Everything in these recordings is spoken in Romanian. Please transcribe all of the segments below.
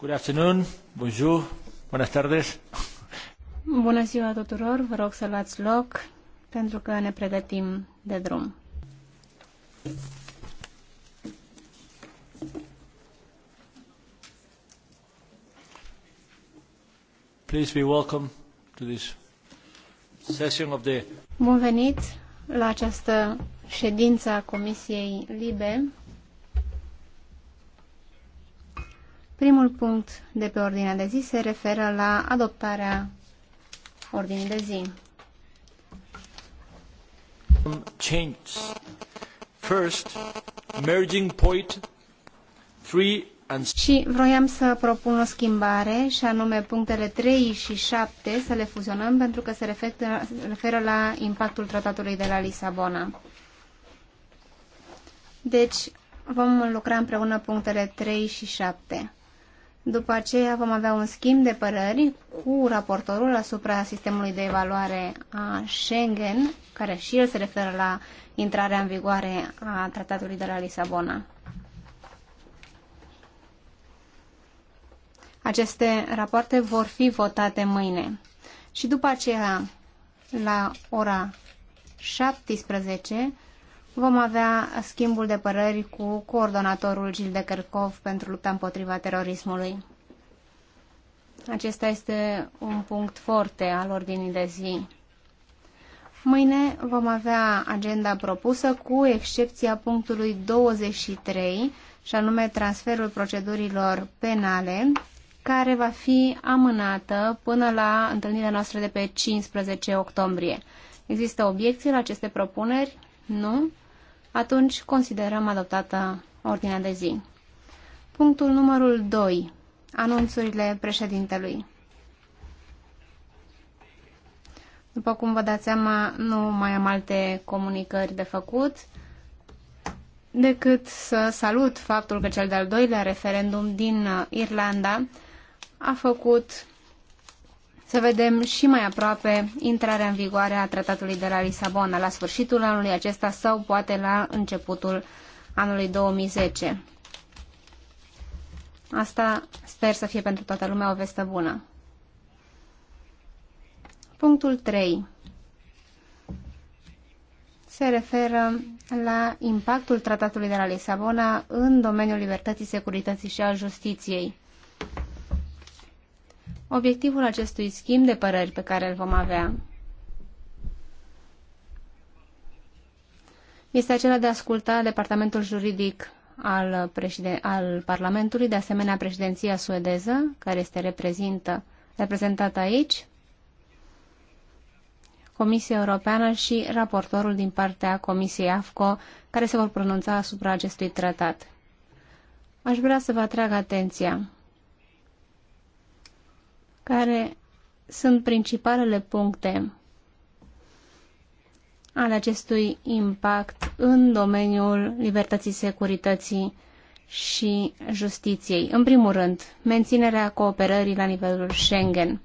Good afternoon, bonjour, buenas tardes. Bună ziua tuturor, vă rog să luați loc pentru că ne pregătim de drum. Please be welcome to this session of the Bun venit la această ședință a Comisiei Libe Primul punct de pe ordinea de zi se referă la adoptarea ordinii de zi. Change. First, merging point three and... Și vroiam să propun o schimbare și anume punctele 3 și 7 să le fuzionăm pentru că se referă, referă la impactul tratatului de la Lisabona. Deci vom lucra împreună punctele 3 și 7. După aceea vom avea un schimb de părări cu raportorul asupra sistemului de evaluare a Schengen, care și el se referă la intrarea în vigoare a tratatului de la Lisabona. Aceste rapoarte vor fi votate mâine. Și după aceea, la ora 17, vom avea schimbul de păreri cu coordonatorul Gil de Cărcov pentru lupta împotriva terorismului. Acesta este un punct foarte al ordinii de zi. Mâine vom avea agenda propusă cu excepția punctului 23 și anume transferul procedurilor penale care va fi amânată până la întâlnirea noastră de pe 15 octombrie. Există obiecții la aceste propuneri? Nu? atunci considerăm adoptată ordinea de zi. Punctul numărul 2. Anunțurile președintelui. După cum vă dați seama, nu mai am alte comunicări de făcut decât să salut faptul că cel de-al doilea referendum din Irlanda a făcut să vedem și mai aproape intrarea în vigoare a tratatului de la Lisabona la sfârșitul anului acesta sau poate la începutul anului 2010. Asta sper să fie pentru toată lumea o veste bună. Punctul 3 se referă la impactul tratatului de la Lisabona în domeniul libertății, securității și al justiției obiectivul acestui schimb de păreri pe care îl vom avea este acela de a asculta departamentul juridic al, al Parlamentului, de asemenea președinția suedeză, care este reprezintă, reprezentată aici, Comisia Europeană și raportorul din partea Comisiei AFCO, care se vor pronunța asupra acestui tratat. Aș vrea să vă atrag atenția care sunt principalele puncte ale acestui impact în domeniul libertății, securității și justiției. În primul rând, menținerea cooperării la nivelul Schengen.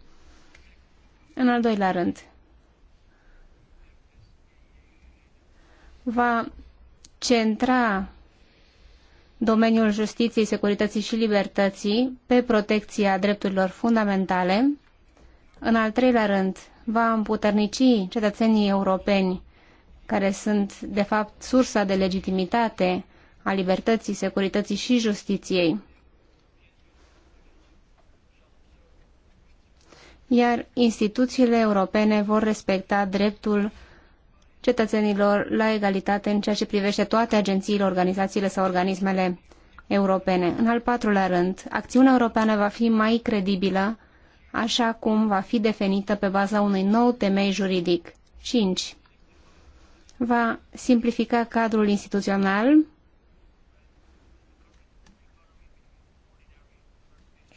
În al doilea rând, va centra domeniul justiției, securității și libertății, pe protecția drepturilor fundamentale. În al treilea rând, va împuternici cetățenii europeni, care sunt, de fapt, sursa de legitimitate a libertății, securității și justiției. Iar instituțiile europene vor respecta dreptul cetățenilor la egalitate în ceea ce privește toate agențiile, organizațiile sau organismele europene. În al patrulea rând, acțiunea europeană va fi mai credibilă așa cum va fi definită pe baza unui nou temei juridic. 5. Va simplifica cadrul instituțional,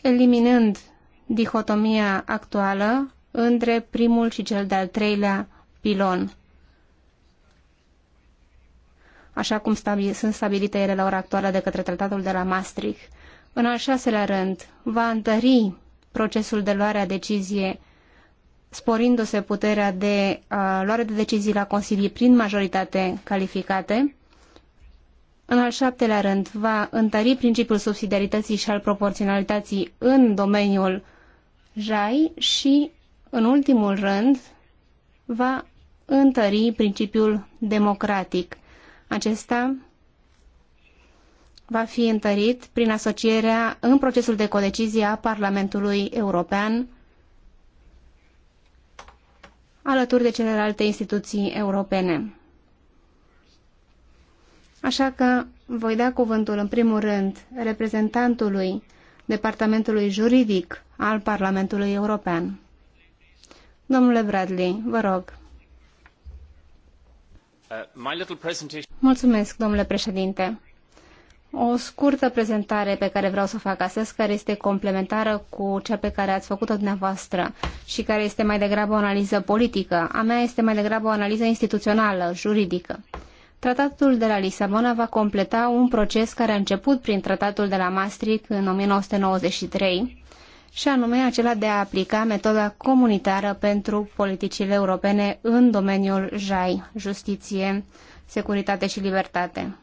eliminând dihotomia actuală între primul și cel de-al treilea pilon așa cum stabi sunt stabilite ele la ora actuală de către tratatul de la Maastricht. În al șaselea rând, va întări procesul de luare a decizie, sporindu-se puterea de uh, luare de decizii la Consilii prin majoritate calificate. În al șaptelea rând, va întări principiul subsidiarității și al proporționalității în domeniul JAI și, în ultimul rând, va întări principiul democratic – acesta va fi întărit prin asocierea în procesul de codecizie a Parlamentului European alături de celelalte instituții europene. Așa că voi da cuvântul în primul rând reprezentantului Departamentului Juridic al Parlamentului European. Domnule Bradley, vă rog. Uh, Mulțumesc, domnule președinte. O scurtă prezentare pe care vreau să o fac astăzi, care este complementară cu cea pe care ați făcut-o dumneavoastră și care este mai degrabă o analiză politică. A mea este mai degrabă o analiză instituțională, juridică. Tratatul de la Lisabona va completa un proces care a început prin tratatul de la Maastricht în 1993 și anume acela de a aplica metoda comunitară pentru politicile europene în domeniul JAI, justiție, securitate și libertate.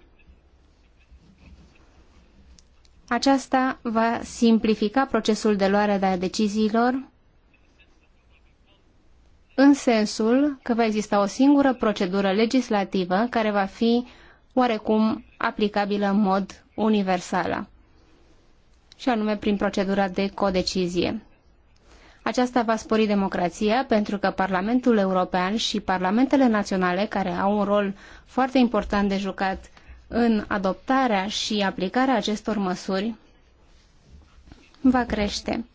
Aceasta va simplifica procesul de luare de a deciziilor în sensul că va exista o singură procedură legislativă care va fi oarecum aplicabilă în mod universal și anume prin procedura de codecizie. Aceasta va spori democrația pentru că Parlamentul European și Parlamentele naționale, care au un rol foarte important de jucat în adoptarea și aplicarea acestor măsuri, va crește.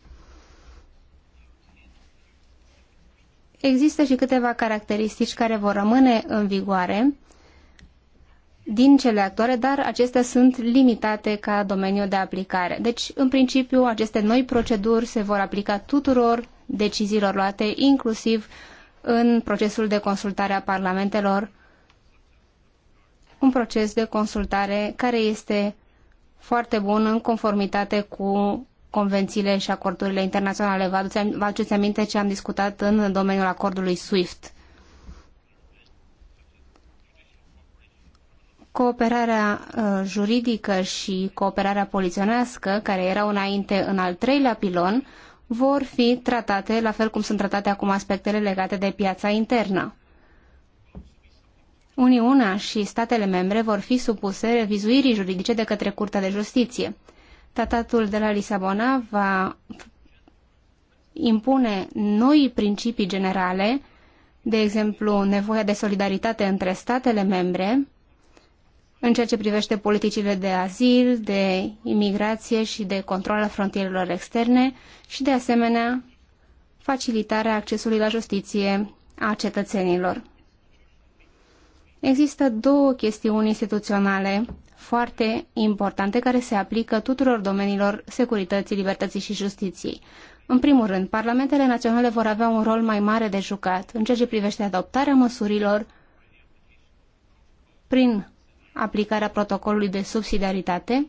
Există și câteva caracteristici care vor rămâne în vigoare din cele actuale, dar acestea sunt limitate ca domeniu de aplicare. Deci, în principiu, aceste noi proceduri se vor aplica tuturor deciziilor luate, inclusiv în procesul de consultare a parlamentelor, un proces de consultare care este foarte bun în conformitate cu convențiile și acordurile internaționale. Vă aduceți aminte ce am discutat în domeniul acordului SWIFT. Cooperarea uh, juridică și cooperarea poliționească, care erau înainte în al treilea pilon, vor fi tratate la fel cum sunt tratate acum aspectele legate de piața internă. Uniunea și statele membre vor fi supuse revizuirii juridice de către Curtea de Justiție. Tratatul de la Lisabona va impune noi principii generale, de exemplu nevoia de solidaritate între statele membre, în ceea ce privește politicile de azil, de imigrație și de control al frontierelor externe și, de asemenea, facilitarea accesului la justiție a cetățenilor. Există două chestiuni instituționale foarte importante care se aplică tuturor domeniilor securității, libertății și justiției. În primul rând, parlamentele naționale vor avea un rol mai mare de jucat în ceea ce privește adoptarea măsurilor prin aplicarea protocolului de subsidiaritate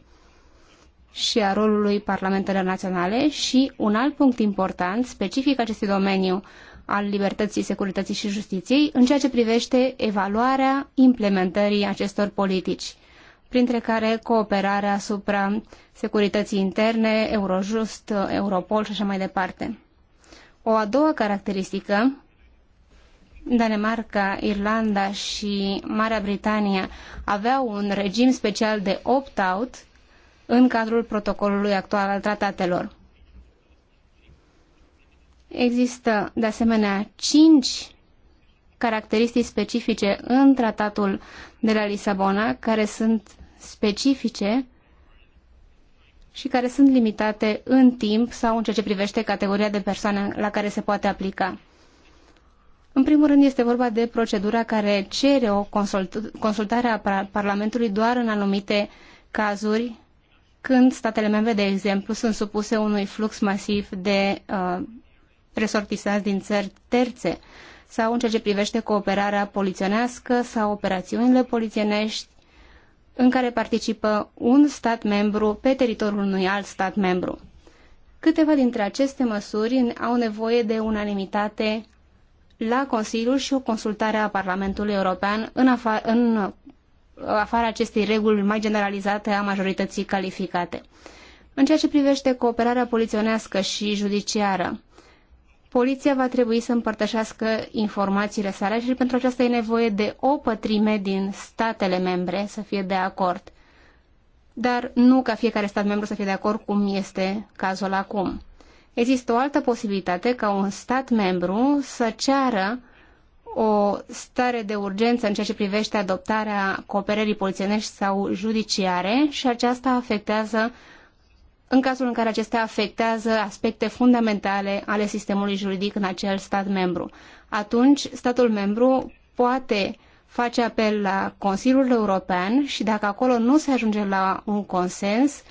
și a rolului parlamentelor naționale și un alt punct important, specific acestui domeniu al libertății, securității și justiției, în ceea ce privește evaluarea implementării acestor politici, printre care cooperarea asupra securității interne, Eurojust, Europol și așa mai departe. O a doua caracteristică Danemarca, Irlanda și Marea Britanie aveau un regim special de opt-out în cadrul protocolului actual al tratatelor. Există, de asemenea, cinci caracteristici specifice în tratatul de la Lisabona, care sunt specifice și care sunt limitate în timp sau în ceea ce privește categoria de persoane la care se poate aplica. În primul rând este vorba de procedura care cere o consult consultare a Parlamentului doar în anumite cazuri când statele membre, de exemplu, sunt supuse unui flux masiv de uh, resortisați din țări terțe sau în ceea ce privește cooperarea poliționească sau operațiunile polițienești în care participă un stat membru pe teritoriul unui alt stat membru. Câteva dintre aceste măsuri au nevoie de unanimitate la Consiliu și o consultare a Parlamentului European în, afa- în afara acestei reguli mai generalizate a majorității calificate. În ceea ce privește cooperarea poliționească și judiciară, poliția va trebui să împărtășească informațiile sale și pentru aceasta e nevoie de o pătrime din statele membre să fie de acord. Dar nu ca fiecare stat membru să fie de acord cum este cazul acum. Există o altă posibilitate ca un stat membru să ceară o stare de urgență în ceea ce privește adoptarea cooperării polițienești sau judiciare și aceasta afectează în cazul în care acestea afectează aspecte fundamentale ale sistemului juridic în acel stat membru. Atunci, statul membru poate face apel la Consiliul European și dacă acolo nu se ajunge la un consens,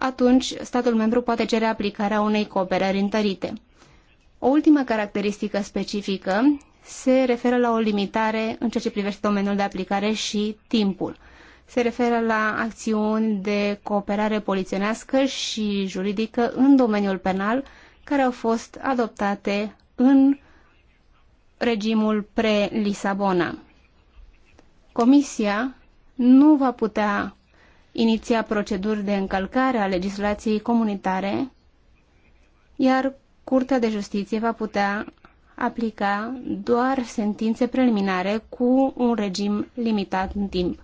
atunci statul membru poate cere aplicarea unei cooperări întărite. O ultimă caracteristică specifică se referă la o limitare în ceea ce privește domeniul de aplicare și timpul. Se referă la acțiuni de cooperare polițienească și juridică în domeniul penal care au fost adoptate în regimul pre-Lisabona. Comisia nu va putea iniția proceduri de încălcare a legislației comunitare, iar Curtea de Justiție va putea aplica doar sentințe preliminare cu un regim limitat în timp.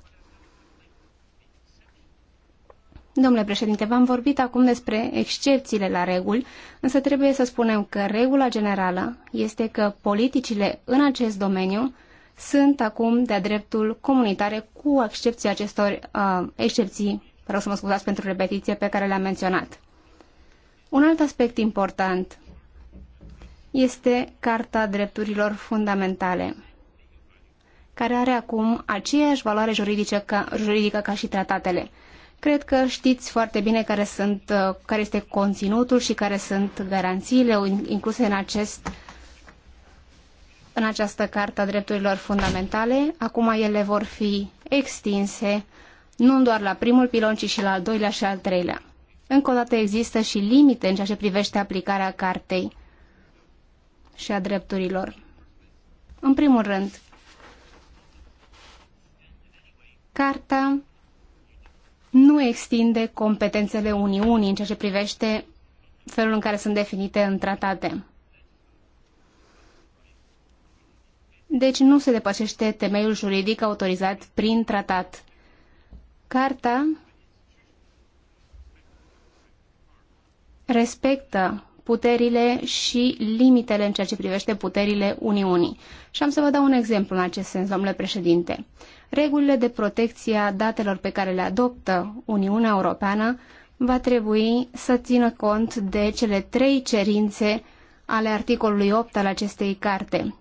Domnule președinte, v-am vorbit acum despre excepțiile la reguli, însă trebuie să spunem că regula generală este că politicile în acest domeniu sunt acum de-a dreptul comunitare, cu excepția acestor uh, excepții, vreau să mă scuzați pentru repetiție, pe care le-am menționat. Un alt aspect important este Carta Drepturilor Fundamentale, care are acum aceeași valoare juridică ca, juridică ca și tratatele. Cred că știți foarte bine care, sunt, uh, care este conținutul și care sunt garanțiile incluse în acest în această Carta a Drepturilor Fundamentale. Acum ele vor fi extinse nu doar la primul pilon, ci și la al doilea și al treilea. Încă o dată există și limite în ceea ce privește aplicarea cartei și a drepturilor. În primul rând, carta nu extinde competențele Uniunii în ceea ce privește felul în care sunt definite în tratate. Deci nu se depășește temeiul juridic autorizat prin tratat. Carta respectă puterile și limitele în ceea ce privește puterile Uniunii. Și am să vă dau un exemplu în acest sens, domnule președinte. Regulile de protecție a datelor pe care le adoptă Uniunea Europeană va trebui să țină cont de cele trei cerințe ale articolului 8 al acestei carte.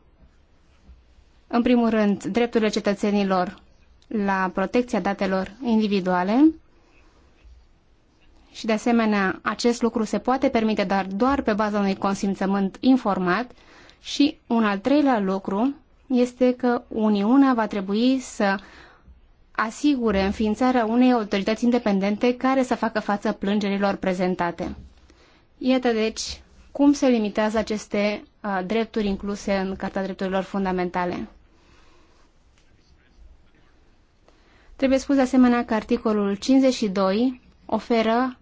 În primul rând, drepturile cetățenilor la protecția datelor individuale și, de asemenea, acest lucru se poate permite, dar doar pe baza unui consimțământ informat. Și un al treilea lucru este că Uniunea va trebui să asigure înființarea unei autorități independente care să facă față plângerilor prezentate. Iată, deci, cum se limitează aceste uh, drepturi incluse în Carta Drepturilor Fundamentale. Trebuie spus de asemenea că articolul 52 oferă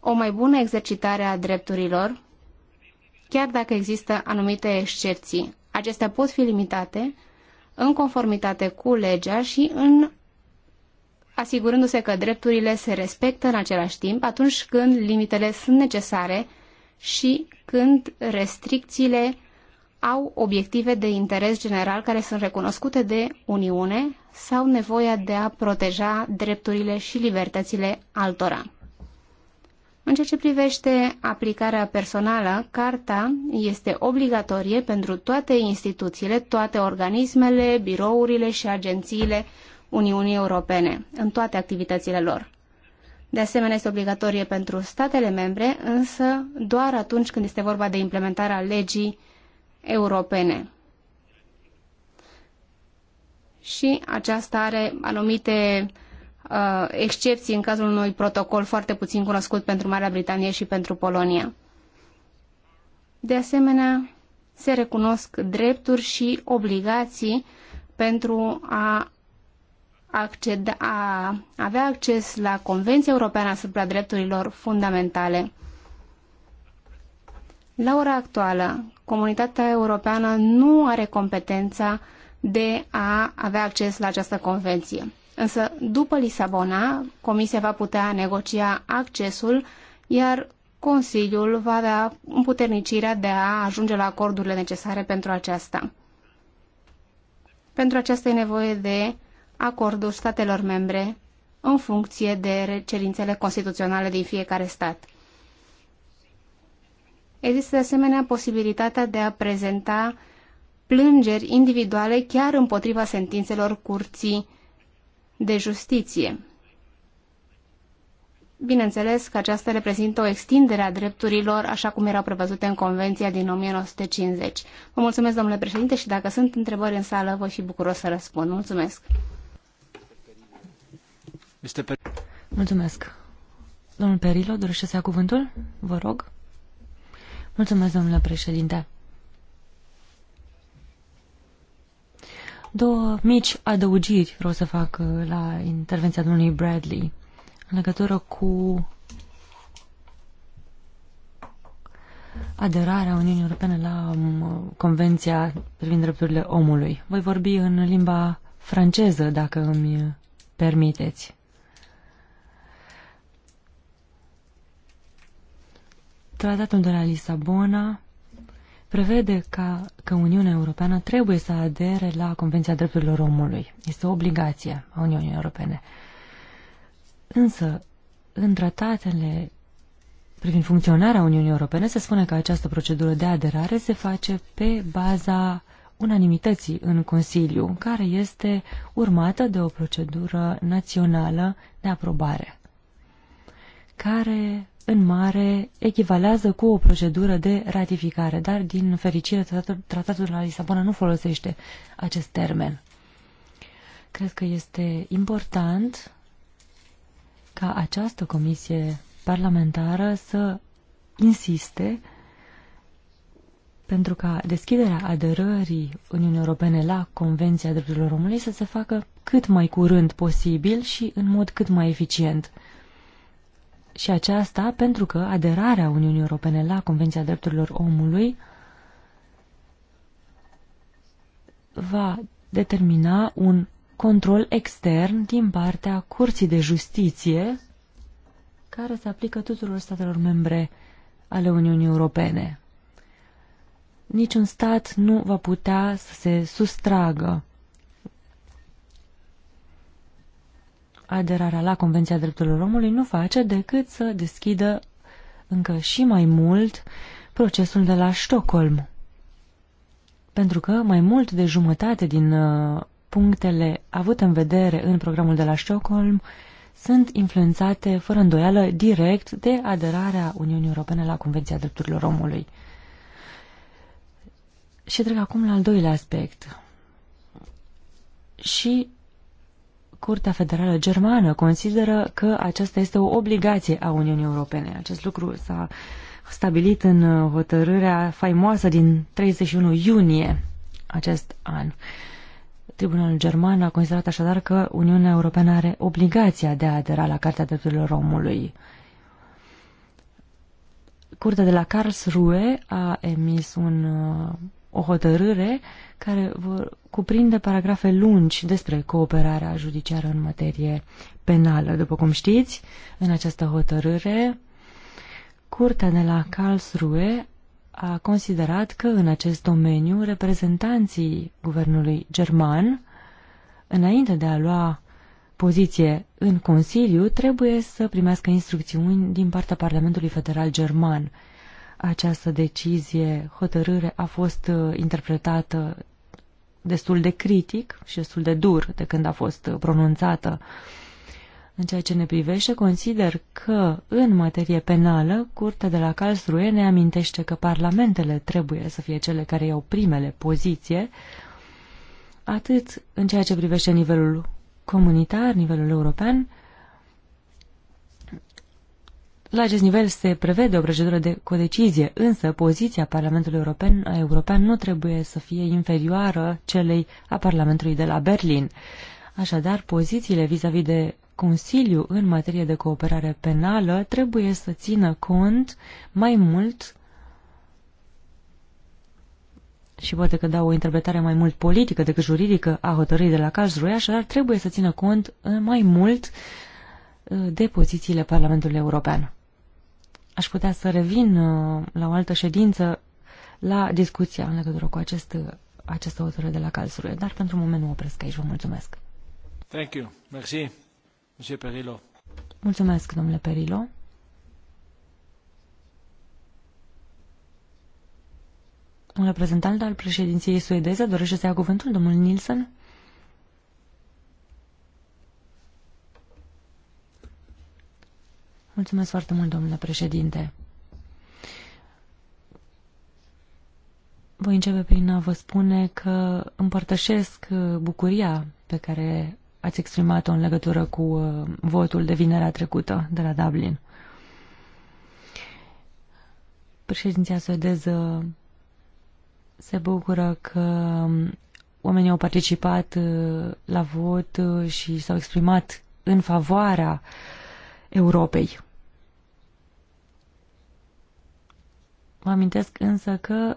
o mai bună exercitare a drepturilor, chiar dacă există anumite excepții. Acestea pot fi limitate în conformitate cu legea și în asigurându-se că drepturile se respectă în același timp atunci când limitele sunt necesare și când restricțiile au obiective de interes general care sunt recunoscute de Uniune sau nevoia de a proteja drepturile și libertățile altora. În ceea ce privește aplicarea personală, carta este obligatorie pentru toate instituțiile, toate organismele, birourile și agențiile Uniunii Europene, în toate activitățile lor. De asemenea, este obligatorie pentru statele membre, însă doar atunci când este vorba de implementarea legii europene. Și aceasta are anumite uh, excepții în cazul unui protocol foarte puțin cunoscut pentru Marea Britanie și pentru Polonia. De asemenea, se recunosc drepturi și obligații pentru a, acceda, a avea acces la Convenția Europeană asupra drepturilor fundamentale. La ora actuală, comunitatea europeană nu are competența de a avea acces la această convenție. Însă, după Lisabona, Comisia va putea negocia accesul, iar Consiliul va avea împuternicirea de a ajunge la acordurile necesare pentru aceasta. Pentru aceasta e nevoie de acordul statelor membre în funcție de cerințele constituționale din fiecare stat. Există de asemenea posibilitatea de a prezenta plângeri individuale chiar împotriva sentințelor curții de justiție. Bineînțeles că aceasta reprezintă o extindere a drepturilor, așa cum erau prevăzute în Convenția din 1950. Vă mulțumesc, domnule președinte, și dacă sunt întrebări în sală, voi fi bucuros să răspund. Mulțumesc. Mulțumesc. Domnul Perilo, dorește să ia cuvântul? Vă rog. Mulțumesc, domnule președinte. Două mici adăugiri vreau să fac uh, la intervenția domnului Bradley în legătură cu aderarea Uniunii Europene la um, Convenția privind drepturile omului. Voi vorbi în limba franceză, dacă îmi permiteți. Tratatul de la Lisabona prevede ca, că Uniunea Europeană trebuie să adere la Convenția Drepturilor Omului. Este o obligație a Uniunii Europene. Însă, în tratatele privind funcționarea Uniunii Europene, se spune că această procedură de aderare se face pe baza unanimității în Consiliu, care este urmată de o procedură națională de aprobare, care în mare echivalează cu o procedură de ratificare, dar din fericire tratatul, tratatul de la Lisabona nu folosește acest termen. Cred că este important ca această comisie parlamentară să insiste pentru ca deschiderea aderării Uniunii Europene la Convenția Drepturilor Omului să se facă cât mai curând posibil și în mod cât mai eficient. Și aceasta pentru că aderarea Uniunii Europene la Convenția Drepturilor Omului va determina un control extern din partea Curții de Justiție care se aplică tuturor statelor membre ale Uniunii Europene. Niciun stat nu va putea să se sustragă aderarea la Convenția Drepturilor Omului nu face decât să deschidă încă și mai mult procesul de la Stockholm. Pentru că mai mult de jumătate din uh, punctele avute în vedere în programul de la Stockholm sunt influențate fără îndoială direct de aderarea Uniunii Europene la Convenția Drepturilor Omului. Și trec acum la al doilea aspect. Și Curtea Federală Germană consideră că aceasta este o obligație a Uniunii Europene. Acest lucru s-a stabilit în uh, hotărârea faimoasă din 31 iunie acest an. Tribunalul German a considerat așadar că Uniunea Europeană are obligația de a adera la Cartea Drepturilor Omului. Curtea de la Karlsruhe a emis un uh, o hotărâre care vor cuprinde paragrafe lungi despre cooperarea judiciară în materie penală. După cum știți, în această hotărâre, Curtea de la Karlsruhe a considerat că în acest domeniu reprezentanții guvernului german, înainte de a lua poziție în Consiliu, trebuie să primească instrucțiuni din partea Parlamentului Federal German această decizie, hotărâre, a fost uh, interpretată destul de critic și destul de dur de când a fost uh, pronunțată. În ceea ce ne privește, consider că, în materie penală, Curtea de la Karlsruhe ne amintește că parlamentele trebuie să fie cele care iau primele poziție, atât în ceea ce privește nivelul comunitar, nivelul european, la acest nivel se prevede o procedură de codecizie, însă poziția Parlamentului European, European nu trebuie să fie inferioară celei a Parlamentului de la Berlin. Așadar, pozițiile vis-a-vis -vis de Consiliu în materie de cooperare penală trebuie să țină cont mai mult și poate că dau o interpretare mai mult politică decât juridică a hotărârii de la Karlsruhe, așadar trebuie să țină cont mai mult uh, de pozițiile Parlamentului European aș putea să revin uh, la o altă ședință la discuția în legătură cu acest, uh, această autoră de la Calsruie, dar pentru moment nu opresc aici. Vă mulțumesc. Thank you. Merci, Monsieur Perillo. Mulțumesc, domnule Perillo. Un reprezentant al președinției suedeze dorește să ia cuvântul, domnul Nielsen? Mulțumesc foarte mult, domnule președinte. Voi începe prin a vă spune că împărtășesc uh, bucuria pe care ați exprimat-o în legătură cu uh, votul de vinerea trecută de la Dublin. Președinția suedeză se bucură că oamenii au participat uh, la vot și s-au exprimat în favoarea uh, Europei. Mă amintesc însă că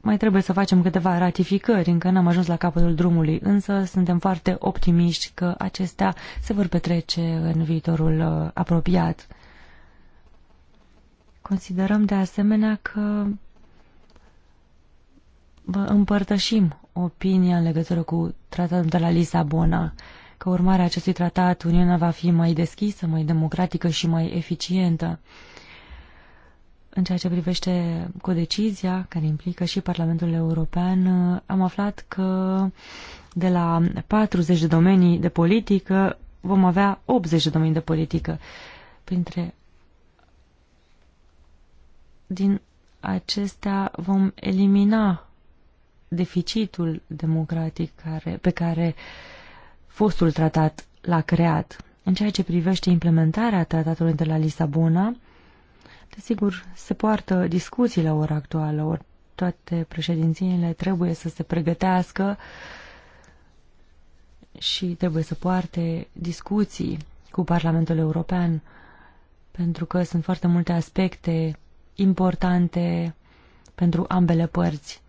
mai trebuie să facem câteva ratificări, încă n-am ajuns la capătul drumului, însă suntem foarte optimiști că acestea se vor petrece în viitorul uh, apropiat. Considerăm de asemenea că vă împărtășim opinia în legătură cu tratatul de la Lisabona ca urmare a acestui tratat, Uniunea va fi mai deschisă, mai democratică și mai eficientă în ceea ce privește codecizia, care implică și Parlamentul European, am aflat că de la 40 de domenii de politică vom avea 80 de domenii de politică. Printre din acestea vom elimina deficitul democratic care, pe care uh, fostul tratat l-a creat. În ceea ce privește implementarea tratatului de la Lisabona, desigur, se poartă discuții la ora actuală, ori toate președințiile trebuie să se pregătească și trebuie să poarte discuții cu Parlamentul European, pentru că sunt foarte multe aspecte importante pentru ambele părți.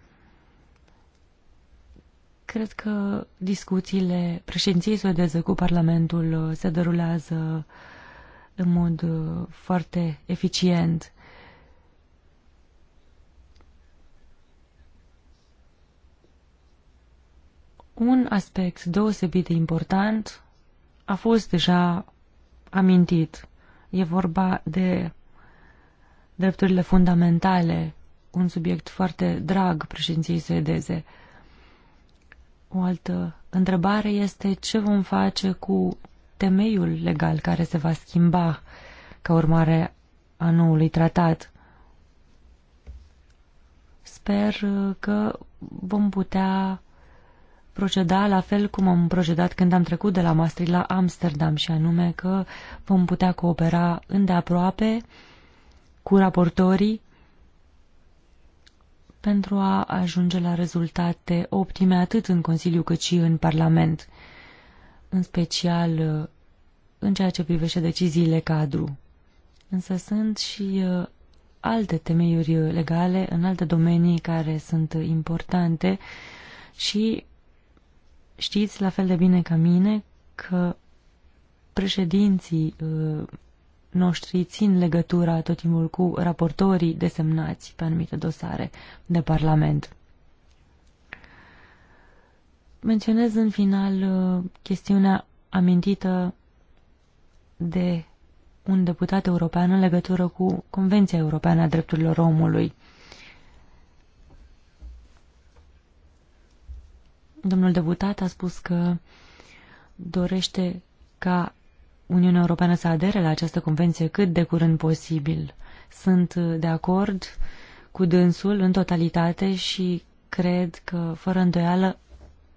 Cred că discuțiile președinției suedeze cu Parlamentul uh, se derulează în mod uh, foarte eficient. Un aspect deosebit de important a fost deja amintit. E vorba de drepturile fundamentale, un subiect foarte drag președinției suedeze. O altă întrebare este ce vom face cu temeiul legal care se va schimba ca urmare a noului tratat. Sper uh, că vom putea proceda la fel cum am procedat când am trecut de la Maastricht la Amsterdam și anume că vom putea coopera îndeaproape cu raportorii pentru a ajunge la rezultate optime atât în Consiliu cât și în Parlament, în special uh, în ceea ce privește deciziile cadru. Însă sunt și uh, alte temeiuri legale în alte domenii care sunt importante și știți la fel de bine ca mine că președinții uh, noștri țin legătura tot timpul cu raportorii desemnați pe anumite dosare de Parlament. Menționez în final uh, chestiunea amintită de un deputat european în legătură cu Convenția Europeană a Drepturilor Omului. Domnul deputat a spus că dorește ca Uniunea Europeană să adere la această convenție cât de curând posibil. Sunt uh, de acord cu dânsul în totalitate și cred că, fără îndoială,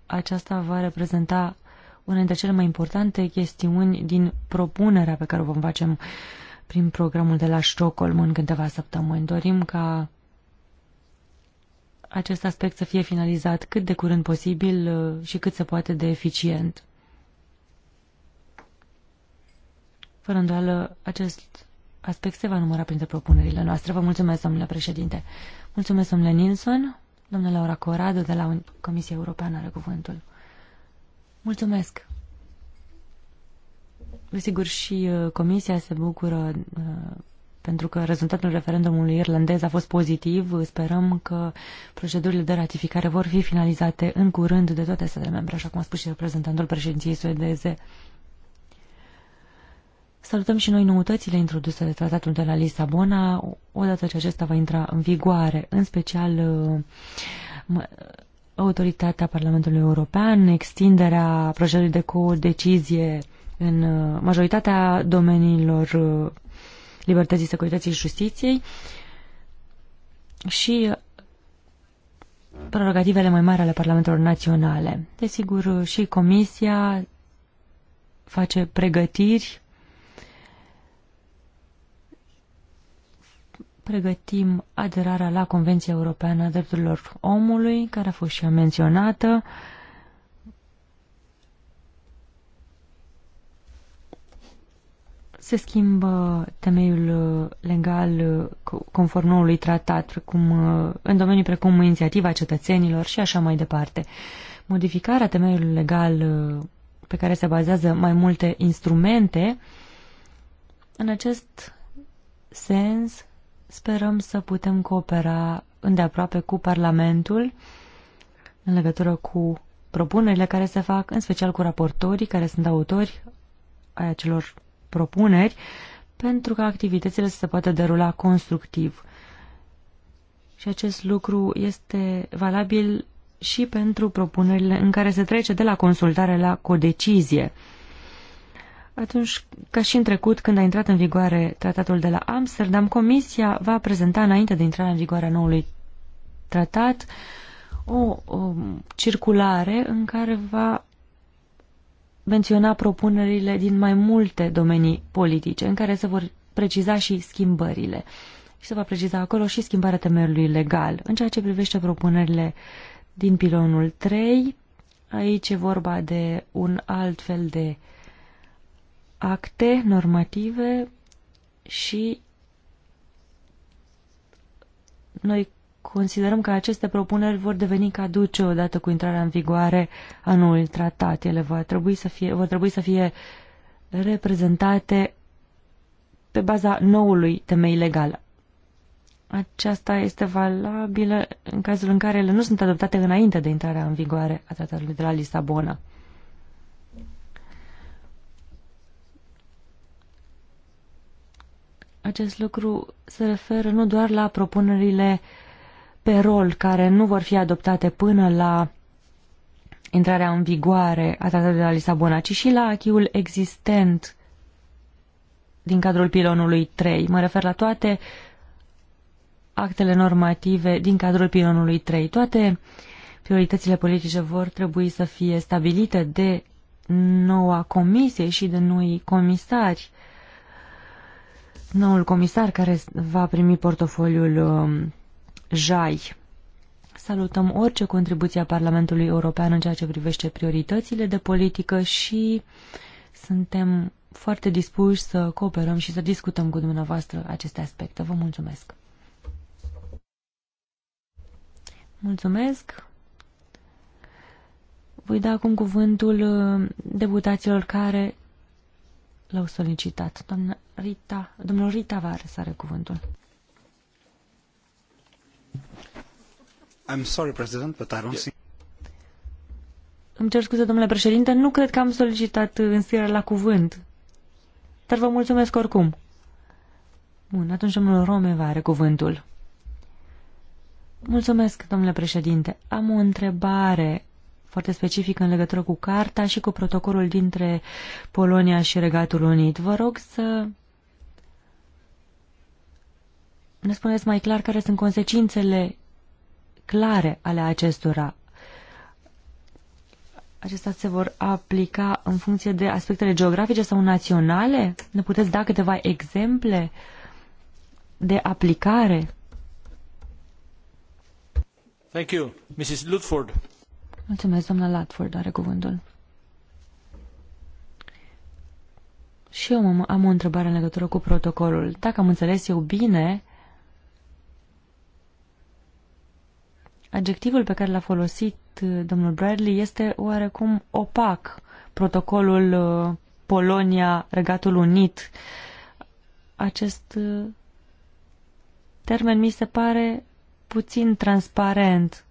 aceasta va reprezenta una dintre cele mai importante chestiuni din propunerea pe care o vom face prin programul de la Stockholm în câteva săptămâni. Dorim ca acest aspect să fie finalizat cât de curând posibil uh, și cât se poate de eficient. Fără îndoială, acest aspect se va număra printre propunerile noastre. Vă mulțumesc, domnule președinte. Mulțumesc, domnule Nilsson. Domnule Laura Corado de la Comisia Europeană are cuvântul. Mulțumesc. Desigur, și uh, Comisia se bucură uh, pentru că rezultatul referendumului irlandez a fost pozitiv. Sperăm că procedurile de ratificare vor fi finalizate în curând de toate statele membre, așa cum a spus și reprezentantul președinției suedeze Salutăm și noi noutățile introduse de tratatul de la Lisabona, odată ce acesta va intra în vigoare, în special uh, autoritatea Parlamentului European, extinderea proiectului de co-decizie în uh, majoritatea domeniilor uh, libertății, securității și justiției și prerogativele mai mari ale Parlamentelor Naționale. Desigur, și Comisia face pregătiri pregătim aderarea la Convenția Europeană a Drepturilor Omului, care a fost și menționată. Se schimbă temeiul legal conform noului tratat, precum, în domenii precum inițiativa cetățenilor și așa mai departe. Modificarea temeiului legal pe care se bazează mai multe instrumente, în acest sens, Sperăm să putem coopera îndeaproape cu Parlamentul în legătură cu propunerile care se fac, în special cu raportorii care sunt autori ai acelor propuneri, pentru ca activitățile să se poată derula constructiv. Și acest lucru este valabil și pentru propunerile în care se trece de la consultare la codecizie. Atunci, ca și în trecut, când a intrat în vigoare tratatul de la Amsterdam, Comisia va prezenta, înainte de intrarea în vigoare a noului tratat, o, o circulare în care va menționa propunerile din mai multe domenii politice, în care se vor preciza și schimbările. Și se va preciza acolo și schimbarea temeiului legal. În ceea ce privește propunerile din pilonul 3, aici e vorba de un alt fel de uh, acte normative și noi considerăm că aceste propuneri vor deveni caduce odată cu intrarea în vigoare noului tratat. Ele vor trebui să fie, vor trebui să fie reprezentate pe baza noului temei legal. Aceasta este valabilă în cazul în care ele nu sunt adoptate înainte de intrarea în vigoare a tratatului de la Lisabona. Acest lucru se referă nu doar la propunerile pe rol care nu vor fi adoptate până la intrarea în vigoare a tratatului de la Lisabona, ci și la achiul existent din cadrul pilonului 3. Mă refer la toate actele normative din cadrul pilonului 3. Toate prioritățile politice vor trebui să fie stabilite de noua comisie și de noi comisari noul comisar care va primi portofoliul um, JAI. Salutăm orice contribuție a Parlamentului European în ceea ce privește prioritățile de politică și suntem foarte dispuși să cooperăm și să discutăm cu dumneavoastră aceste aspecte. Vă mulțumesc! Mulțumesc! Voi da acum cuvântul uh, deputaților care l-au solicitat. Doamna Rita, domnul Rita va are cuvântul. I'm sorry, President, but I don't see... Îmi cer scuze, domnule președinte, nu cred că am solicitat înscrierea la cuvânt. Dar vă mulțumesc oricum. Bun, atunci domnul Romeva are cuvântul. Mulțumesc, domnule președinte. Am o întrebare foarte specific în legătură cu carta și cu protocolul dintre Polonia și Regatul Unit. Vă rog să ne spuneți mai clar care sunt consecințele clare ale acestora. Acestea se vor aplica în funcție de aspectele geografice sau naționale? Ne puteți da câteva exemple de aplicare? Thank you. Mrs. Lutford. Mulțumesc, doamna Latford, are cuvântul. Și eu am, am o întrebare în legătură cu protocolul. Dacă am înțeles eu bine, adjectivul pe care l-a folosit uh, domnul Bradley este oarecum opac. Protocolul uh, Polonia-Regatul Unit. Acest uh, termen mi se pare puțin transparent.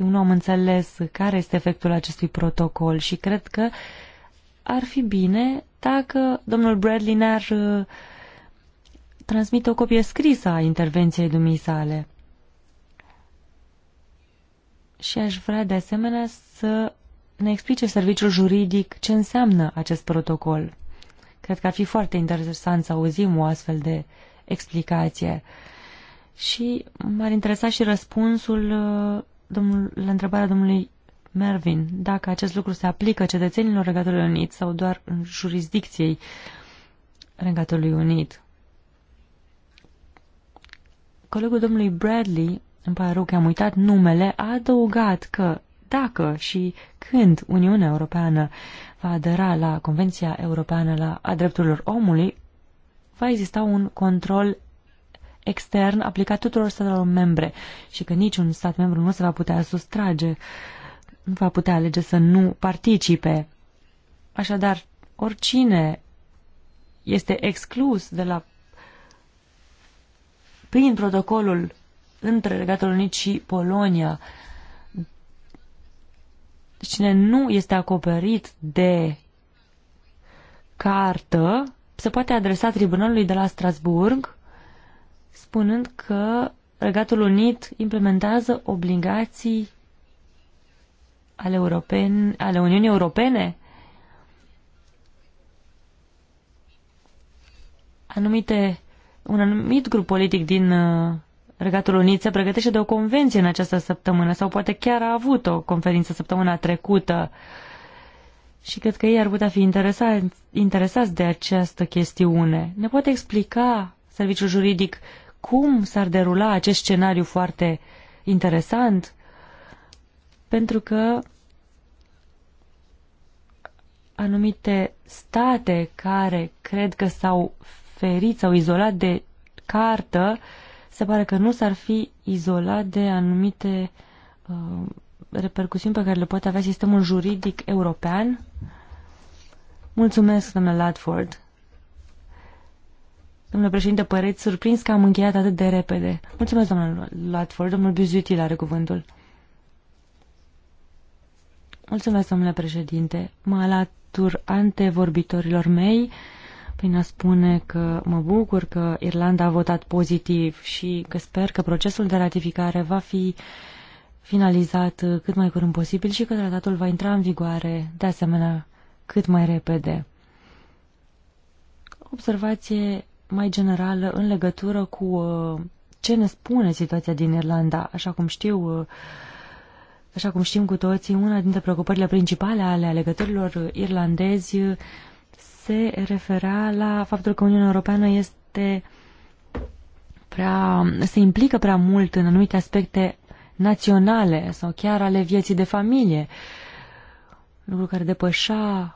Eu nu am înțeles care este efectul acestui protocol și cred că ar fi bine dacă domnul Bradley ne-ar uh, transmite o copie scrisă a intervenției dumii sale. Și aș vrea de asemenea să ne explice serviciul juridic ce înseamnă acest protocol. Cred că ar fi foarte interesant să auzim o astfel de explicație. Și m-ar interesa și răspunsul uh, domnul, la întrebarea domnului Mervin, dacă acest lucru se aplică cetățenilor Regatului Unit sau doar în jurisdicției Regatului Unit. Colegul domnului Bradley, îmi pare rău că am uitat numele, a adăugat că dacă și când Uniunea Europeană va adera la Convenția Europeană la a Drepturilor Omului, va exista un control extern aplicat tuturor statelor membre și că niciun stat membru nu se va putea sustrage, nu va putea alege să nu participe. Așadar, oricine este exclus de la prin protocolul între Regatul Unit și Polonia, cine nu este acoperit de cartă, se poate adresa tribunalului de la Strasburg spunând că Regatul Unit implementează obligații ale, europene, ale Uniunii Europene? Anumite, un anumit grup politic din uh, Regatul Unit se pregătește de o convenție în această săptămână sau poate chiar a avut o conferință săptămâna trecută și cred că ei ar putea fi interesați, interesați de această chestiune. Ne poate explica Serviciu juridic cum s-ar derula acest scenariu foarte interesant, pentru că anumite state care cred că s-au ferit sau izolat de cartă, se pare că nu s-ar fi izolat de anumite uh, repercusiuni pe care le poate avea sistemul juridic european. Mulțumesc, domnule Ladford. Domnule președinte, păreți surprins că am încheiat atât de repede. Mulțumesc, domnule Latford. Domnul Biziutil are cuvântul. Mulțumesc, domnule președinte. Mă alatur vorbitorilor mei prin a spune că mă bucur că Irlanda a votat pozitiv și că sper că procesul de ratificare va fi finalizat cât mai curând posibil și că tratatul va intra în vigoare, de asemenea, cât mai repede. Observație mai generală în legătură cu uh, ce ne spune situația din Irlanda. Așa cum știu, uh, așa cum știm cu toții, una dintre preocupările principale ale alegătorilor irlandezi se refera la faptul că Uniunea Europeană este prea, se implică prea mult în anumite aspecte naționale sau chiar ale vieții de familie, lucru care depășa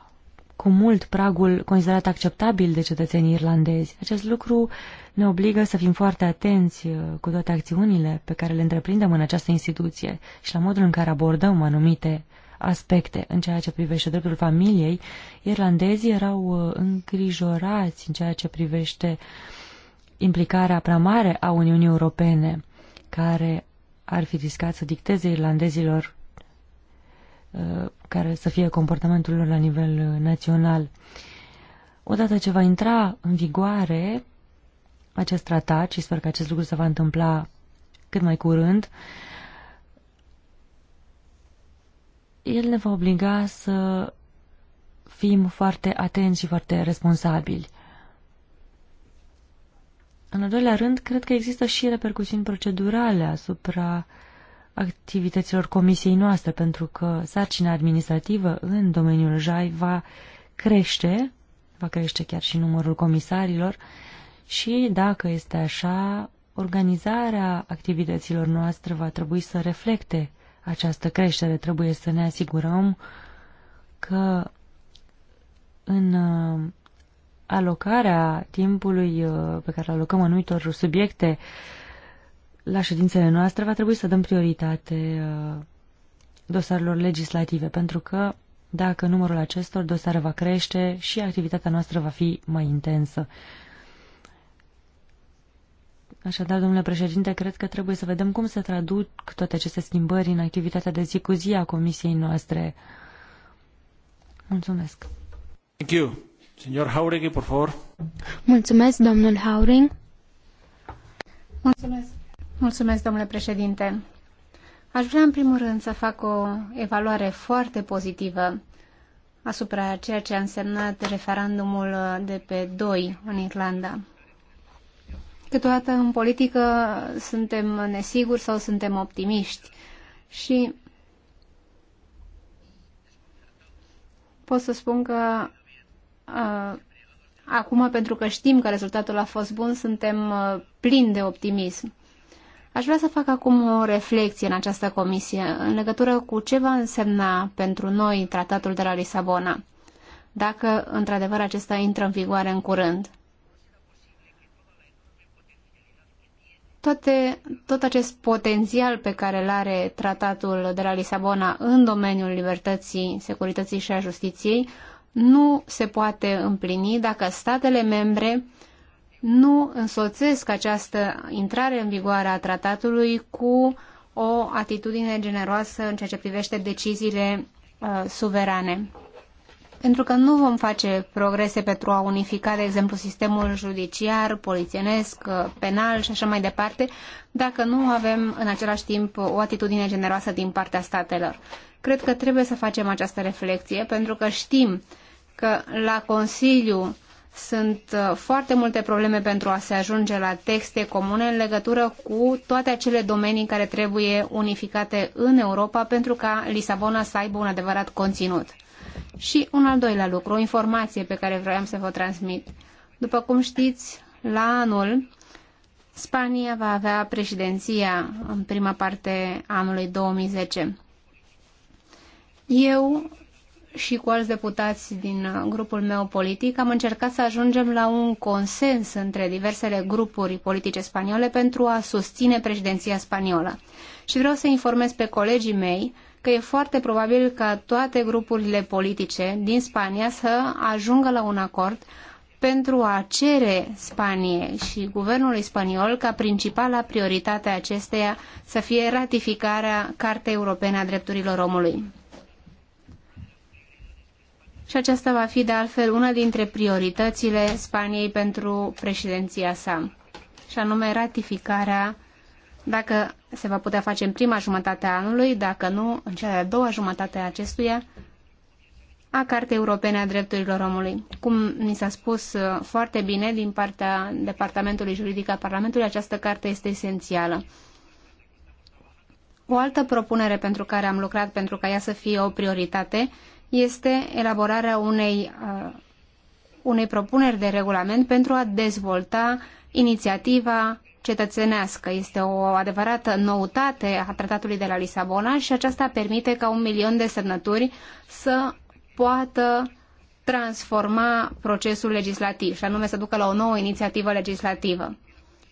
cu mult pragul considerat acceptabil de cetățenii irlandezi. Acest lucru ne obligă să fim foarte atenți uh, cu toate acțiunile pe care le întreprindem în această instituție și la modul în care abordăm anumite aspecte. În ceea ce privește dreptul familiei, irlandezii erau uh, îngrijorați în ceea ce privește implicarea prea mare a Uniunii Europene, care ar fi riscat să dicteze irlandezilor Uh, care să fie comportamentul lor la nivel uh, național. Odată ce va intra în vigoare acest tratat, și sper că acest lucru se va întâmpla cât mai curând, el ne va obliga să fim foarte atenți și foarte responsabili. În al doilea rând, cred că există și repercusiuni procedurale asupra uh, activităților comisiei noastre, pentru că sarcina administrativă în domeniul JAI va crește, va crește chiar și numărul comisarilor și, dacă este așa, organizarea activităților noastre va trebui să reflecte această creștere. Trebuie să ne asigurăm că în uh, alocarea timpului uh, pe care alocăm anumitor subiecte la ședințele noastre va trebui să dăm prioritate uh, dosarelor legislative, pentru că dacă numărul acestor dosare va crește și activitatea noastră va fi mai intensă. Așadar, domnule președinte, cred că trebuie să vedem cum se traduc toate aceste schimbări în activitatea de zi cu zi a comisiei noastre. Mulțumesc. Thank you. Señor Jauregui, por favor. Mulțumesc, domnul Hauring. Mulțumesc. Mulțumesc, domnule președinte. Aș vrea, în primul rând, să fac o evaluare foarte pozitivă asupra ceea ce a însemnat referendumul de pe 2 în Irlanda. Câteodată în politică suntem nesiguri sau suntem optimiști și pot să spun că uh, acum, pentru că știm că rezultatul a fost bun, suntem uh, plini de optimism. Aș vrea să fac acum o reflexie în această comisie în legătură cu ce va însemna pentru noi tratatul de la Lisabona, dacă într-adevăr acesta intră în vigoare în curând. Toate, tot acest potențial pe care îl are tratatul de la Lisabona în domeniul libertății, securității și a justiției nu se poate împlini dacă statele membre uh, nu însoțesc această intrare în vigoare a tratatului cu o atitudine generoasă în ceea ce privește deciziile uh, suverane. Pentru că nu vom face progrese pentru a unifica, de exemplu, sistemul judiciar, polițienesc, uh, penal și așa mai departe, dacă nu avem în același timp o atitudine generoasă din partea statelor. Cred că trebuie să facem această reflexie, pentru că știm că la Consiliu sunt uh, foarte multe probleme pentru a se ajunge la texte comune în legătură cu toate acele domenii care trebuie unificate în Europa pentru ca Lisabona să aibă un adevărat conținut. Și un al doilea lucru, o informație pe care vroiam să vă transmit. După cum știți, la anul Spania va avea președinția în prima parte a anului 2010. Eu și cu alți deputați din uh, grupul meu politic am încercat să ajungem la un consens între diversele grupuri politice spaniole pentru a susține președinția spaniolă. Și vreau să informez pe colegii mei că e foarte probabil ca toate grupurile politice din Spania să ajungă la un acord pentru a cere Spaniei și guvernului spaniol ca principala prioritate a acesteia să fie ratificarea Cartei Europene a Drepturilor Omului și aceasta va fi de altfel una dintre prioritățile Spaniei pentru președinția sa, și anume ratificarea dacă se va putea face în prima jumătate a anului, dacă nu, în cea de-a doua jumătate a acestuia, a Cartei Europene a Drepturilor Omului. Cum ni s-a spus uh, foarte bine din partea Departamentului Juridic al Parlamentului, această carte este esențială. O altă propunere pentru care am lucrat pentru ca ea să fie o prioritate este elaborarea unei, uh, unei propuneri de regulament pentru a dezvolta inițiativa cetățenească. Este o adevărată noutate a tratatului de la Lisabona și aceasta permite ca un milion de semnături să poată transforma procesul legislativ și anume să ducă la o nouă inițiativă legislativă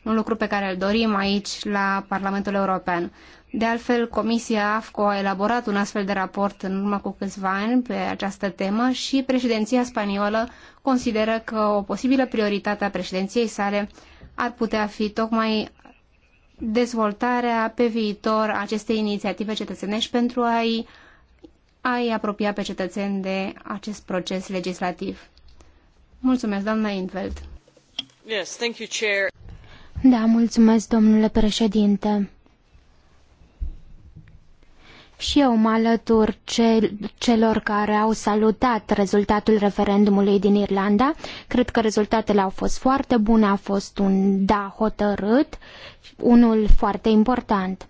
un lucru pe care îl dorim aici la Parlamentul European. De altfel, Comisia AFCO a elaborat un astfel de raport în urmă cu câțiva ani pe această temă și președinția spaniolă consideră că o posibilă prioritate a președinției sale ar putea fi tocmai dezvoltarea pe viitor a acestei inițiative cetățenești pentru a-i a -i apropia pe cetățeni de acest proces legislativ. Mulțumesc, doamna Intveld. Yes, thank you, Chair. Da, mulțumesc, domnule președinte. Și eu mă alătur cel, celor care au salutat rezultatul referendumului din Irlanda. Cred că rezultatele au fost foarte bune, a fost un da hotărât, unul foarte important.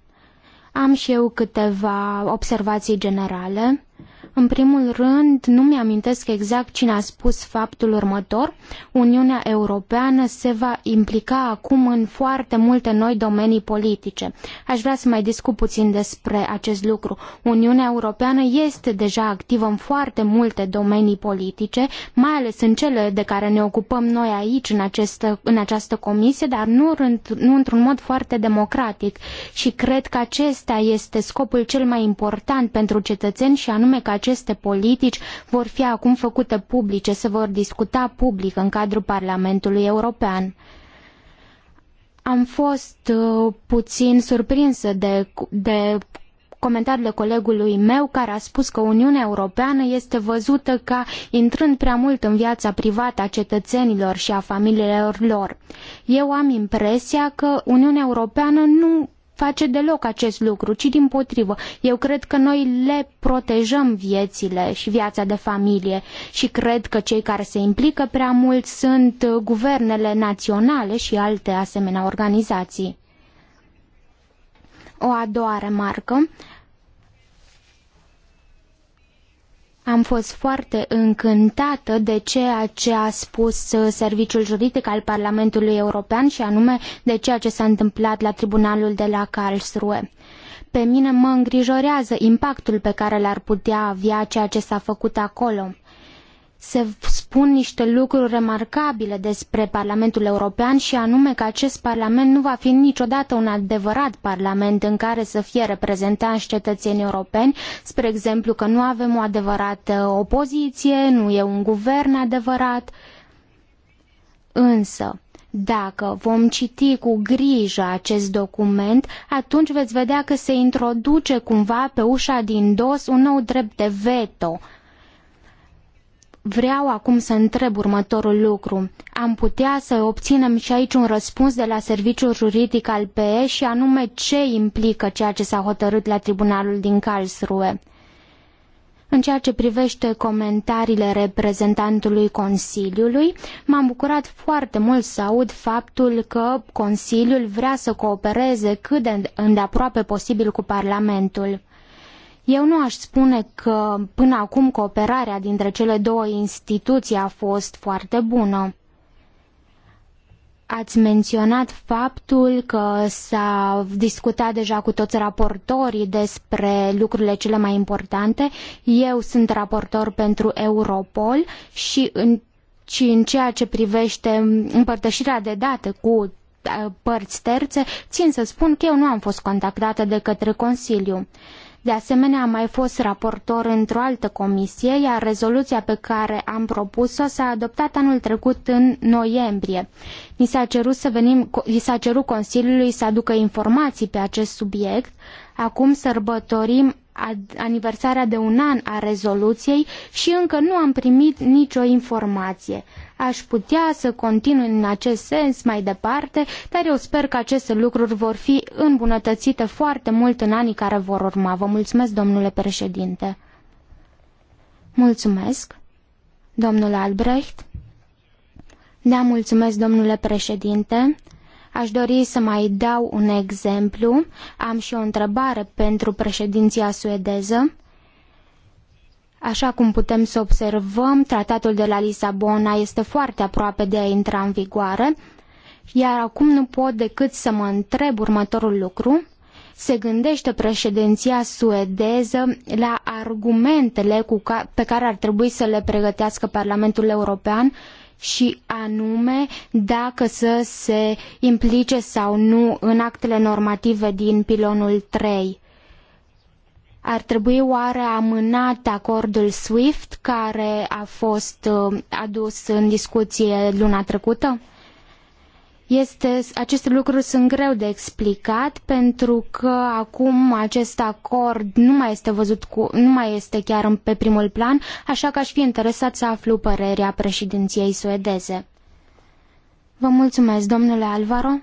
Am și eu câteva observații generale. Uh, în primul rând, nu mi-amintesc exact cine a spus faptul următor. Uniunea Europeană se va implica acum în foarte multe noi domenii politice. Aș vrea să mai discut puțin despre acest lucru. Uniunea Europeană este deja activă în foarte multe domenii politice, mai ales în cele de care ne ocupăm noi aici, în, această, în această comisie, dar nu, nu într-un mod foarte democratic. Și cred că acesta este scopul cel mai important pentru cetățeni și anume ca aceste politici vor fi acum făcute publice, se vor discuta public în cadrul Parlamentului European. Am fost uh, puțin surprinsă de, de comentariile colegului meu care a spus că Uniunea Europeană este văzută ca intrând prea mult în viața privată a cetățenilor și a familiilor lor. Eu am impresia că Uniunea Europeană nu face deloc acest lucru, ci din potrivă. Eu cred că noi le protejăm viețile și viața de familie și cred că cei care se implică prea mult sunt guvernele naționale și alte asemenea organizații. O a doua remarcă, Am fost foarte încântată de ceea ce a spus uh, Serviciul Juridic al Parlamentului European și anume de ceea ce s-a întâmplat la Tribunalul de la Karlsruhe. Pe mine mă îngrijorează impactul pe care l-ar putea avea ceea ce s-a făcut acolo se spun niște lucruri remarcabile despre Parlamentul European și anume că acest Parlament nu va fi niciodată un adevărat Parlament în care să fie reprezentanți cetățenii europeni, spre exemplu că nu avem o adevărată opoziție, nu e un guvern adevărat. Însă, dacă vom citi cu grijă acest document, atunci veți vedea că se introduce cumva pe ușa din dos un nou drept de veto Vreau acum să întreb următorul lucru. Am putea să obținem și aici un răspuns de la serviciul juridic al PE și anume ce implică ceea ce s-a hotărât la tribunalul din Karlsruhe. În ceea ce privește comentariile reprezentantului Consiliului, m-am bucurat foarte mult să aud faptul că Consiliul vrea să coopereze cât de îndeaproape posibil cu Parlamentul. Eu nu aș spune că până acum cooperarea dintre cele două instituții a fost foarte bună. Ați menționat faptul că s-a discutat deja cu toți raportorii despre lucrurile cele mai importante. Eu sunt raportor pentru Europol și în, și în ceea ce privește împărtășirea de date cu uh, părți terțe, țin să spun că eu nu am fost contactată de către Consiliu. De asemenea, am mai fost raportor într-o altă comisie, iar rezoluția pe care am propus-o s-a adoptat anul trecut în noiembrie. Ni s-a cerut să venim, i s-a cerut Consiliului să aducă informații pe acest subiect. Acum sărbătorim aniversarea de un an a rezoluției și încă nu am primit nicio informație aș putea să continui în acest sens mai departe, dar eu sper că aceste lucruri vor fi îmbunătățite foarte mult în anii care vor urma. Vă mulțumesc, domnule președinte. Mulțumesc. domnule Albrecht. Da, mulțumesc, domnule președinte. Aș dori să mai dau un exemplu. Am și o întrebare pentru președinția suedeză. Așa cum putem să observăm, tratatul de la Lisabona este foarte aproape de a intra în vigoare, iar acum nu pot decât să mă întreb următorul lucru. Se gândește președinția suedeză la argumentele cu ca- pe care ar trebui să le pregătească Parlamentul European și anume dacă să se implice sau nu în actele normative din pilonul 3. Ar trebui oare amânat acordul SWIFT care a fost uh, adus în discuție luna trecută? Este, aceste lucruri sunt greu de explicat pentru că acum acest acord nu mai este văzut cu, nu mai este chiar pe primul plan, așa că aș fi interesat să aflu părerea președinției suedeze. Vă mulțumesc, domnule Alvaro.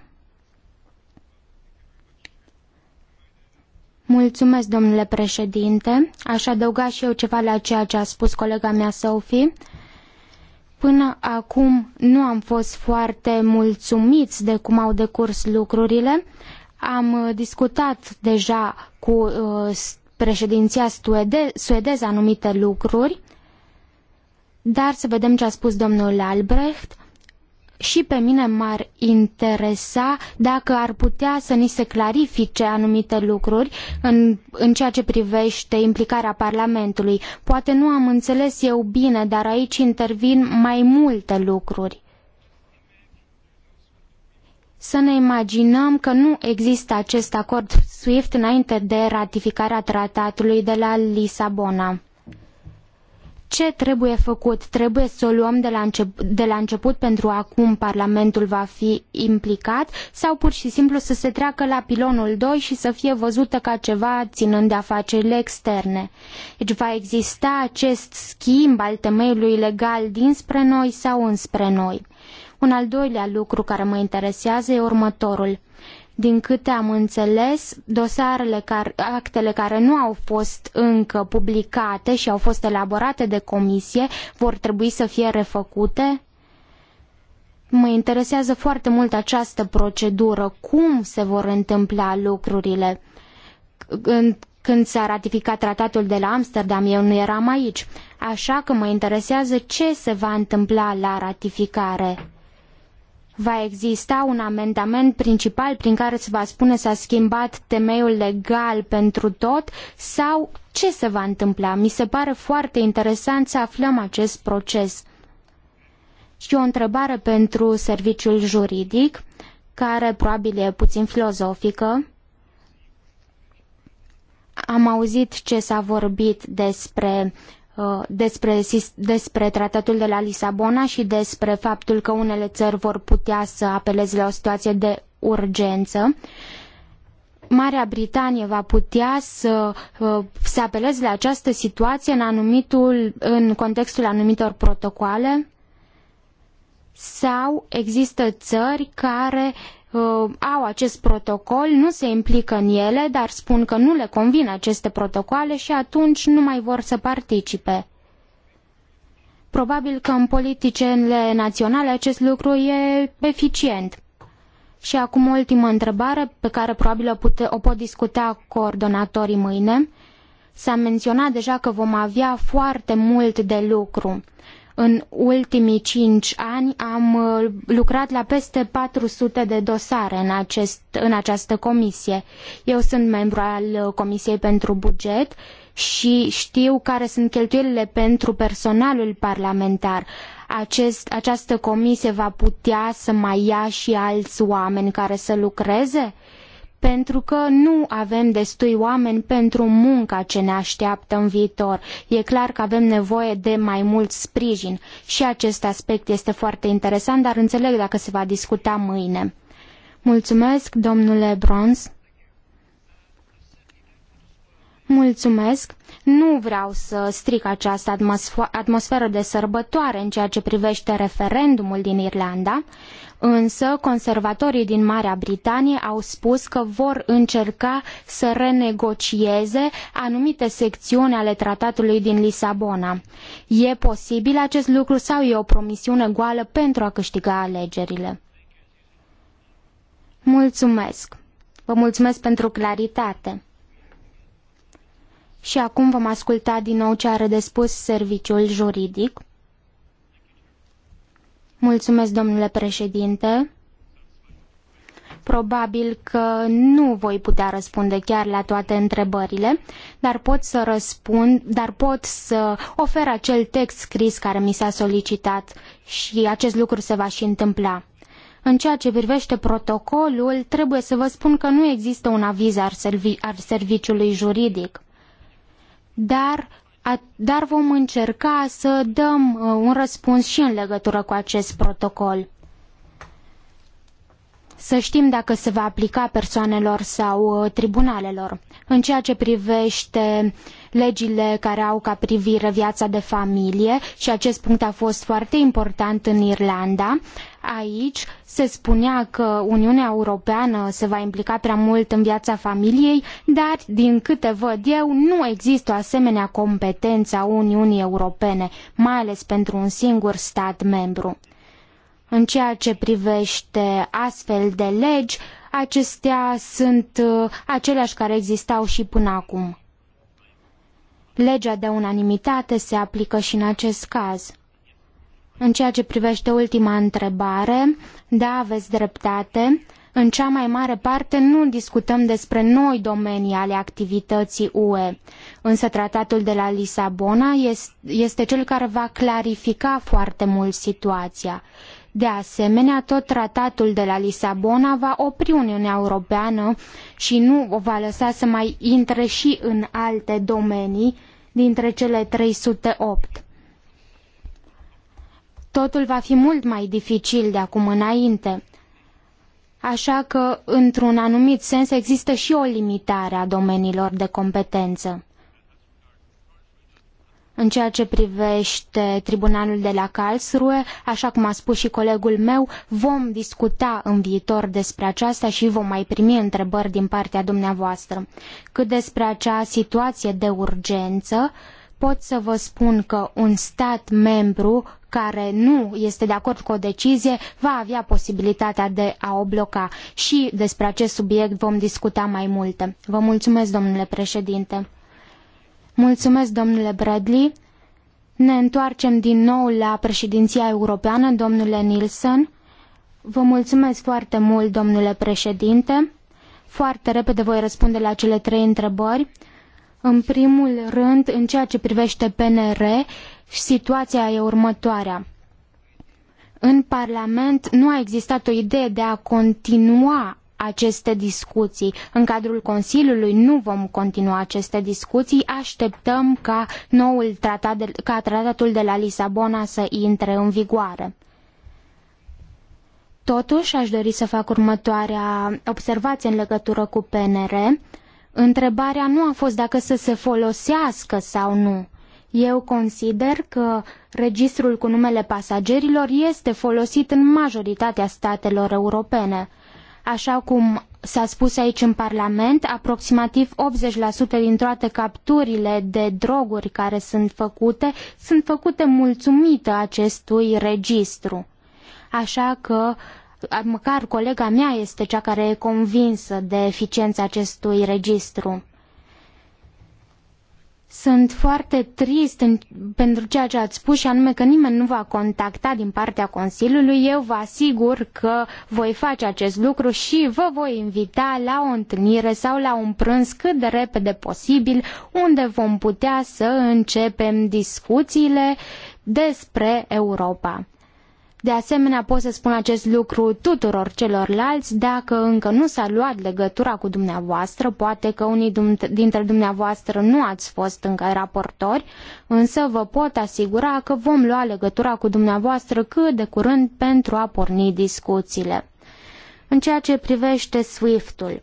Mulțumesc, domnule președinte. Aș adăuga și eu ceva la ceea ce a spus colega mea Sophie. Până acum nu am fost foarte mulțumiți de cum au decurs lucrurile. Am uh, discutat deja cu uh, președinția suede- suedeză anumite lucruri, dar să vedem ce a spus domnul Albrecht și pe mine m-ar interesa dacă ar putea să ni se clarifice anumite lucruri în, în ceea ce privește implicarea Parlamentului. Poate nu am înțeles eu bine, dar aici intervin mai multe lucruri să ne imaginăm că nu există acest acord SWIFT înainte de ratificarea tratatului de la Lisabona. Ce trebuie făcut? Trebuie să o luăm de la, început, de la început pentru acum Parlamentul va fi implicat sau pur și simplu să se treacă la pilonul 2 și să fie văzută ca ceva ținând de afacerile externe? Deci va exista acest schimb al temeiului legal dinspre noi sau înspre noi? Un al doilea lucru care mă interesează e următorul. Din câte am înțeles, dosarele care, actele care nu au fost încă publicate și au fost elaborate de comisie vor trebui să fie refăcute? Mă interesează foarte mult această procedură. Cum se vor întâmpla lucrurile? Când s-a ratificat tratatul de la Amsterdam, eu nu eram aici. Așa că mă interesează ce se va întâmpla la ratificare va exista un amendament principal prin care se va spune s-a schimbat temeiul legal pentru tot sau ce se va întâmpla? Mi se pare foarte interesant să aflăm acest proces. Și o întrebare pentru serviciul juridic, care probabil e puțin filozofică. Am auzit ce s-a vorbit despre uh, Uh, despre, despre tratatul de la Lisabona și despre faptul că unele țări vor putea să apeleze la o situație de urgență. Marea Britanie va putea să uh, să apeleze la această situație în, anumitul, în contextul anumitor protocoale? Sau există țări care uh, uh, au acest protocol, nu se implică în ele, dar spun că nu le convin aceste protocoale și atunci nu mai vor să participe. Probabil că în politicile naționale acest lucru e eficient. Și acum o ultimă întrebare pe care probabil o, pute, o pot discuta coordonatorii mâine. S-a menționat deja că vom avea foarte mult de lucru. În ultimii cinci ani am uh, lucrat la peste 400 de dosare în, acest, în această comisie. Eu sunt membru al uh, Comisiei pentru Buget și știu care sunt cheltuielile pentru personalul parlamentar. Acest, această comisie va putea să mai ia și alți oameni care să lucreze? pentru că nu avem destui oameni pentru munca ce ne așteaptă în viitor. E clar că avem nevoie de mai mult sprijin și acest aspect este foarte interesant, dar înțeleg dacă se va discuta mâine. Mulțumesc, domnule Bronze. Mulțumesc. Nu vreau să stric această atmosferă de sărbătoare în ceea ce privește referendumul din Irlanda, însă conservatorii din Marea Britanie au spus că vor încerca să renegocieze anumite secțiuni ale tratatului din Lisabona. E posibil acest lucru sau e o promisiune goală pentru a câștiga alegerile? Mulțumesc. Vă mulțumesc pentru claritate. Și acum vom asculta din nou ce are de spus serviciul juridic. Mulțumesc, domnule președinte. Probabil că nu voi putea răspunde chiar la toate întrebările, dar pot să răspund, dar pot să ofer acel text scris care mi s-a solicitat și acest lucru se va și întâmpla. În ceea ce privește protocolul, trebuie să vă spun că nu există un aviz al, servi al serviciului juridic dar, a, dar vom încerca să dăm uh, un răspuns și în legătură cu acest protocol să știm dacă se va aplica persoanelor sau uh, tribunalelor. În ceea ce privește legile care au ca privire viața de familie și acest punct a fost foarte important în Irlanda, aici se spunea că Uniunea Europeană se va implica prea mult în viața familiei, dar, din câte văd eu, nu există o asemenea competență a Uniunii Europene, mai ales pentru un singur stat membru. În ceea ce privește astfel de legi, acestea sunt uh, aceleași care existau și până acum. Legea de unanimitate se aplică și în acest caz. În ceea ce privește ultima întrebare, da, aveți dreptate, în cea mai mare parte nu discutăm despre noi domenii ale activității UE, însă tratatul de la Lisabona este cel care va clarifica foarte mult situația. De asemenea, tot tratatul de la Lisabona va opri Uniunea Europeană și nu o va lăsa să mai intre și în alte domenii dintre cele 308. Totul va fi mult mai dificil de acum înainte. Așa că, într-un anumit sens, există și o limitare a domeniilor de competență. În ceea ce privește tribunalul de la Karlsruhe, așa cum a spus și colegul meu, vom discuta în viitor despre aceasta și vom mai primi întrebări din partea dumneavoastră. Cât despre acea situație de urgență, pot să vă spun că un stat membru care nu este de acord cu o decizie va avea posibilitatea de a o bloca și despre acest subiect vom discuta mai multe. Vă mulțumesc, domnule președinte. Mulțumesc, domnule Bradley. Ne întoarcem din nou la președinția europeană, domnule Nilsson. Vă mulțumesc foarte mult, domnule președinte. Foarte repede voi răspunde la cele trei întrebări. În primul rând, în ceea ce privește PNR, situația e următoarea. În Parlament nu a existat o idee de a continua aceste discuții. În cadrul Consiliului nu vom continua aceste discuții, așteptăm ca, noul tratat de, ca tratatul de la Lisabona să intre în vigoare. Totuși, aș dori să fac următoarea observație în legătură cu PNR. Întrebarea nu a fost dacă să se folosească sau nu. Eu consider că registrul cu numele pasagerilor este folosit în majoritatea statelor europene. Așa cum s-a spus aici în Parlament, aproximativ 80% din toate capturile de droguri care sunt făcute sunt făcute mulțumită acestui registru. Așa că măcar colega mea este cea care e convinsă de eficiența acestui registru. Sunt foarte trist în, pentru ceea ce ați spus și anume că nimeni nu va contacta din partea Consiliului. Eu vă asigur că voi face acest lucru și vă voi invita la o întâlnire sau la un prânz cât de repede posibil unde vom putea să începem discuțiile despre Europa. De asemenea, pot să spun acest lucru tuturor celorlalți, dacă încă nu s-a luat legătura cu dumneavoastră, poate că unii dintre dumneavoastră nu ați fost încă raportori, însă vă pot asigura că vom lua legătura cu dumneavoastră cât de curând pentru a porni discuțiile. În ceea ce privește SWIFT-ul,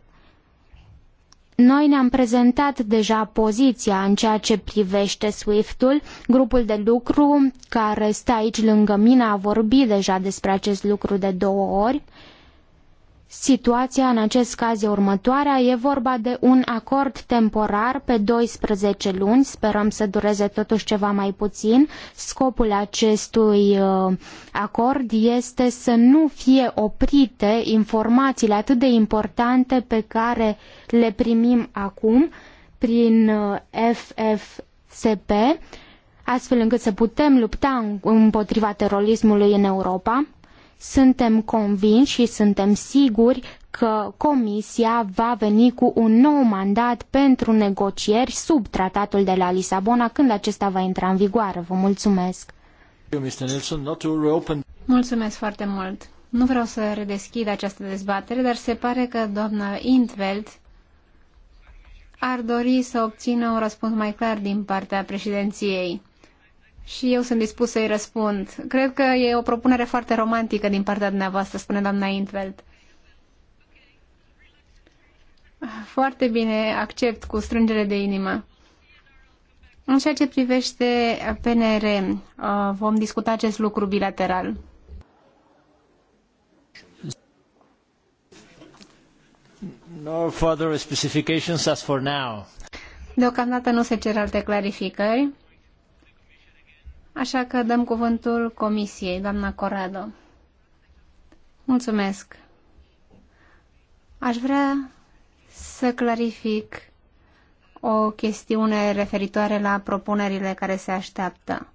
noi ne-am prezentat deja poziția în ceea ce privește SWIFT-ul. Grupul de lucru care stă aici lângă mine a vorbit deja despre acest lucru de două ori. Situația în acest caz e următoarea, e vorba de un acord temporar pe 12 luni, sperăm să dureze totuși ceva mai puțin. Scopul acestui uh, acord este să nu fie oprite informațiile atât de importante pe care le primim acum prin uh, FFCP, astfel încât să putem lupta împotriva terorismului în Europa suntem convinși și suntem siguri că Comisia va veni cu un nou mandat pentru negocieri sub tratatul de la Lisabona când acesta va intra în vigoare. Vă mulțumesc! Mulțumesc foarte mult! Nu vreau să redeschid această dezbatere, dar se pare că doamna Intveld ar dori să obțină un răspuns mai clar din partea președinției și eu sunt dispus să-i răspund. Cred că e o propunere foarte romantică din partea dumneavoastră, spune doamna Intveld. Foarte bine, accept cu strângere de inimă. În ceea ce privește PNR, uh, vom discuta acest lucru bilateral. No further specifications as for now. Deocamdată nu se cer alte clarificări. Așa că dăm cuvântul comisiei, doamna Corrado. Mulțumesc. Aș vrea să clarific o chestiune referitoare la propunerile care se așteaptă.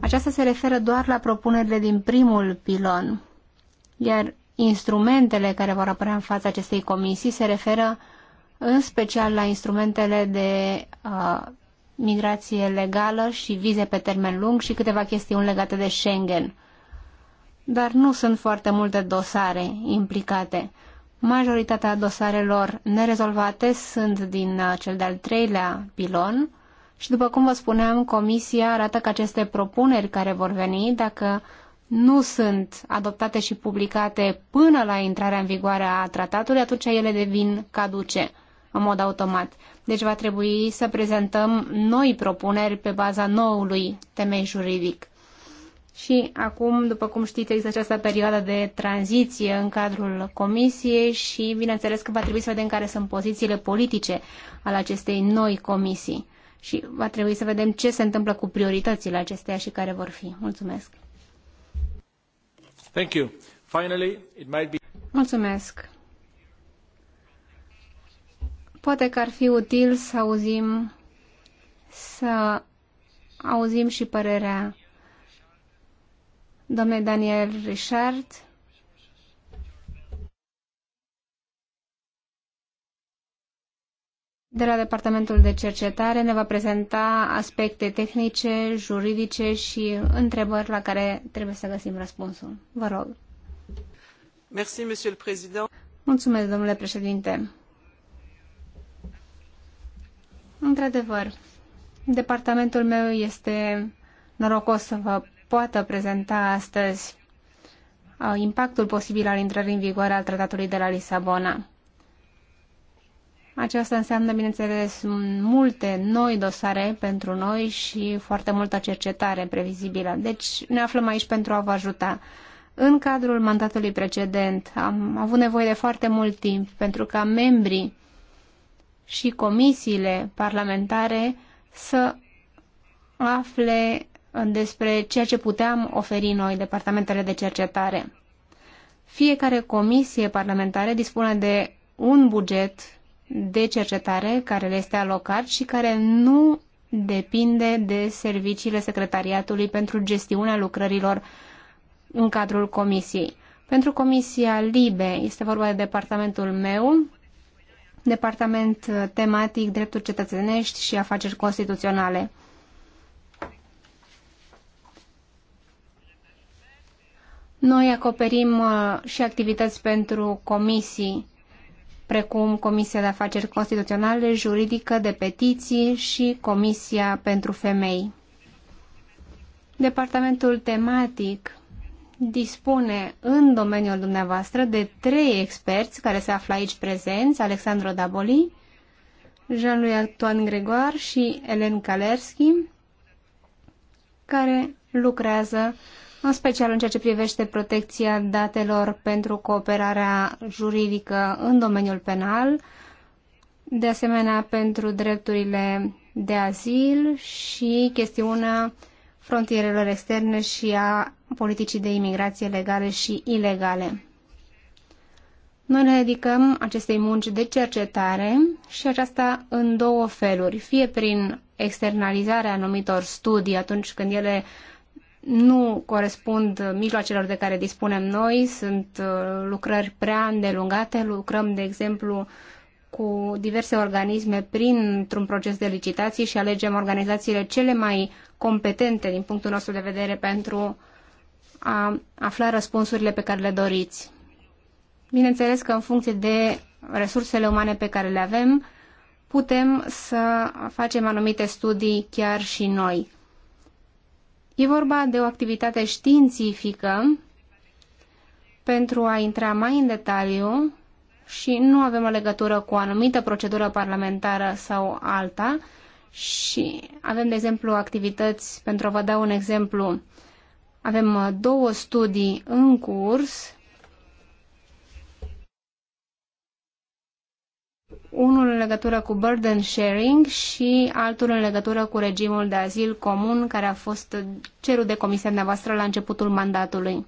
Aceasta se referă doar la propunerile din primul pilon, iar instrumentele care vor apărea în fața acestei comisii se referă în special la instrumentele de uh, migrație legală și vize pe termen lung și câteva chestiuni legate de Schengen. Dar nu sunt foarte multe dosare implicate. Majoritatea dosarelor nerezolvate sunt din uh, cel de-al treilea pilon și, după cum vă spuneam, Comisia arată că aceste propuneri care vor veni, dacă nu sunt adoptate și publicate până la intrarea în vigoare a tratatului, atunci ele devin caduce în mod automat. Deci va trebui să prezentăm noi propuneri pe baza noului temei juridic. Și acum, după cum știți, există această perioadă de tranziție în cadrul comisiei și, bineînțeles, că va trebui să vedem care sunt pozițiile politice ale acestei noi comisii. Și va trebui să vedem ce se întâmplă cu prioritățile acesteia și care vor fi. Mulțumesc! Thank you. Finally, it might be... Mulțumesc! Poate că ar fi util să auzim să auzim și părerea domnului Daniel Richard, de la Departamentul de Cercetare ne va prezenta aspecte tehnice, juridice și întrebări la care trebuie să găsim răspunsul. Vă rog. Mulțumesc, domnule președinte. Într-adevăr, departamentul meu este norocos să vă poată prezenta astăzi uh, impactul posibil al intrării în vigoare al tratatului de la Lisabona. Aceasta înseamnă, bineînțeles, multe noi dosare pentru noi și foarte multă cercetare previzibilă. Deci ne aflăm aici pentru a vă ajuta. În cadrul mandatului precedent am avut nevoie de foarte mult timp pentru ca membrii și comisiile parlamentare să afle uh, despre ceea ce puteam oferi noi, departamentele de cercetare. Fiecare comisie parlamentară dispune de un buget de cercetare care le este alocat și care nu depinde de serviciile secretariatului pentru gestiunea lucrărilor în cadrul comisiei. Pentru comisia LIBE este vorba de departamentul meu, departament uh, tematic drepturi cetățenești și afaceri constituționale. Noi acoperim uh, și activități pentru comisii, precum Comisia de Afaceri Constituționale, Juridică, de Petiții și Comisia pentru Femei. Departamentul tematic dispune în domeniul dumneavoastră de trei experți care se află aici prezenți, Alexandru Daboli, Jean-Louis Antoine Gregoar și Elen Kalerski, care lucrează în special în ceea ce privește protecția datelor pentru cooperarea juridică în domeniul penal, de asemenea pentru drepturile de azil și chestiunea frontierelor externe și a politicii de imigrație legale și ilegale. Noi ne dedicăm acestei munci de cercetare și aceasta în două feluri, fie prin externalizarea anumitor studii atunci când ele nu corespund mijloacelor de care dispunem noi, sunt uh, lucrări prea îndelungate, lucrăm, de exemplu, cu diverse organisme printr-un proces de licitații și alegem organizațiile cele mai competente din punctul nostru de vedere pentru a afla răspunsurile pe care le doriți. Bineînțeles că în funcție de resursele umane pe care le avem, putem să facem anumite studii chiar și noi. E vorba de o activitate științifică pentru a intra mai în detaliu și nu avem o legătură cu o anumită procedură parlamentară sau alta și avem, de exemplu, activități, pentru a vă da un exemplu, avem uh, două studii în curs. Unul în legătură cu burden sharing și altul în legătură cu regimul de azil comun care a fost cerut de comisia noastră la începutul mandatului.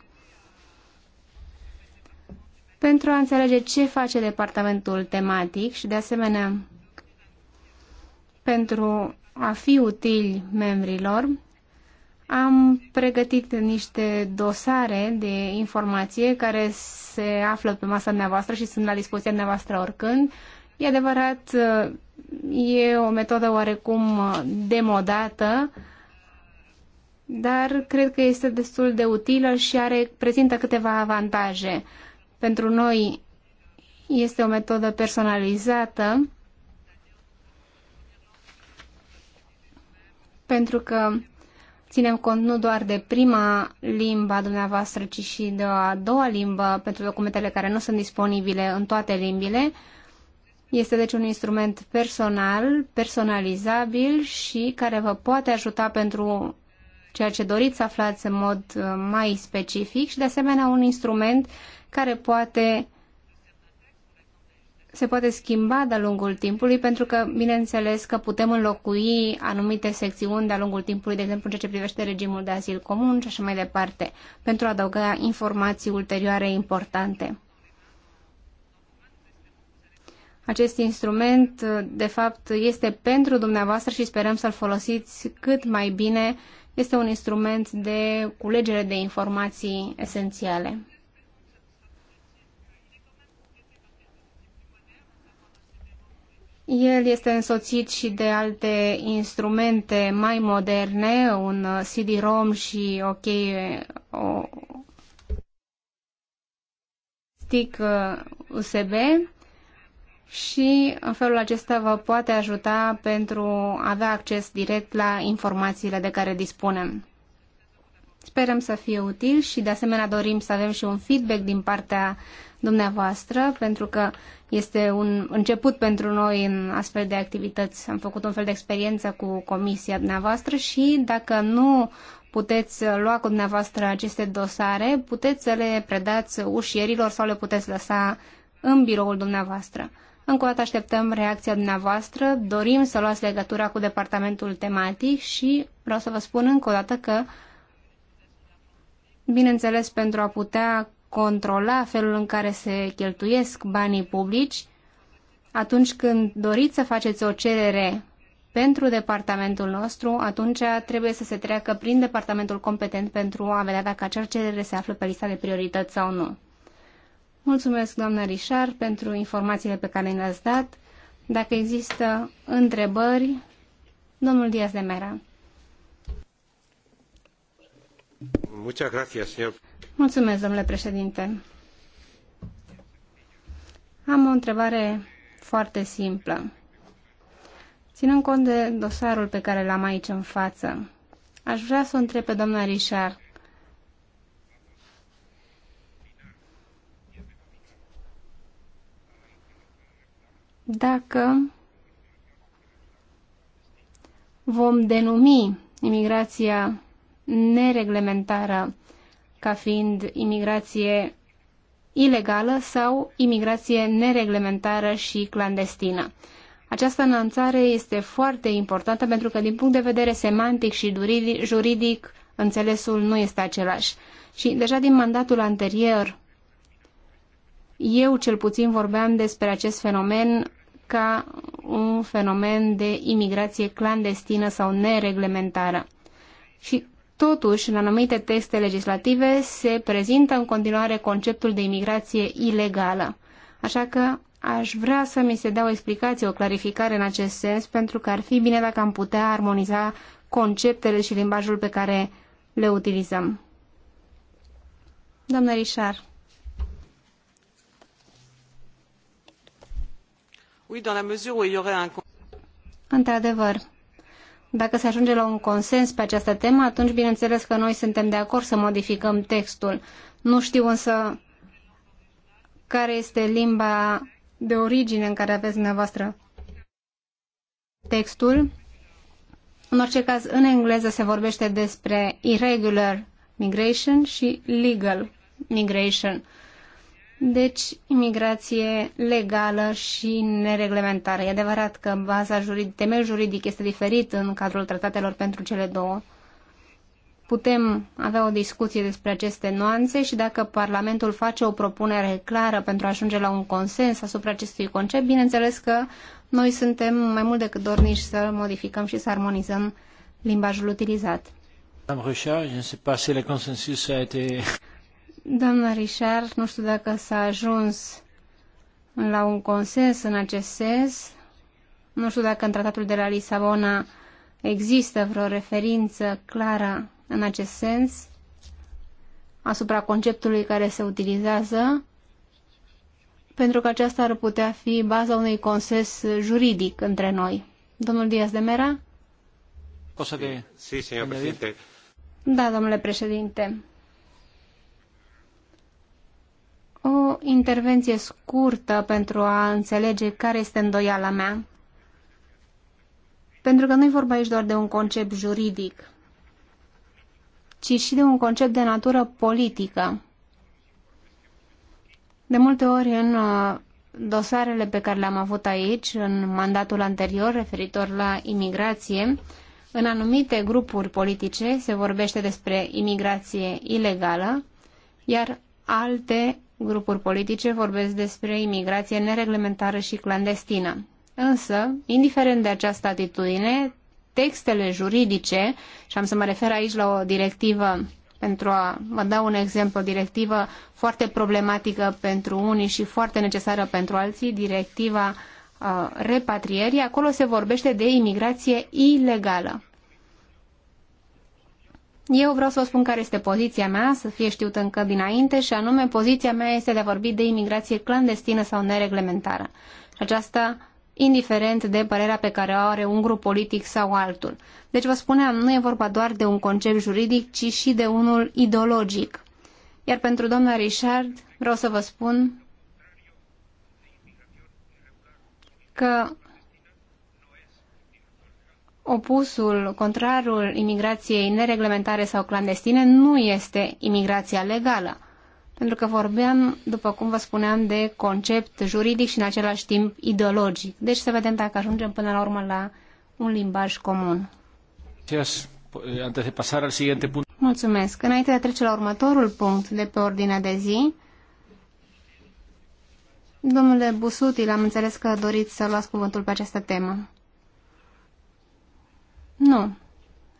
Pentru a înțelege ce face departamentul tematic și de asemenea pentru a fi utili membrilor, am pregătit niște dosare de informație care se află pe masa dumneavoastră și sunt la dispoziția dumneavoastră oricând. E adevărat, e o metodă oarecum demodată, dar cred că este destul de utilă și are, prezintă câteva avantaje. Pentru noi este o metodă personalizată, pentru că ținem cont nu doar de prima limba dumneavoastră, ci și de a doua limbă pentru documentele care nu sunt disponibile în toate limbile. Este deci un instrument personal, personalizabil și care vă poate ajuta pentru ceea ce doriți să aflați în mod uh, mai specific și de asemenea un instrument care poate uh, se poate schimba de-a lungul timpului, pentru că, bineînțeles, că putem înlocui anumite secțiuni de-a lungul timpului, de exemplu, în ceea ce privește regimul de azil comun și așa mai departe, pentru a adăuga informații ulterioare importante. Acest instrument, de fapt, este pentru dumneavoastră și sperăm să-l folosiți cât mai bine. Este un instrument de culegere de informații esențiale. El este însoțit și de alte instrumente mai moderne, un CD-ROM și cheie, o stick USB uh, și în felul acesta vă poate ajuta pentru a avea acces direct la informațiile de care dispunem. Sperăm să fie util și de asemenea dorim să avem și un feedback din partea dumneavoastră, pentru că este un început pentru noi în astfel de activități. Am făcut un fel de experiență cu comisia dumneavoastră și dacă nu puteți lua cu dumneavoastră aceste dosare, puteți să le predați ușierilor sau le puteți lăsa în biroul dumneavoastră. Încă o dată așteptăm reacția dumneavoastră, dorim să luați legătura cu departamentul tematic și vreau să vă spun încă o dată că bineînțeles pentru a putea controla felul în care se cheltuiesc banii publici, atunci când doriți să faceți o cerere pentru departamentul nostru, atunci trebuie să se treacă prin departamentul competent pentru a vedea dacă acea cerere se află pe lista de priorități sau nu. Mulțumesc, doamna Rișar, pentru informațiile pe care le-ați dat. Dacă există întrebări, domnul Diaz de Mera. domnule președinte. Am o întrebare foarte simplă. Ținând cont de dosarul pe care l-am aici în față, aș vrea să o întreb pe doamna Richard. Dacă vom denumi imigrația nereglementară ca fiind imigrație ilegală sau imigrație nereglementară și clandestină. Această anunțare este foarte importantă pentru că din punct de vedere semantic și juridic înțelesul nu este același. Și deja din mandatul anterior eu cel puțin vorbeam despre acest fenomen ca un fenomen de imigrație clandestină sau nereglementară. Și Totuși, în anumite texte legislative se prezintă în continuare conceptul de imigrație ilegală. Așa că aș vrea să mi se dea o explicație, o clarificare în acest sens, pentru că ar fi bine dacă am putea armoniza conceptele și limbajul pe care le utilizăm. Doamna Richard. Într-adevăr, dacă se ajunge la un consens pe această temă, atunci bineînțeles că noi suntem de acord să modificăm textul. Nu știu însă care este limba de origine în care aveți dumneavoastră textul. În orice caz, în engleză se vorbește despre irregular migration și legal migration. Deci, imigrație legală și nereglementară. E adevărat că baza juridic, temel juridic este diferit în cadrul tratatelor pentru cele două. Putem avea o discuție despre aceste nuanțe și dacă Parlamentul face o propunere clară pentru a ajunge la un consens asupra acestui concept, bineînțeles că noi suntem mai mult decât dorniși să modificăm și să armonizăm limbajul utilizat. Am Rochard, nu ne sais pas si le été... Doamna Richard, nu știu dacă s-a ajuns la un consens în acest sens. Nu știu dacă în tratatul de la Lisabona există vreo referință clară în acest sens asupra conceptului care se utilizează, pentru că aceasta ar putea fi baza unui consens juridic între noi. Domnul Diaz de Mera? Cosa de... Sí, sí, señor presidente. Da, domnule președinte. o intervenție scurtă pentru a înțelege care este îndoiala mea. Pentru că nu e vorba aici doar de un concept juridic, ci și de un concept de natură politică. De multe ori în uh, dosarele pe care le-am avut aici, în mandatul anterior referitor la imigrație, în anumite grupuri politice se vorbește despre imigrație ilegală, iar alte grupuri politice vorbesc despre imigrație nereglementară și clandestină. Însă, indiferent de această atitudine, textele juridice, și am să mă refer aici la o directivă pentru a vă da un exemplu, o directivă foarte problematică pentru unii și foarte necesară pentru alții, directiva uh, repatrierii, acolo se vorbește de imigrație ilegală. Eu vreau să vă spun care este poziția mea, să fie știută încă dinainte, și anume poziția mea este de a vorbi de imigrație clandestină sau nereglementară. Aceasta indiferent de părerea pe care o are un grup politic sau altul. Deci vă spuneam, nu e vorba doar de un concept juridic, ci și de unul ideologic. Iar pentru domnul Richard vreau să vă spun că opusul, contrarul imigrației nereglementare sau clandestine nu este imigrația legală. Pentru că vorbeam, după cum vă spuneam, de concept juridic și în același timp ideologic. Deci să vedem dacă ajungem până la urmă la un limbaj comun. Mulțumesc. Înainte de a trece la următorul punct de pe ordinea de zi, domnule Busuti, l-am înțeles că doriți să luați cuvântul pe această temă. Nu.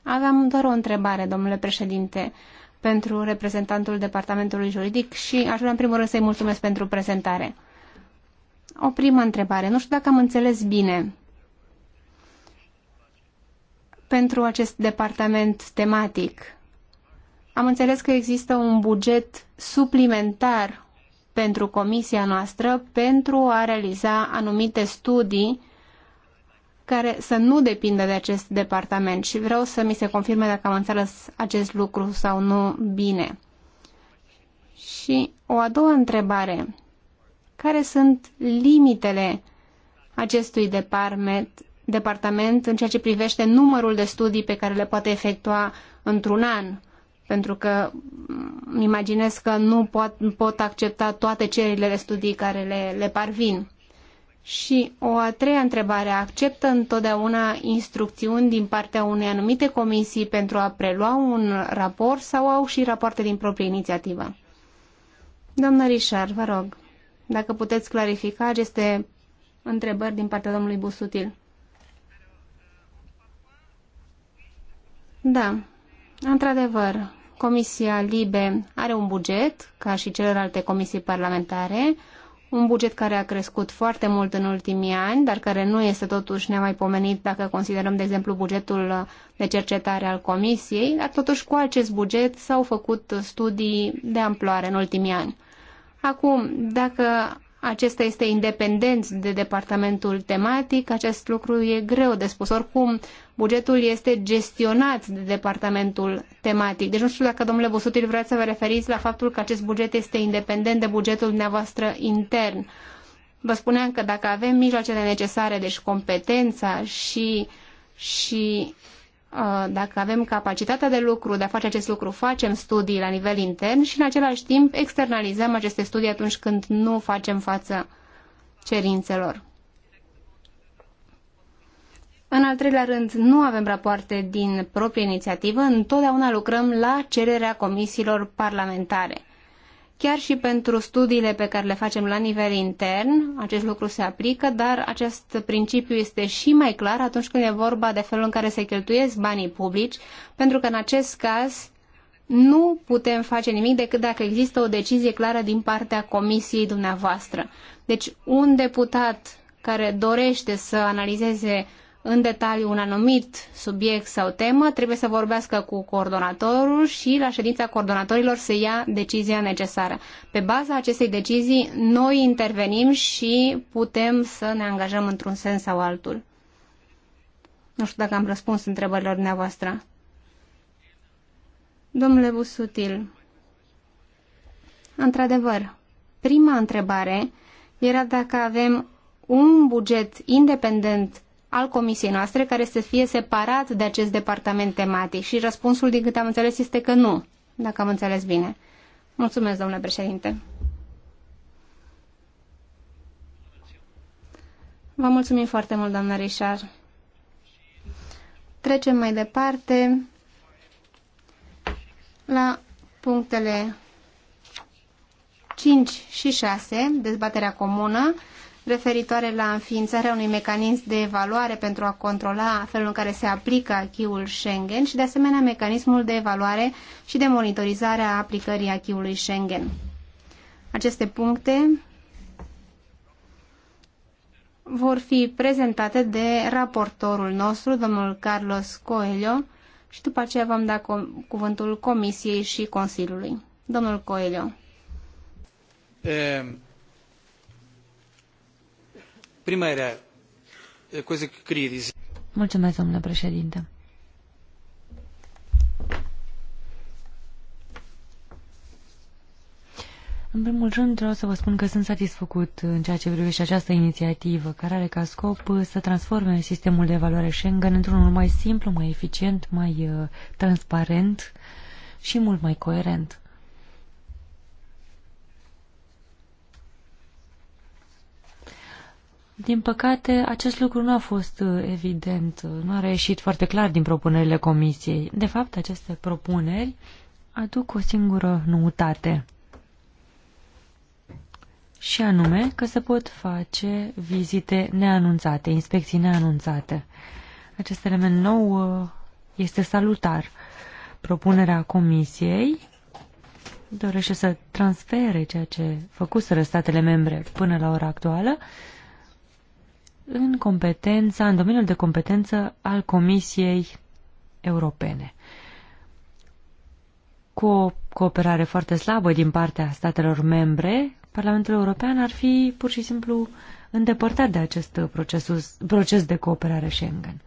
Aveam doar o întrebare, domnule președinte, pentru reprezentantul Departamentului Juridic și aș vrea în primul rând să-i mulțumesc pentru prezentare. O primă întrebare. Nu știu dacă am înțeles bine. Pentru acest departament tematic, am înțeles că există un buget suplimentar pentru comisia noastră pentru a realiza anumite studii care să nu depindă de acest departament și vreau să mi se confirme dacă am înțeles acest lucru sau nu bine. Și o a doua întrebare. Care sunt limitele acestui departament, departament în ceea ce privește numărul de studii pe care le poate efectua într-un an? Pentru că îmi imaginez că nu pot, pot accepta toate cererile de studii care le, le parvin. Și o a treia întrebare, acceptă întotdeauna instrucțiuni din partea unei anumite comisii pentru a prelua un raport sau au și rapoarte din proprie inițiativă? Doamna Richard, vă rog, dacă puteți clarifica aceste întrebări din partea domnului Busutil. Da, într-adevăr, Comisia Libe are un buget, ca și celelalte comisii parlamentare, un buget care a crescut foarte mult în ultimii ani, dar care nu este totuși nemaipomenit dacă considerăm, de exemplu, bugetul de cercetare al Comisiei, dar totuși cu acest buget s-au făcut studii de amploare în ultimii ani. Acum, dacă acesta este independent de departamentul tematic, acest lucru e greu de spus. Oricum, bugetul este gestionat de departamentul tematic. Deci nu știu dacă, domnule Busutil, vreți să vă referiți la faptul că acest buget este independent de bugetul dumneavoastră intern. Vă spuneam că dacă avem mijloacele necesare, deci competența și, și uh, dacă avem capacitatea de lucru, de a face acest lucru, facem studii la nivel intern și în același timp externalizăm aceste studii atunci când nu facem față cerințelor. În al treilea rând, nu avem rapoarte din proprie inițiativă, întotdeauna lucrăm la cererea comisiilor parlamentare. Chiar și pentru studiile pe care le facem la nivel intern, acest lucru se aplică, dar acest principiu este și mai clar atunci când e vorba de felul în care se cheltuiesc banii publici, pentru că în acest caz nu putem face nimic decât dacă există o decizie clară din partea comisiei dumneavoastră. Deci un deputat care dorește să analizeze în detaliu un anumit subiect sau temă, trebuie să vorbească cu coordonatorul și la ședința coordonatorilor să ia decizia necesară. Pe baza acestei decizii, noi intervenim și putem să ne angajăm într-un sens sau altul. Nu știu dacă am răspuns întrebărilor dumneavoastră. Domnule Busutil, într-adevăr, prima întrebare era dacă avem un buget independent al comisiei noastre care să fie separat de acest departament tematic? Și răspunsul, din câte am înțeles, este că nu, dacă am înțeles bine. Mulțumesc, domnule președinte. Vă mulțumim foarte mult, doamna Richard. Trecem mai departe la punctele 5 și 6, dezbaterea comună referitoare la înființarea unui mecanism de evaluare pentru a controla felul în care se aplică achiul Schengen și, de asemenea, mecanismul de evaluare și de monitorizare a aplicării achiului Schengen. Aceste puncte vor fi prezentate de raportorul nostru, domnul Carlos Coelho, și după aceea vom da cuvântul Comisiei și Consiliului. Domnul Coelho. Primeira coisa que queria dizer. În primul rând, vreau să vă spun că sunt satisfăcut în ceea ce privește această inițiativă, care are ca scop să transforme sistemul de evaluare Schengen într-unul mai simplu, mai eficient, mai uh, transparent și mult mai coerent. Din păcate, acest lucru nu a fost uh, evident, uh, nu a reieșit foarte clar din propunerile comisiei. De fapt, aceste propuneri aduc o singură noutate. Și anume că se pot face vizite neanunțate, inspecții neanunțate. Acest element nou uh, este salutar. Propunerea comisiei dorește să transfere ceea ce făcuseră statele membre până la ora actuală în competența, în domeniul de competență al Comisiei Europene. Cu o cooperare foarte slabă din partea statelor membre, Parlamentul European ar fi pur și simplu îndepărtat de acest procesus, proces de cooperare Schengen.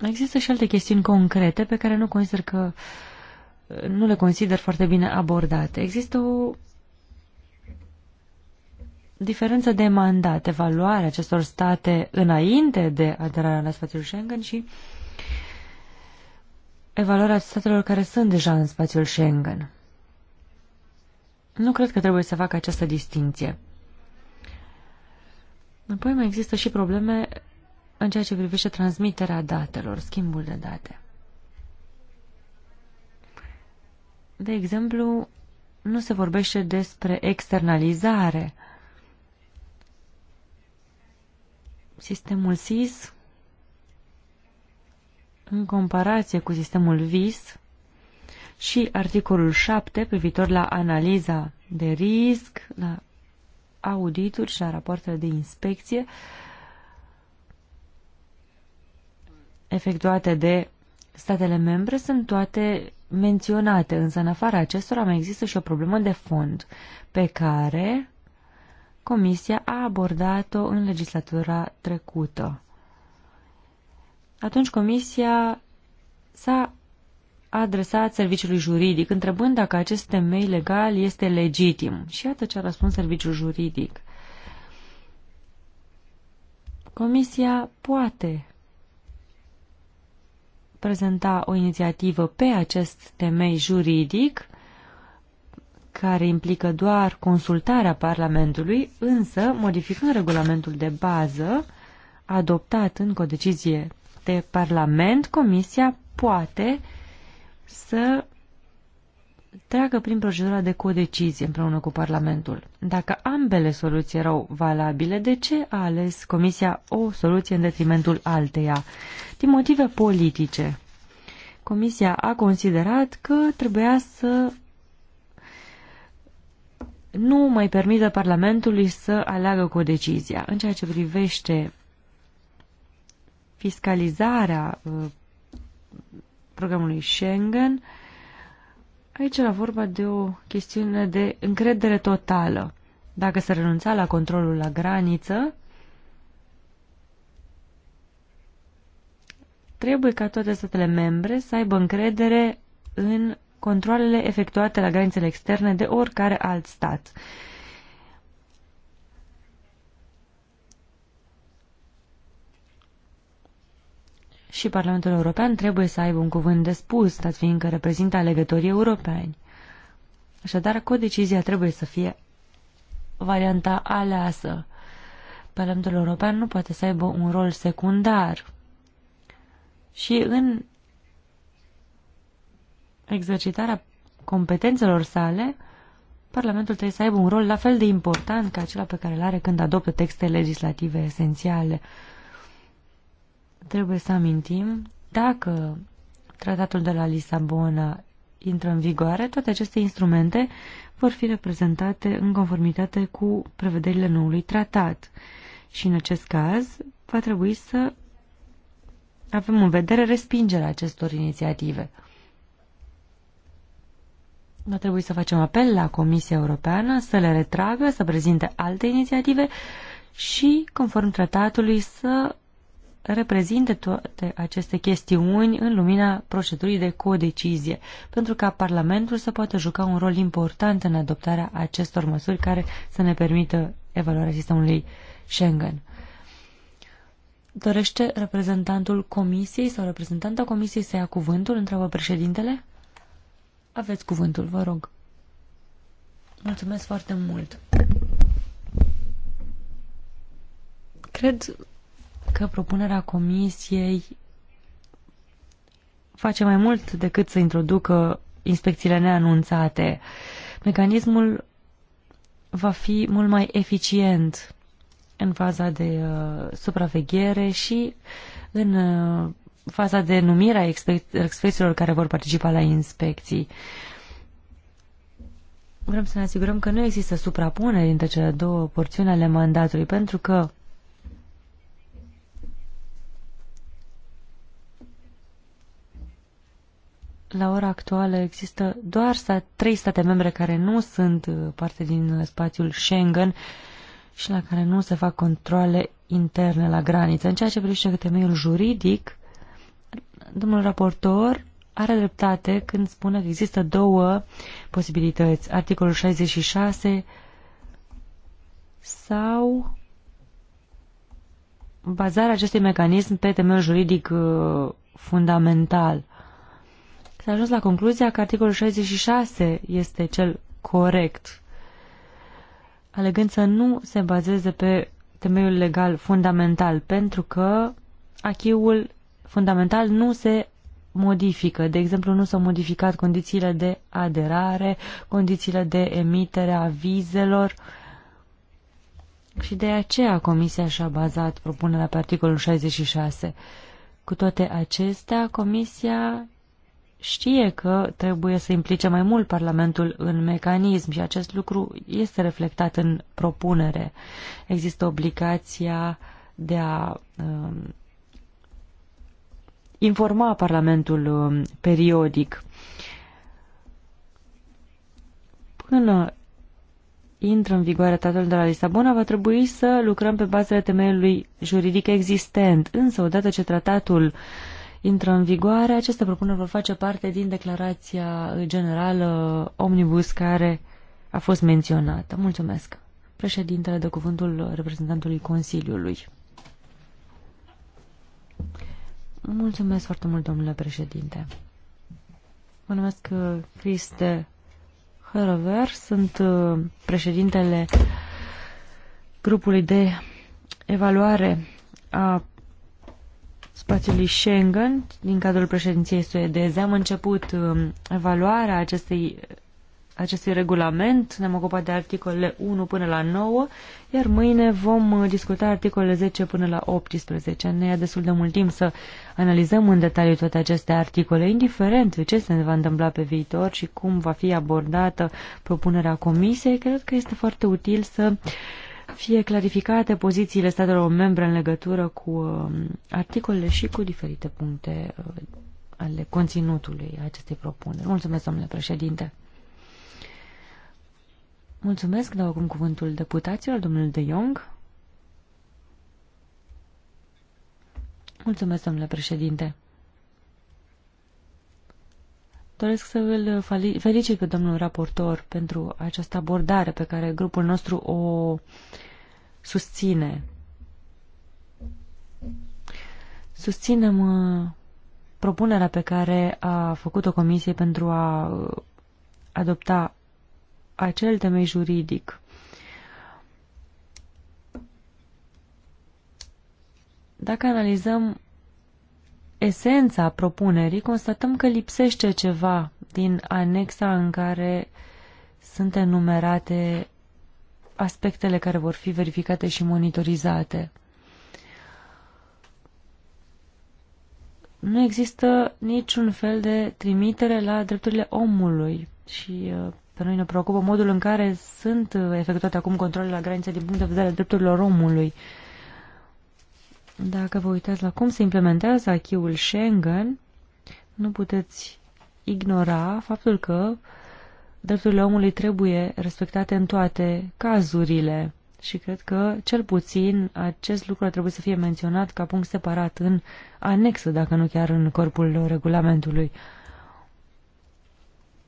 Există și alte chestiuni concrete pe care nu consider că nu le consider foarte bine abordate. Există o diferență de mandat, evaluarea acestor state înainte de aderarea la spațiul Schengen și evaluarea statelor care sunt deja în spațiul Schengen. Nu cred că trebuie să facă această distinție. Apoi mai există și probleme în ceea ce privește transmiterea datelor, schimbul de date. De exemplu, nu se vorbește despre externalizare Sistemul SIS, în comparație cu sistemul VIS și articolul 7 privitor la analiza de risc, la audituri și la rapoartele de inspecție efectuate de statele membre sunt toate menționate, însă în afara acestora mai există și o problemă de fond pe care Comisia a abordat-o în legislatura trecută. Atunci Comisia s-a adresat serviciului juridic, întrebând dacă acest temei legal este legitim. Și iată ce a răspuns serviciul juridic. Comisia poate prezenta o inițiativă pe acest temei juridic care implică doar consultarea Parlamentului, însă, modificând regulamentul de bază, adoptat în codecizie de Parlament, Comisia poate să treacă prin procedura de codecizie împreună cu Parlamentul. Dacă ambele soluții erau valabile, de ce a ales Comisia o soluție în detrimentul alteia? Din motive politice. Comisia a considerat că trebuia să nu mai permită Parlamentului să aleagă cu decizia. În ceea ce privește fiscalizarea uh, programului Schengen, aici era vorba de o chestiune de încredere totală. Dacă se renunța la controlul la graniță, trebuie ca toate statele membre să aibă încredere în controlele efectuate la granițele externe de oricare alt stat. Și Parlamentul European trebuie să aibă un cuvânt de spus, dat fiindcă reprezintă alegătorii europeni. Așadar, codecizia trebuie să fie varianta aleasă. Parlamentul European nu poate să aibă un rol secundar. Și în exercitarea competențelor sale, Parlamentul trebuie să aibă un rol la fel de important ca acela pe care îl are când adoptă texte legislative esențiale. Trebuie să amintim, dacă tratatul de la Lisabona intră în vigoare, toate aceste instrumente vor fi reprezentate în conformitate cu prevederile noului tratat. Și în acest caz va trebui să avem în vedere respingerea acestor inițiative. Va trebui să facem apel la Comisia Europeană să le retragă, să prezinte alte inițiative și, conform tratatului, să reprezinte toate aceste chestiuni în lumina procedurii de codecizie, pentru ca Parlamentul să poată juca un rol important în adoptarea acestor măsuri care să ne permită evaluarea sistemului Schengen. Dorește reprezentantul Comisiei sau reprezentanta Comisiei să ia cuvântul, întreabă președintele? Aveți cuvântul, vă rog. Mulțumesc foarte mult. Cred că propunerea comisiei face mai mult decât să introducă inspecțiile neanunțate. Mecanismul va fi mult mai eficient în faza de uh, supraveghere și în uh, faza de numire a experților care vor participa la inspecții. Vrem să ne asigurăm că nu există suprapunere dintre cele două porțiuni ale mandatului, pentru că la ora actuală există doar trei state membre care nu sunt uh, parte din spațiul Schengen și la care nu se fac controle interne la graniță. În ceea ce privește temeiul juridic, Domnul raportor are dreptate când spune că există două posibilități. Articolul 66 sau bazarea acestui mecanism pe temeiul juridic uh, fundamental. S-a ajuns la concluzia că articolul 66 este cel corect, alegând să nu se bazeze pe temeiul legal fundamental, pentru că achiul fundamental nu se modifică. De exemplu, nu s-au modificat condițiile de aderare, condițiile de emitere a vizelor și de aceea Comisia și-a bazat propunerea pe articolul 66. Cu toate acestea, Comisia știe că trebuie să implice mai mult Parlamentul în mecanism și acest lucru este reflectat în propunere. Există obligația de a um, informa Parlamentul um, periodic. Până intră în vigoare tratatul de la Lisabona, va trebui să lucrăm pe bazele temeiului juridic existent. Însă, odată ce tratatul intră în vigoare, aceste propuneri vor face parte din declarația generală Omnibus care a fost menționată. Mulțumesc. Președintele de cuvântul reprezentantului Consiliului. Mulțumesc foarte mult, domnule președinte. Mă numesc uh, Criste Hărăver, sunt uh, președintele grupului de evaluare a spațiului Schengen din cadrul președinției suedeze. Am început um, evaluarea acestei acestui regulament. Ne-am ocupat de articolele 1 până la 9, iar mâine vom uh, discuta articolele 10 până la 18. Ne ia destul de mult timp să analizăm în detaliu toate aceste articole, indiferent de ce se va întâmpla pe viitor și cum va fi abordată propunerea comisiei. Cred că este foarte util să fie clarificate pozițiile statelor membre în legătură cu uh, articolele și cu diferite puncte uh, ale conținutului acestei propuneri. Mulțumesc, domnule președinte! Mulțumesc, dau acum cuvântul deputaților, domnul De Jong. Mulțumesc, domnule președinte. Doresc să îl felicit pe domnul raportor pentru această abordare pe care grupul nostru o susține. Susținem uh, propunerea pe care a făcut-o Comisie pentru a uh, adopta acel temei juridic. Dacă analizăm esența propunerii, constatăm că lipsește ceva din anexa în care sunt enumerate aspectele care vor fi verificate și monitorizate. Nu există niciun fel de trimitere la drepturile omului și uh, pe noi ne preocupă modul în care sunt uh, efectuate acum controlele la graniță din punct de vedere al drepturilor omului. Dacă vă uitați la cum se implementează achiul Schengen, nu puteți ignora faptul că drepturile omului trebuie respectate în toate cazurile și cred că, cel puțin, acest lucru ar trebui să fie menționat ca punct separat în anexă, dacă nu chiar în corpul regulamentului.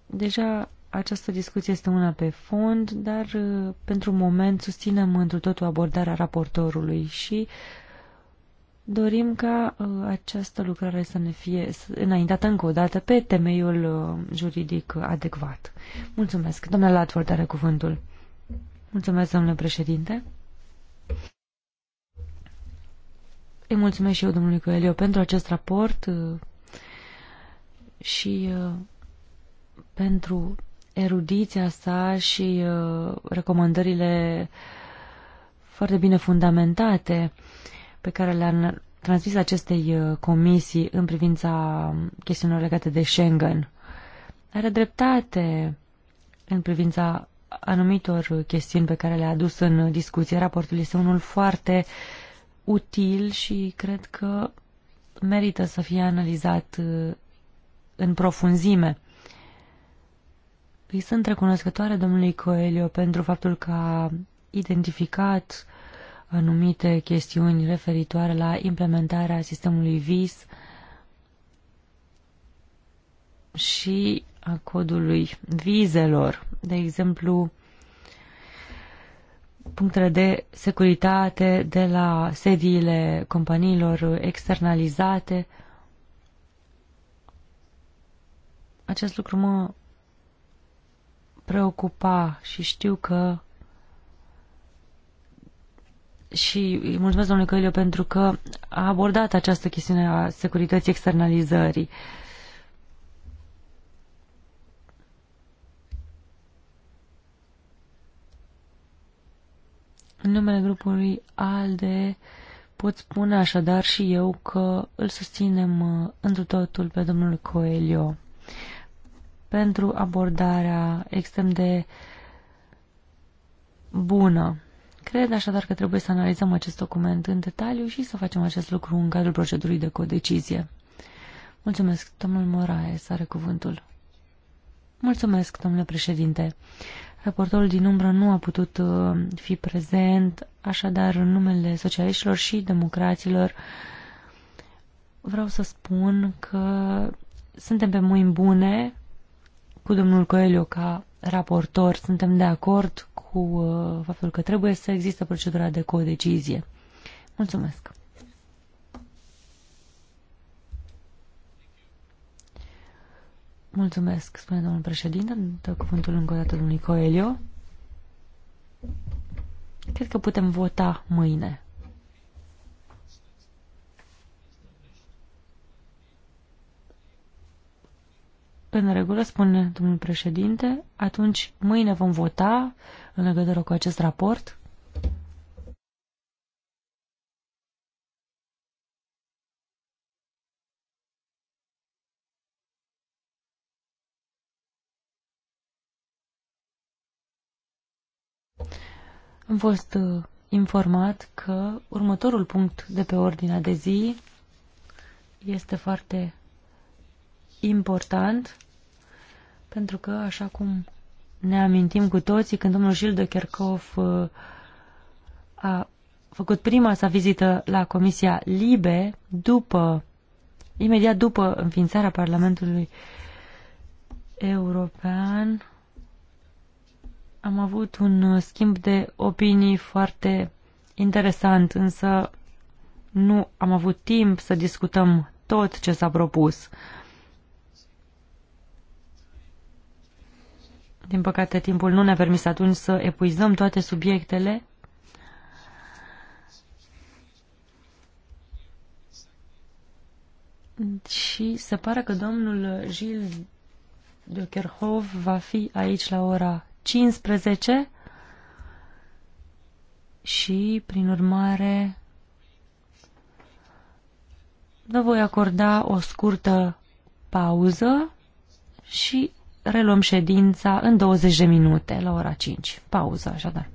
Deja această discuție este una pe fond, dar uh, pentru moment susținem întru totul abordarea raportorului și dorim ca uh, această lucrare să ne fie înaintată încă o dată pe temeiul uh, juridic adecvat. Mulțumesc. Domnule Latford are cuvântul. Mulțumesc, domnule președinte. Îi mulțumesc și eu, domnului Coelio, pentru acest raport și pentru erudiția sa și uh, recomandările foarte bine fundamentate pe care le-a transmis acestei uh, comisii în privința chestiunilor legate de Schengen. Are dreptate în privința anumitor chestiuni pe care le-a adus în discuție. Raportul este unul foarte util și cred că merită să fie analizat uh, în profunzime. Îi sunt recunoscătoare domnului Coelho pentru faptul că a identificat anumite chestiuni referitoare la implementarea sistemului VIS și a codului vizelor. De exemplu, punctele de securitate de la sediile companiilor externalizate. Acest lucru mă preocupa și știu că și îi mulțumesc domnului Căliu pentru că a abordat această chestiune a securității externalizării. În numele grupului ALDE pot spune așadar și eu că îl susținem uh, întru totul pe domnul Coelho pentru abordarea extrem de bună. Cred așadar că trebuie să analizăm acest document în detaliu și să facem acest lucru în cadrul procedurii de codecizie. Mulțumesc, domnul Moraes, are cuvântul. Mulțumesc, domnule președinte. Raportorul din umbră nu a putut uh, fi prezent, așadar în numele socialiștilor și democraților vreau să spun că suntem pe mâini bune cu domnul Coelho ca raportor, suntem de acord cu uh, faptul că trebuie să există procedura de codecizie. Mulțumesc! Mulțumesc, spune domnul președinte. Dă cuvântul încă o dată domnului Coelho. Cred că putem vota mâine. În regulă, spune domnul președinte, atunci mâine vom vota în legătură cu acest raport. Am fost uh, informat că următorul punct de pe ordinea de zi este foarte important, pentru că, așa cum ne amintim cu toții, când domnul Gilles de Kerkhoff uh, a făcut prima sa vizită la Comisia Libe, după, imediat după înființarea Parlamentului European, am avut un schimb de opinii foarte interesant, însă nu am avut timp să discutăm tot ce s-a propus. Din păcate, timpul nu ne-a permis atunci să epuizăm toate subiectele. Și se pare că domnul Gilles de Kerhov va fi aici la ora 15 și, prin urmare, vă voi acorda o scurtă pauză și reluăm ședința în 20 de minute, la ora 5. Pauză, așadar.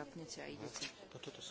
zapnete a idete. No toto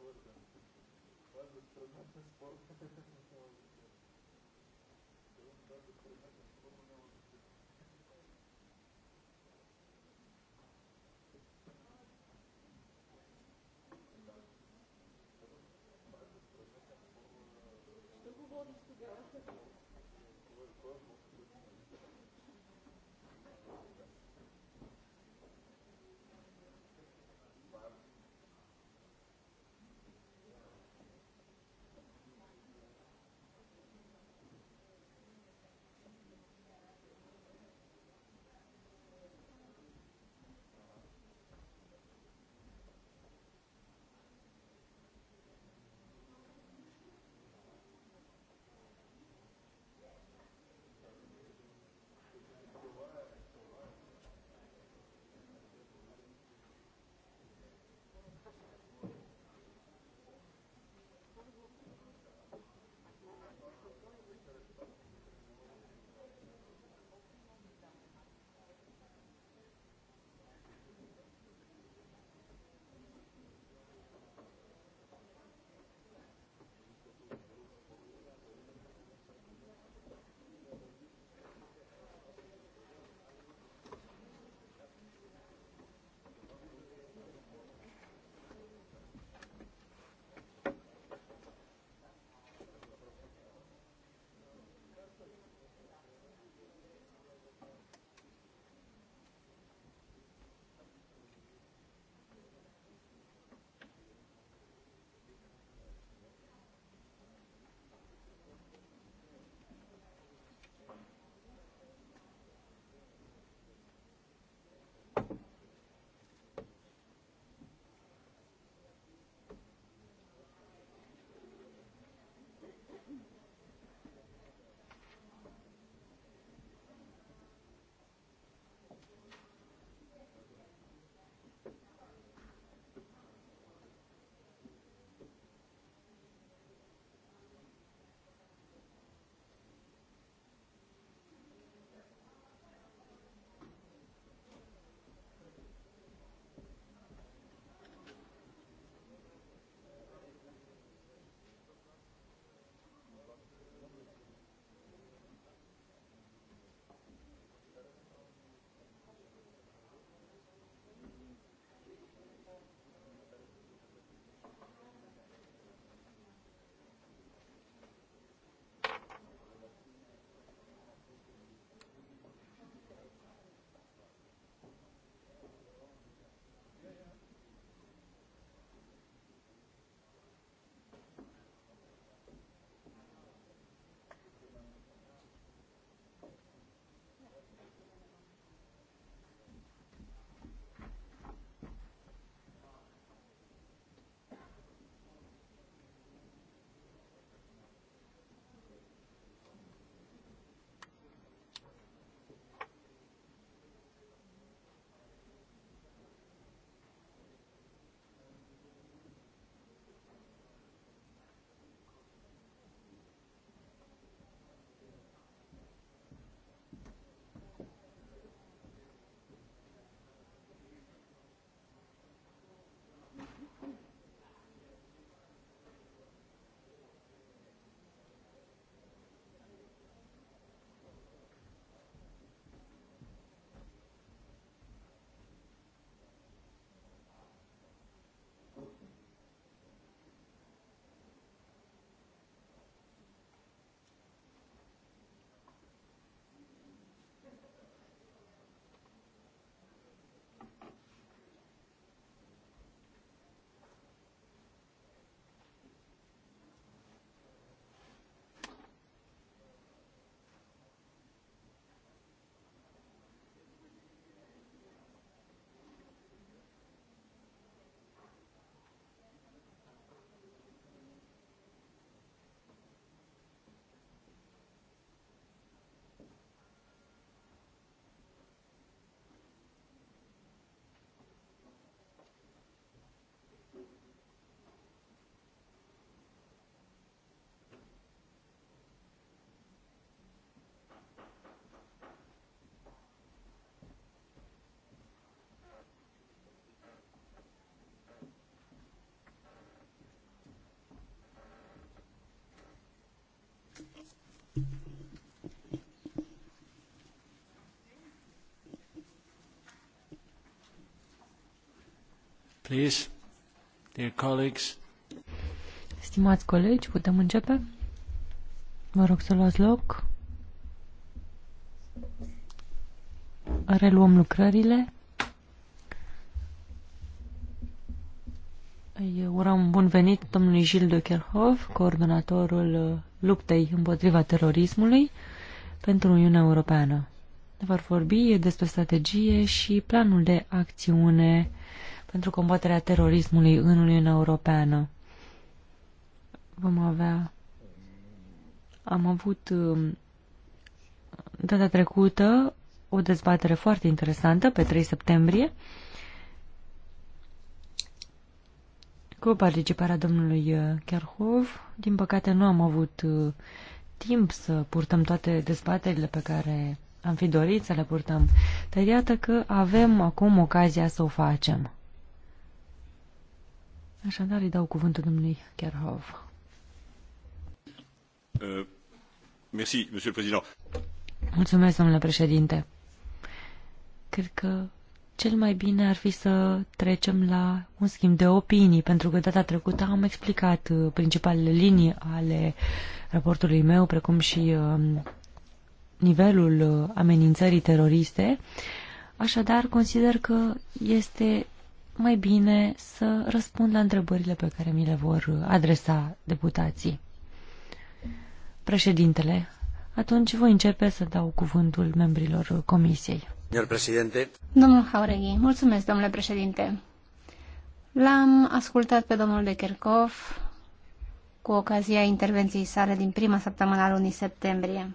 орган, даже предметы спорта. Даже предметы Stimați colegi, putem începe? Vă rog să luați loc. Reluăm lucrările. Eu uram bun venit domnului Gilles de Kerhov, coordonatorul luptei împotriva terorismului pentru Uniunea Europeană. Vor vorbi despre strategie și planul de acțiune pentru combaterea terorismului în Uniunea Europeană. Vom avea... Am avut um, data trecută o dezbatere foarte interesantă pe 3 septembrie cu participarea domnului uh, Kerhov. Din păcate nu am avut uh, timp să purtăm toate dezbaterile pe care am fi dorit să le purtăm, dar iată că avem acum ocazia să o facem. Așadar îi dau cuvântul domnului Kerhov. Euh, monsieur président. Mulțumesc, domnule președinte. Cred că cel mai bine ar fi să trecem la un schimb de opinii, pentru că data trecută am explicat uh, principalele linii ale raportului meu, precum și um, nivelul uh, amenințării teroriste. Așadar, consider că este mai bine să răspund la întrebările pe care mi le vor adresa deputații. Președintele, atunci voi începe să dau cuvântul membrilor comisiei. Domnul președinte. Domnul Haureghi, mulțumesc, domnule președinte. L-am ascultat pe domnul de Kerkov cu ocazia intervenției sale din prima săptămână a lunii septembrie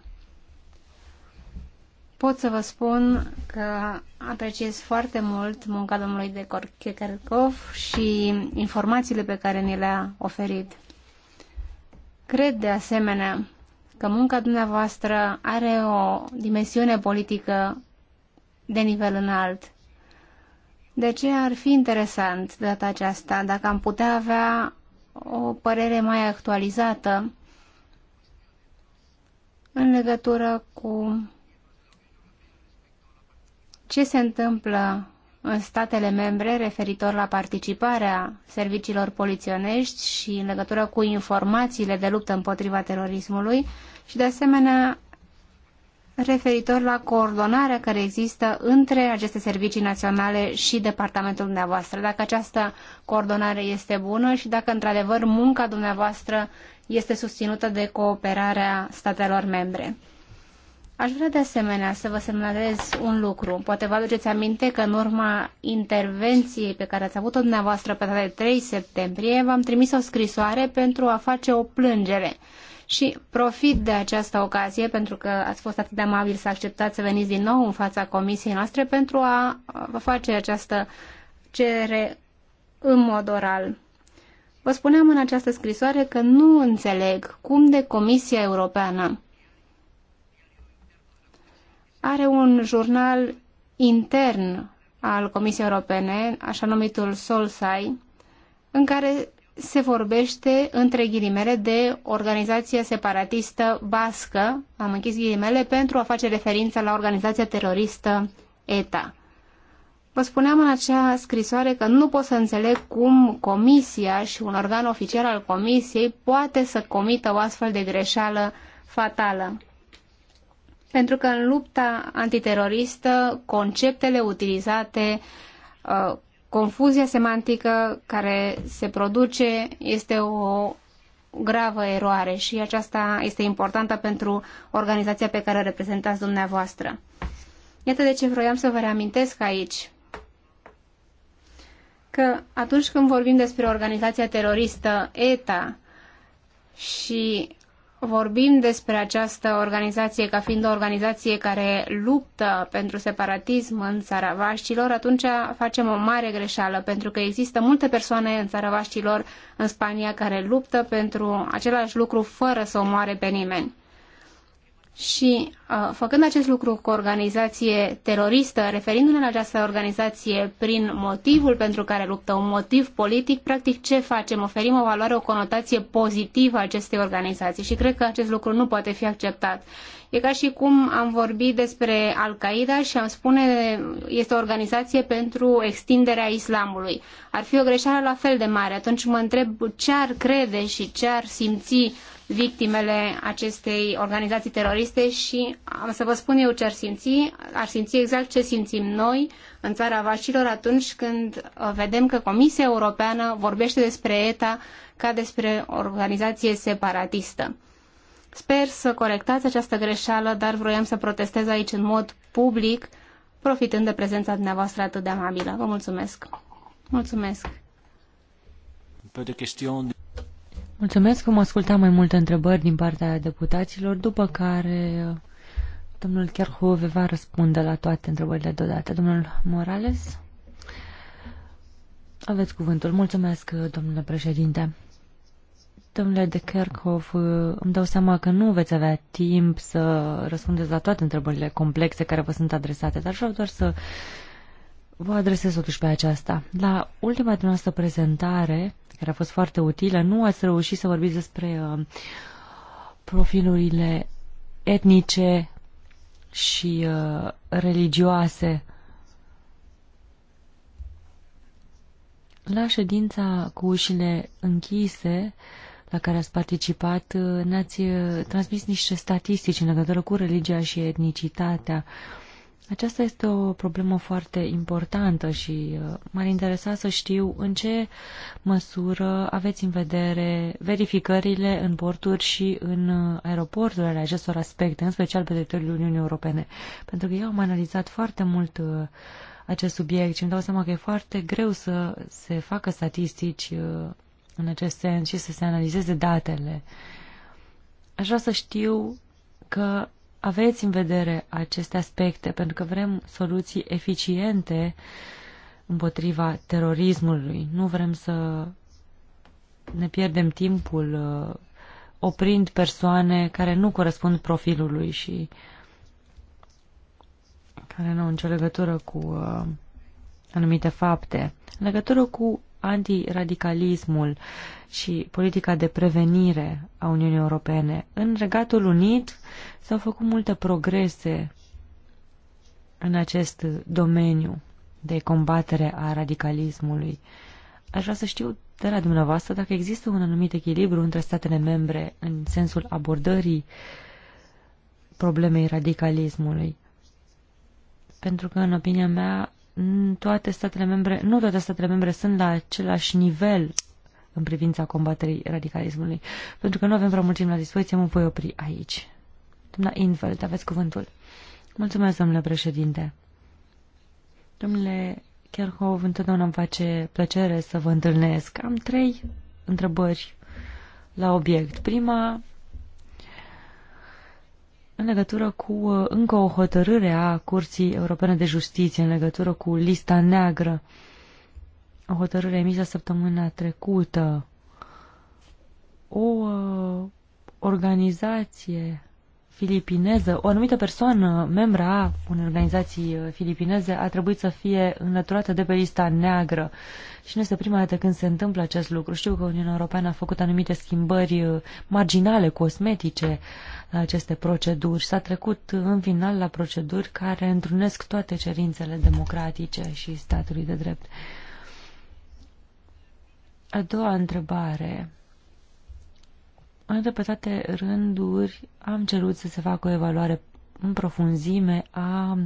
pot să vă spun că apreciez foarte mult munca domnului de Kekerkov și informațiile pe care ni le-a oferit. Cred de asemenea că munca dumneavoastră are o dimensiune politică de nivel înalt. De ce ar fi interesant data aceasta dacă am putea avea o părere mai actualizată în legătură cu ce se întâmplă în statele membre referitor la participarea serviciilor poliționești și în legătură cu informațiile de luptă împotriva terorismului și de asemenea referitor la coordonarea care există între aceste servicii naționale și departamentul dumneavoastră. Dacă această coordonare este bună și dacă într-adevăr munca dumneavoastră este susținută de cooperarea statelor membre. Aș vrea de asemenea să vă semnalez un lucru. Poate vă aduceți aminte că în urma intervenției pe care ați avut-o dumneavoastră pe data de 3 septembrie, v-am trimis o scrisoare pentru a face o plângere. Și profit de această ocazie, pentru că ați fost atât de amabil să acceptați să veniți din nou în fața comisiei noastre, pentru a vă face această cerere în mod oral. Vă spuneam în această scrisoare că nu înțeleg cum de Comisia Europeană are un jurnal intern al Comisiei Europene, așa numitul Solsai, în care se vorbește între ghilimele de organizația separatistă bască, am închis ghilimele, pentru a face referință la organizația teroristă ETA. Vă spuneam în acea scrisoare că nu pot să înțeleg cum comisia și un organ oficial al comisiei poate să comită o astfel de greșeală fatală pentru că în lupta antiteroristă conceptele utilizate, uh, confuzia semantică care se produce este o gravă eroare și aceasta este importantă pentru organizația pe care o reprezentați dumneavoastră. Iată de ce vroiam să vă reamintesc aici că atunci când vorbim despre organizația teroristă ETA și vorbim despre această organizație ca fiind o organizație care luptă pentru separatism în țara atunci facem o mare greșeală, pentru că există multe persoane în țara în Spania, care luptă pentru același lucru fără să omoare pe nimeni. Și uh, făcând acest lucru cu o organizație teroristă, referindu-ne la această organizație prin motivul pentru care luptă, un motiv politic, practic ce facem? Oferim o valoare, o conotație pozitivă acestei organizații și cred că acest lucru nu poate fi acceptat. E ca și cum am vorbit despre Al-Qaeda și am spune este o organizație pentru extinderea islamului. Ar fi o greșeală la fel de mare. Atunci mă întreb ce ar crede și ce ar simți victimele acestei organizații teroriste și am să vă spun eu ce ar simți, ar simți exact ce simțim noi în țara vașilor atunci când uh, vedem că Comisia Europeană vorbește despre ETA ca despre o organizație separatistă. Sper să corectați această greșeală, dar vroiam să protestez aici în mod public, profitând de prezența dumneavoastră atât de amabilă. Vă mulțumesc! Mulțumesc! Un peu de chestiuni. Mulțumesc că mă ascultat mai multe întrebări din partea deputaților, după care uh, domnul Kerhove va răspunde la toate întrebările deodată. Domnul Morales, aveți cuvântul. Mulțumesc, uh, domnule președinte. Domnule de Kerkhoff, uh, îmi dau seama că nu veți avea timp să răspundeți la toate întrebările complexe care vă sunt adresate, dar vreau doar să vă adresez totuși pe aceasta. La ultima dumneavoastră prezentare, care a fost foarte utilă, nu ați reușit să vorbiți despre uh, profilurile etnice și uh, religioase. La ședința cu ușile închise, la care ați participat, uh, ne-ați uh, transmis niște statistici în legătură cu religia și etnicitatea. Uh, aceasta este o problemă foarte importantă și uh, m-ar interesa să știu în ce măsură aveți în vedere verificările în porturi și în uh, aeroporturile acestor aspecte, în special pe teritoriul Uniunii Europene. Pentru că eu am analizat foarte mult uh, acest subiect și îmi dau seama că e foarte greu să se facă statistici în acest sens și să se analizeze datele. Aș vrea să știu că aveți în vedere aceste aspecte, pentru că vrem soluții eficiente împotriva terorismului. Nu vrem să ne pierdem timpul uh, oprind persoane care nu corespund profilului și care nu au nicio legătură cu uh, anumite fapte. În legătură cu antiradicalismul și politica de prevenire a Uniunii Europene. În Regatul Unit s-au făcut multe progrese în acest domeniu de combatere a radicalismului. Aș vrea să știu de la dumneavoastră dacă există un anumit echilibru între statele membre în sensul abordării problemei radicalismului. Pentru că, în opinia mea, toate statele membre, nu toate statele membre sunt la același nivel în privința combaterii radicalismului. Pentru că nu avem prea mult timp la dispoziție, mă voi opri aici. Doamna Infeld, aveți cuvântul. Mulțumesc, domnule președinte. Domnule Kerhov, întotdeauna îmi face plăcere să vă întâlnesc. Am trei întrebări la obiect. Prima în legătură cu uh, încă o hotărâre a Curții Europene de Justiție în legătură cu lista neagră. O hotărâre emisă săptămâna trecută. O uh, organizație filipineză, o anumită persoană, membra a unei organizații uh, filipineze, a trebuit să fie înlăturată de pe lista neagră. Și nu este prima dată când se întâmplă acest lucru. Știu că Uniunea Europeană a făcut anumite schimbări marginale, cosmetice, uh, la aceste proceduri. S-a trecut în final la proceduri care întrunesc toate cerințele democratice și statului de drept. A doua întrebare. În repetate rânduri am cerut să se facă o evaluare în profunzime a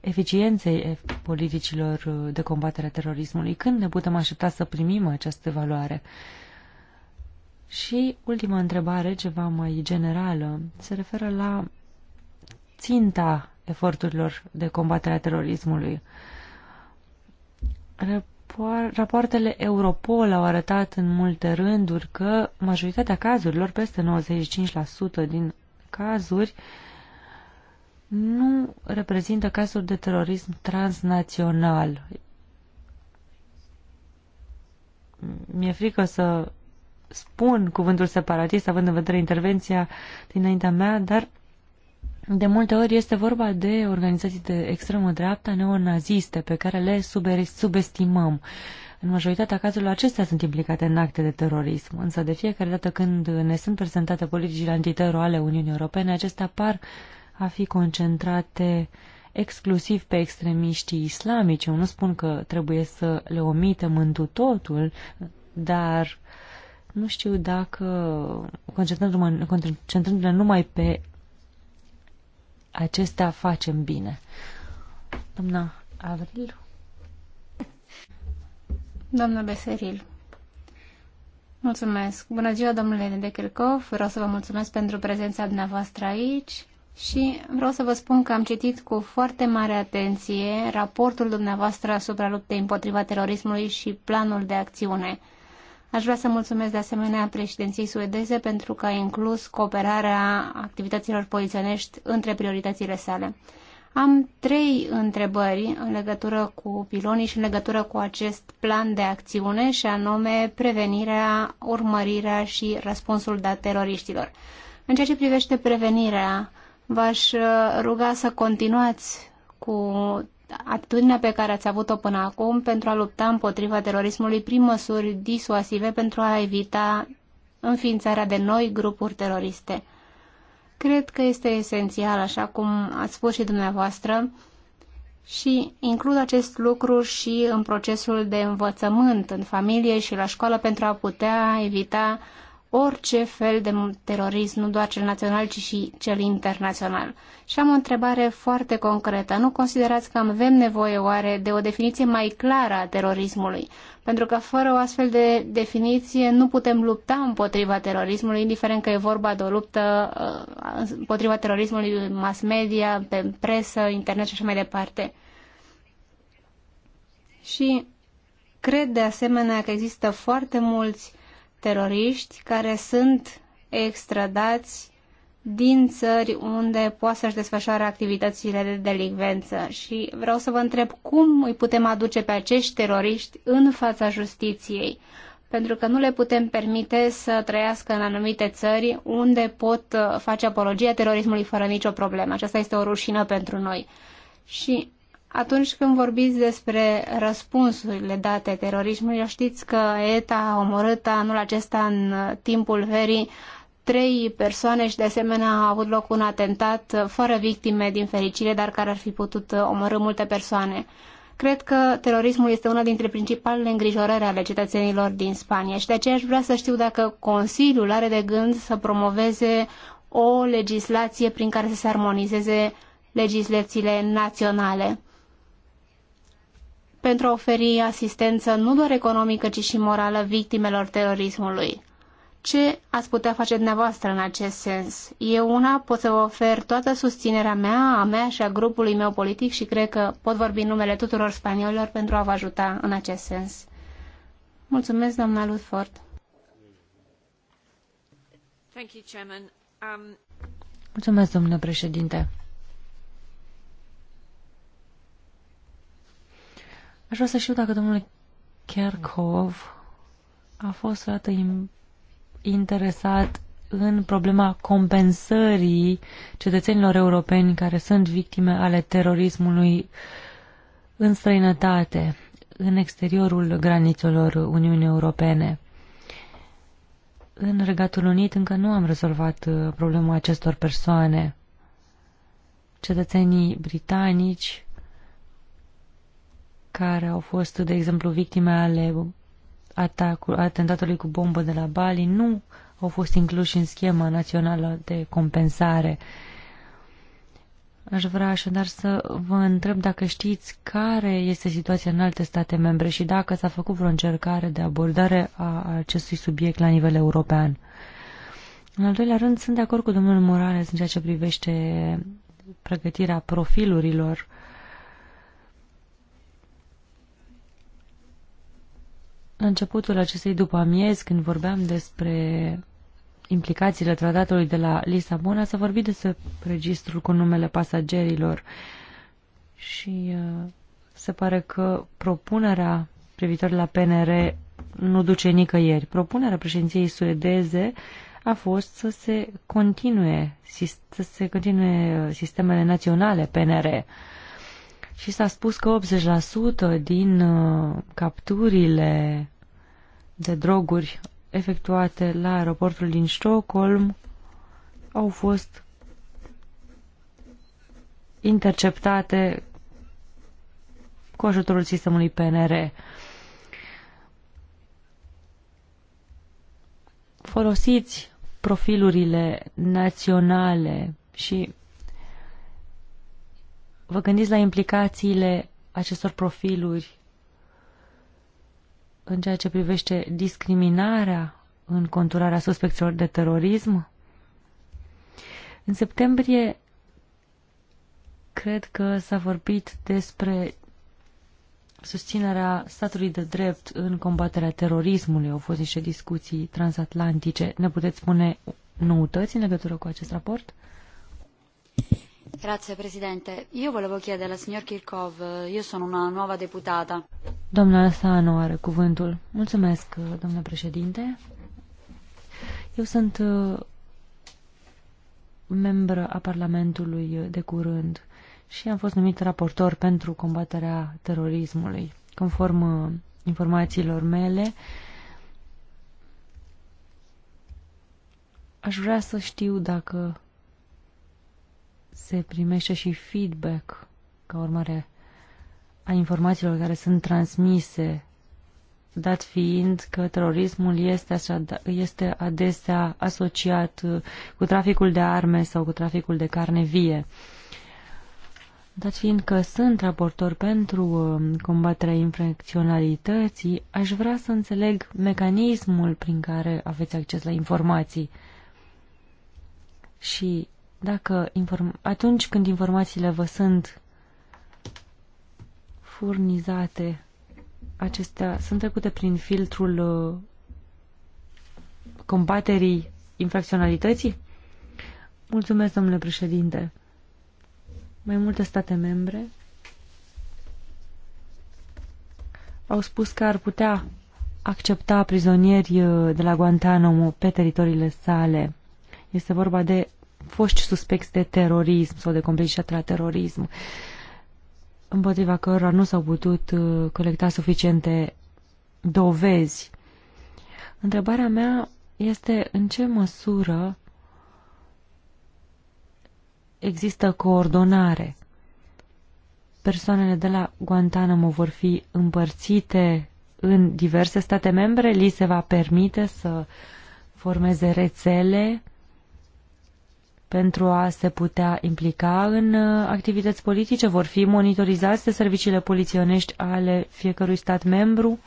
eficienței politicilor de combatere a terorismului. Când ne putem aștepta să primim această evaluare? Și ultima întrebare, ceva mai generală, se referă la ținta eforturilor de combatere a terorismului. Rapoartele Europol au arătat în multe rânduri că majoritatea cazurilor, peste 95% din cazuri, nu reprezintă cazuri de terorism transnațional. Mi-e frică să spun cuvântul separatist, având în vedere intervenția dinaintea mea, dar de multe ori este vorba de organizații de extremă dreapta neonaziste pe care le subestimăm. În majoritatea cazurilor acestea sunt implicate în acte de terorism, însă de fiecare dată când ne sunt prezentate politicile antitero ale Uniunii Europene, acestea par a fi concentrate exclusiv pe extremiștii islamici. Eu nu spun că trebuie să le omitem în totul, dar nu știu dacă concentrându-ne, numai pe acestea facem bine. Doamna Avril? Doamna Beseril. Mulțumesc. Bună ziua, domnule de Kirchhoff. Vreau să vă mulțumesc pentru prezența dumneavoastră aici și vreau să vă spun că am citit cu foarte mare atenție raportul dumneavoastră asupra luptei împotriva terorismului și planul de acțiune. Aș vrea să mulțumesc de asemenea președinției suedeze pentru că a inclus cooperarea activităților polițienești între prioritățile sale. Am trei întrebări în legătură cu pilonii și în legătură cu acest plan de acțiune și anume prevenirea, urmărirea și răspunsul dat teroriștilor. În ceea ce privește prevenirea, v-aș ruga să continuați cu atitudinea pe care ați avut-o până acum pentru a lupta împotriva terorismului prin măsuri disuasive pentru a evita înființarea de noi grupuri teroriste. Cred că este esențial, așa cum ați spus și dumneavoastră, și includ acest lucru și în procesul de învățământ în familie și la școală pentru a putea evita orice fel de terorism, nu doar cel național, ci și cel internațional. Și am o întrebare foarte concretă. Nu considerați că avem nevoie oare de o definiție mai clară a terorismului? Pentru că fără o astfel de definiție nu putem lupta împotriva terorismului, indiferent că e vorba de o luptă uh, împotriva terorismului mass media, pe presă, internet și așa mai departe. Și cred de asemenea că există foarte mulți teroriști care sunt extradați din țări unde poate să-și desfășoare activitățile de delicvență. Și vreau să vă întreb cum îi putem aduce pe acești teroriști în fața justiției, pentru că nu le putem permite să trăiască în anumite țări unde pot uh, face apologia terorismului fără nicio problemă. Aceasta este o rușină pentru noi. Și atunci când vorbiți despre răspunsurile date terorismului, știți că ETA a omorât anul acesta în uh, timpul verii trei persoane și de asemenea a avut loc un atentat uh, fără victime din fericire, dar care ar fi putut uh, omorâ multe persoane. Cred că terorismul este una dintre principalele îngrijorări ale cetățenilor din Spania și de aceea aș vrea să știu dacă Consiliul are de gând să promoveze o legislație prin care să se armonizeze legislațiile naționale pentru a oferi asistență nu doar economică, ci și morală victimelor terorismului. Ce ați putea face dumneavoastră în acest sens? Eu una pot să vă ofer toată susținerea mea, a mea și a grupului meu politic și cred că pot vorbi în numele tuturor spaniolilor pentru a vă ajuta în acest sens. Mulțumesc, doamna Ludford. Um, Mulțumesc, domnule președinte. Aș vrea să știu dacă domnul Kerkov a fost vreodată interesat în problema compensării cetățenilor europeni care sunt victime ale terorismului în străinătate, în exteriorul granițelor Uniunii Europene. În Regatul Unit încă nu am rezolvat uh, problema acestor persoane. Cetățenii britanici care au fost, de exemplu, victime ale atacul, atentatului cu bombă de la Bali, nu au fost incluși în schema națională de compensare. Aș vrea așadar să vă întreb dacă știți care este situația în alte state membre și dacă s-a făcut vreo încercare de abordare a acestui subiect la nivel european. În al doilea rând, sunt de acord cu domnul Morales în ceea ce privește pregătirea profilurilor începutul acestei după amiez, când vorbeam despre implicațiile tratatului de la Lisabona, s-a vorbit despre registrul cu numele pasagerilor și uh, se pare că propunerea privitor la PNR nu duce nicăieri. Propunerea președinției suedeze a fost să se continue, să se continue uh, sistemele naționale PNR. Și s-a spus că 80% din uh, capturile de droguri efectuate la aeroportul din Stockholm au fost interceptate cu ajutorul sistemului PNR. Folosiți profilurile naționale și vă gândiți la implicațiile acestor profiluri în ceea ce privește discriminarea în conturarea suspecțiilor de terorism. În septembrie cred că s-a vorbit despre susținerea statului de drept în combaterea terorismului. Au fost niște discuții transatlantice. Ne puteți spune noutăți în legătură cu acest raport? Grazie Presidente. Io volevo chiedere al signor Kirchhoff, eh, io sono una nuova deputata. Doamna Sanu are cuvântul. Mulțumesc, eh, domnule președinte. Eu sunt eh, membră a Parlamentului de curând și am fost numit raportor pentru combaterea terorismului. Conform informațiilor mele, aș vrea să știu dacă se primește și feedback ca urmare a informațiilor care sunt transmise, dat fiind că terorismul este, așa, este adesea asociat uh, cu traficul de arme sau cu traficul de carne vie. Dat fiind că sunt raportor pentru uh, combaterea infracționalității, aș vrea să înțeleg mecanismul prin care aveți acces la informații și dacă inform- atunci când informațiile vă sunt furnizate, acestea sunt trecute prin filtrul uh, combaterii infracționalității? Mulțumesc, domnule președinte. Mai multe state membre au spus că ar putea accepta prizonieri uh, de la Guantanamo pe teritoriile sale. Este vorba de foști suspecți de terorism sau de complicitate la terorism, împotriva cărora nu s-au putut uh, colecta suficiente dovezi. Întrebarea mea este în ce măsură există coordonare. Persoanele de la Guantanamo vor fi împărțite în diverse state membre, li se va permite să formeze rețele pentru a se putea implica în uh, activități politice? Vor fi monitorizați de serviciile poliționești ale fiecărui stat membru?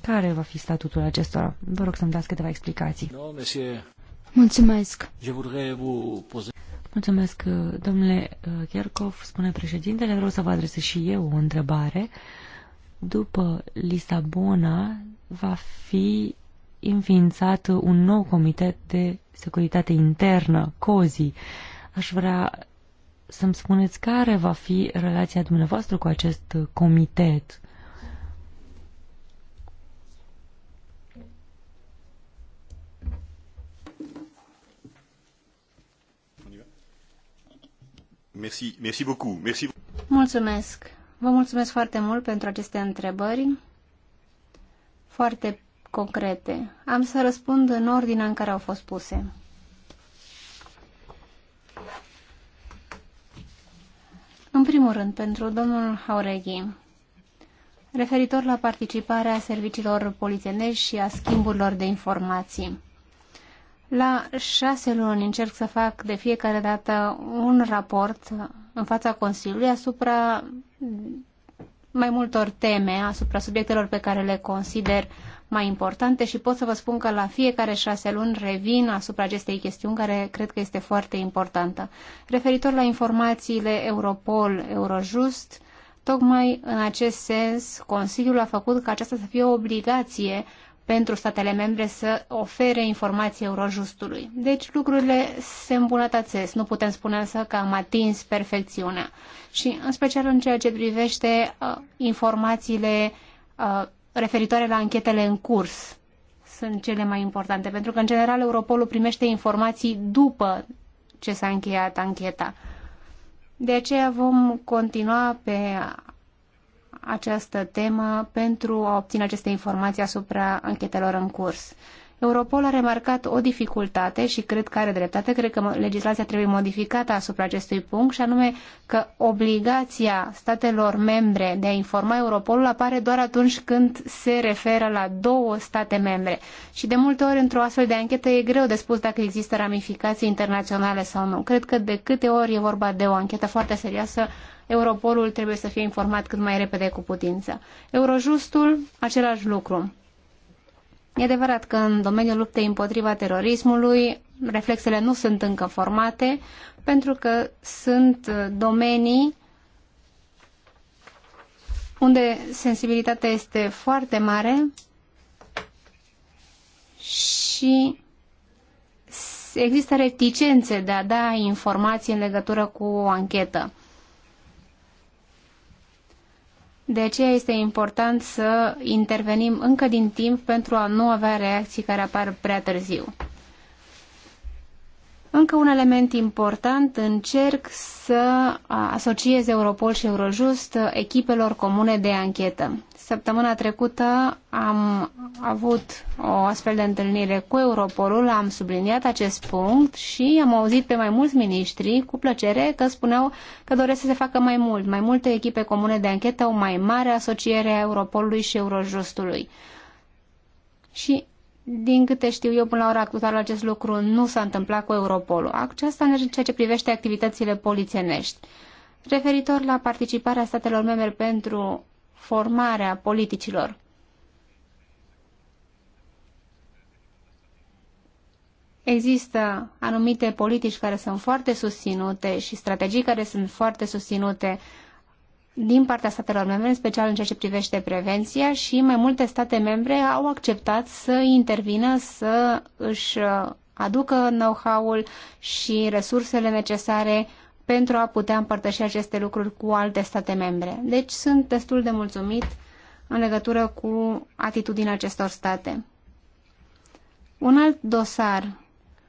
Care va fi statutul acestora? Vă rog să-mi dați câteva explicații. Mulțumesc. Mulțumesc, uh, domnule uh, Kierkov, spune președintele. Vreau să vă adresez și eu o întrebare. După Lisabona va fi înființat un nou comitet de securitate internă, COZI. Aș vrea să-mi spuneți care va fi relația dumneavoastră cu acest comitet. Merci, merci beaucoup. Merci. Mulțumesc. Vă mulțumesc foarte mult pentru aceste întrebări. Foarte concrete. Am să răspund în ordinea în care au fost puse. În primul rând, pentru domnul Haureghi, referitor la participarea serviciilor polițienești și a schimburilor de informații. La șase luni încerc să fac de fiecare dată un raport în fața Consiliului asupra mai multor teme, asupra subiectelor pe care le consider mai importante și pot să vă spun că la fiecare șase luni revin asupra acestei chestiuni care cred că este foarte importantă. Referitor la informațiile Europol, Eurojust, tocmai în acest sens Consiliul a făcut ca aceasta să fie o obligație pentru statele membre să ofere informații Eurojustului. Deci lucrurile se îmbunătățesc, nu putem spune însă că am atins perfecțiunea. Și în special în ceea ce privește uh, informațiile uh, referitoare la anchetele în curs sunt cele mai importante, pentru că, în general, Europolul primește informații după ce s-a încheiat ancheta. De aceea vom continua pe această temă pentru a obține aceste informații asupra anchetelor în curs. Europol a remarcat o dificultate și cred că are dreptate, cred că legislația trebuie modificată asupra acestui punct și anume că obligația statelor membre de a informa Europolul apare doar atunci când se referă la două state membre. Și de multe ori într-o astfel de anchetă e greu de spus dacă există ramificații internaționale sau nu. Cred că de câte ori e vorba de o anchetă foarte serioasă, Europolul trebuie să fie informat cât mai repede cu putință. Eurojustul, același lucru. E adevărat că în domeniul luptei împotriva terorismului reflexele nu sunt încă formate pentru că sunt uh, domenii unde sensibilitatea este foarte mare și există reticențe de a da informații în legătură cu o anchetă. De aceea este important să intervenim încă din timp pentru a nu avea reacții care apar prea târziu. Încă un element important, încerc să asociez Europol și Eurojust echipelor comune de anchetă. Săptămâna trecută am avut o astfel de întâlnire cu Europolul, am subliniat acest punct și am auzit pe mai mulți miniștri cu plăcere că spuneau că doresc să se facă mai mult, mai multe echipe comune de anchetă, o mai mare asociere a Europolului și Eurojustului. Și din câte știu eu, până la ora actuală, acest lucru nu s-a întâmplat cu Europol. Aceasta în ceea ce privește activitățile polițienești. Referitor la participarea statelor membre pentru formarea politicilor. Există anumite politici care sunt foarte susținute și strategii care sunt foarte susținute din partea statelor membre, în special în ceea ce privește prevenția și mai multe state membre au acceptat să intervină, să își uh, aducă know-how-ul și resursele necesare pentru a putea împărtăși aceste lucruri cu alte state membre. Deci sunt destul de mulțumit în legătură cu atitudinea acestor state. Un alt dosar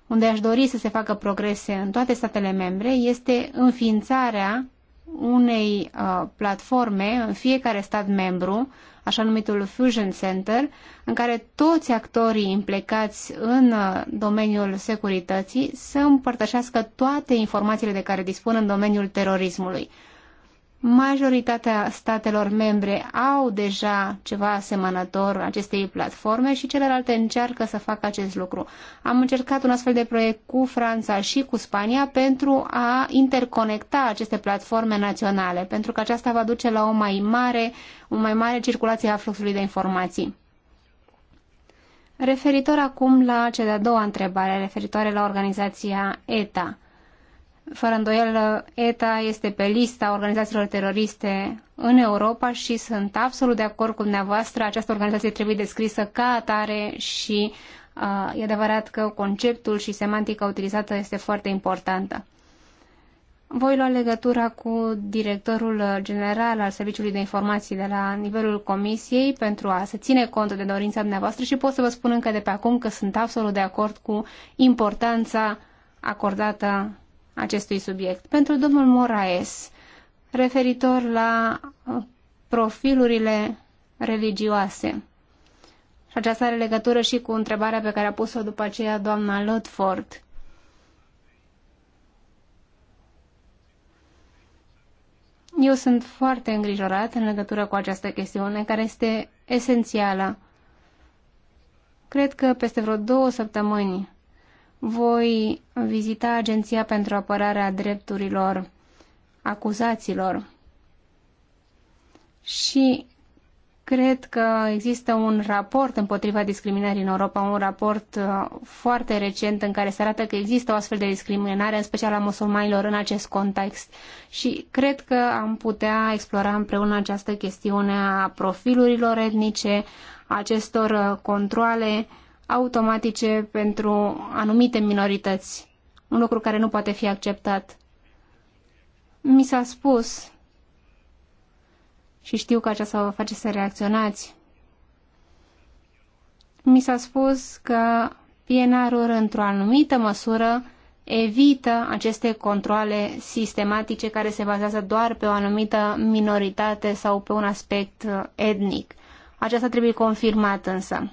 unde aș dori să se facă progrese în toate statele membre este înființarea unei uh, platforme în fiecare stat membru, așa numitul Fusion Center, în care toți actorii implicați în uh, domeniul securității să împărtășească toate informațiile de care dispun în domeniul terorismului. Majoritatea statelor membre au deja ceva asemănător acestei platforme și celelalte încearcă să facă acest lucru. Am încercat un astfel de proiect cu Franța și cu Spania pentru a interconecta aceste platforme naționale, pentru că aceasta va duce la o mai mare, o mai mare circulație a fluxului de informații. Referitor acum la cea de-a doua întrebare, referitoare la organizația ETA. Fără îndoială, ETA este pe lista organizațiilor teroriste în Europa și sunt absolut de acord cu dumneavoastră. Această organizație trebuie descrisă ca atare și uh, e adevărat că conceptul și semantica utilizată este foarte importantă. Voi lua legătura cu directorul general al Serviciului de Informații de la nivelul Comisiei pentru a se ține cont de dorința dumneavoastră și pot să vă spun încă de pe acum că sunt absolut de acord cu importanța acordată acestui subiect. Pentru domnul Moraes, referitor la uh, profilurile religioase. Și aceasta are legătură și cu întrebarea pe care a pus-o după aceea doamna Lutford. Eu sunt foarte îngrijorat în legătură cu această chestiune, care este esențială. Cred că peste vreo două săptămâni voi vizita Agenția pentru Apărarea Drepturilor Acuzaților și cred că există un raport împotriva discriminării în Europa, un raport uh, foarte recent în care se arată că există o astfel de discriminare, în special a musulmanilor în acest context. Și cred că am putea explora împreună această chestiune a profilurilor etnice, acestor uh, controle automatice pentru anumite minorități, un lucru care nu poate fi acceptat. Mi s-a spus, și știu că aceasta vă face să reacționați, mi s-a spus că PNR-ul, într-o anumită măsură, evită aceste controle sistematice care se bazează doar pe o anumită minoritate sau pe un aspect uh, etnic. Aceasta trebuie confirmat însă.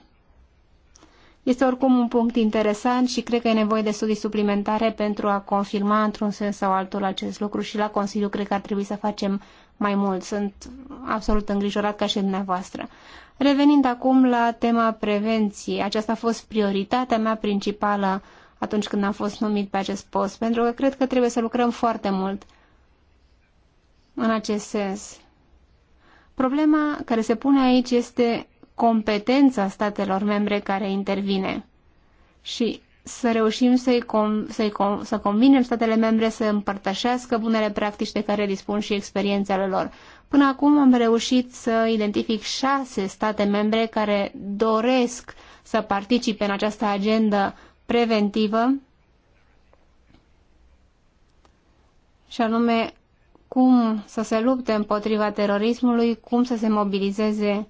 Este oricum un punct interesant și cred că e nevoie de studii suplimentare pentru a confirma într-un sens sau altul acest lucru și la Consiliu cred că ar trebui să facem mai mult. Sunt absolut îngrijorat ca și dumneavoastră. Revenind acum la tema prevenției, aceasta a fost prioritatea mea principală atunci când am fost numit pe acest post, pentru că cred că trebuie să lucrăm foarte mult în acest sens. Problema care se pune aici este competența statelor membre care intervine și să reușim să-i să-i să convinem statele membre să împărtășească bunele practici de care dispun și experiențele lor. Până acum am reușit să identific șase state membre care doresc să participe în această agendă preventivă și anume cum să se lupte împotriva terorismului, cum să se mobilizeze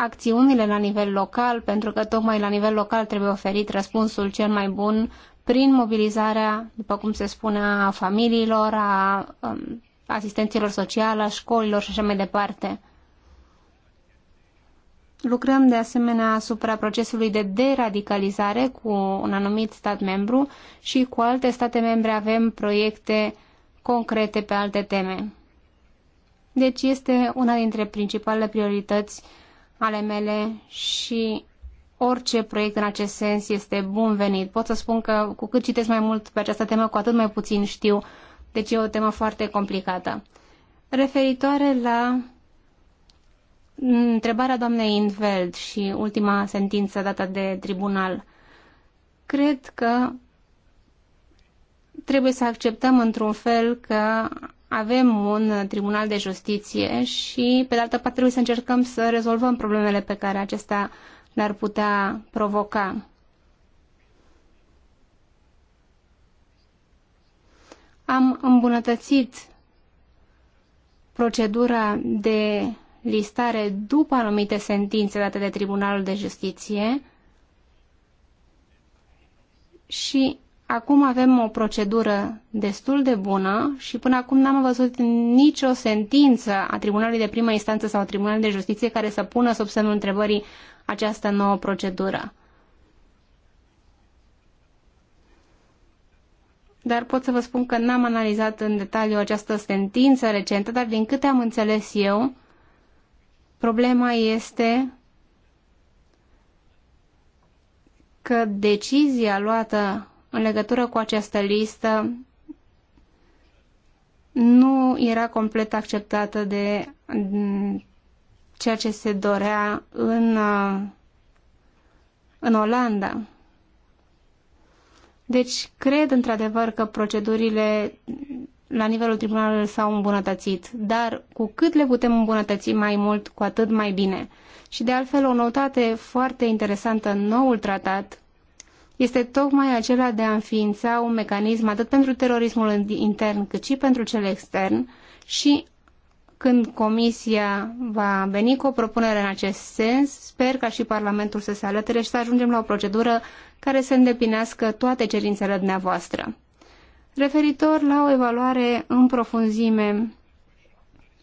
acțiunile la nivel local, pentru că tocmai la nivel local trebuie oferit răspunsul cel mai bun prin mobilizarea, după cum se spune, a familiilor, a um, asistenților sociale, a școlilor și așa mai departe. Lucrăm de asemenea asupra procesului de deradicalizare cu un anumit stat membru și cu alte state membre avem proiecte concrete pe alte teme. Deci este una dintre principalele priorități uh, ale mele și orice proiect în acest sens este bun venit. Pot să spun că cu cât citesc mai mult pe această temă, cu atât mai puțin știu. Deci e o temă foarte complicată. Referitoare la întrebarea doamnei Inveld și ultima sentință dată de tribunal, cred că trebuie să acceptăm într-un fel că avem un tribunal de justiție și, pe de altă parte, trebuie să încercăm să rezolvăm problemele pe care acesta le-ar putea provoca. Am îmbunătățit procedura de listare după anumite sentințe date de Tribunalul de Justiție și acum avem o procedură destul de bună și până acum n-am văzut nicio sentință a Tribunalului de Primă Instanță sau a Tribunalului de Justiție care să pună sub semnul întrebării această nouă procedură. Dar pot să vă spun că n-am analizat în detaliu această sentință recentă, dar din câte am înțeles eu, problema este că decizia luată în legătură cu această listă nu era complet acceptată de mm, ceea ce se dorea în, uh, în Olanda. Deci, cred într-adevăr că procedurile la nivelul tribunalului s-au îmbunătățit, dar cu cât le putem îmbunătăți mai mult, cu atât mai bine. Și de altfel, o notate foarte interesantă în noul tratat este tocmai acela de a înființa un mecanism atât pentru terorismul intern cât și pentru cel extern și când Comisia va veni cu o propunere în acest sens, sper ca și Parlamentul să se alătere și să ajungem la o procedură care să îndeplinească toate cerințele dumneavoastră. Referitor la o evaluare în profunzime,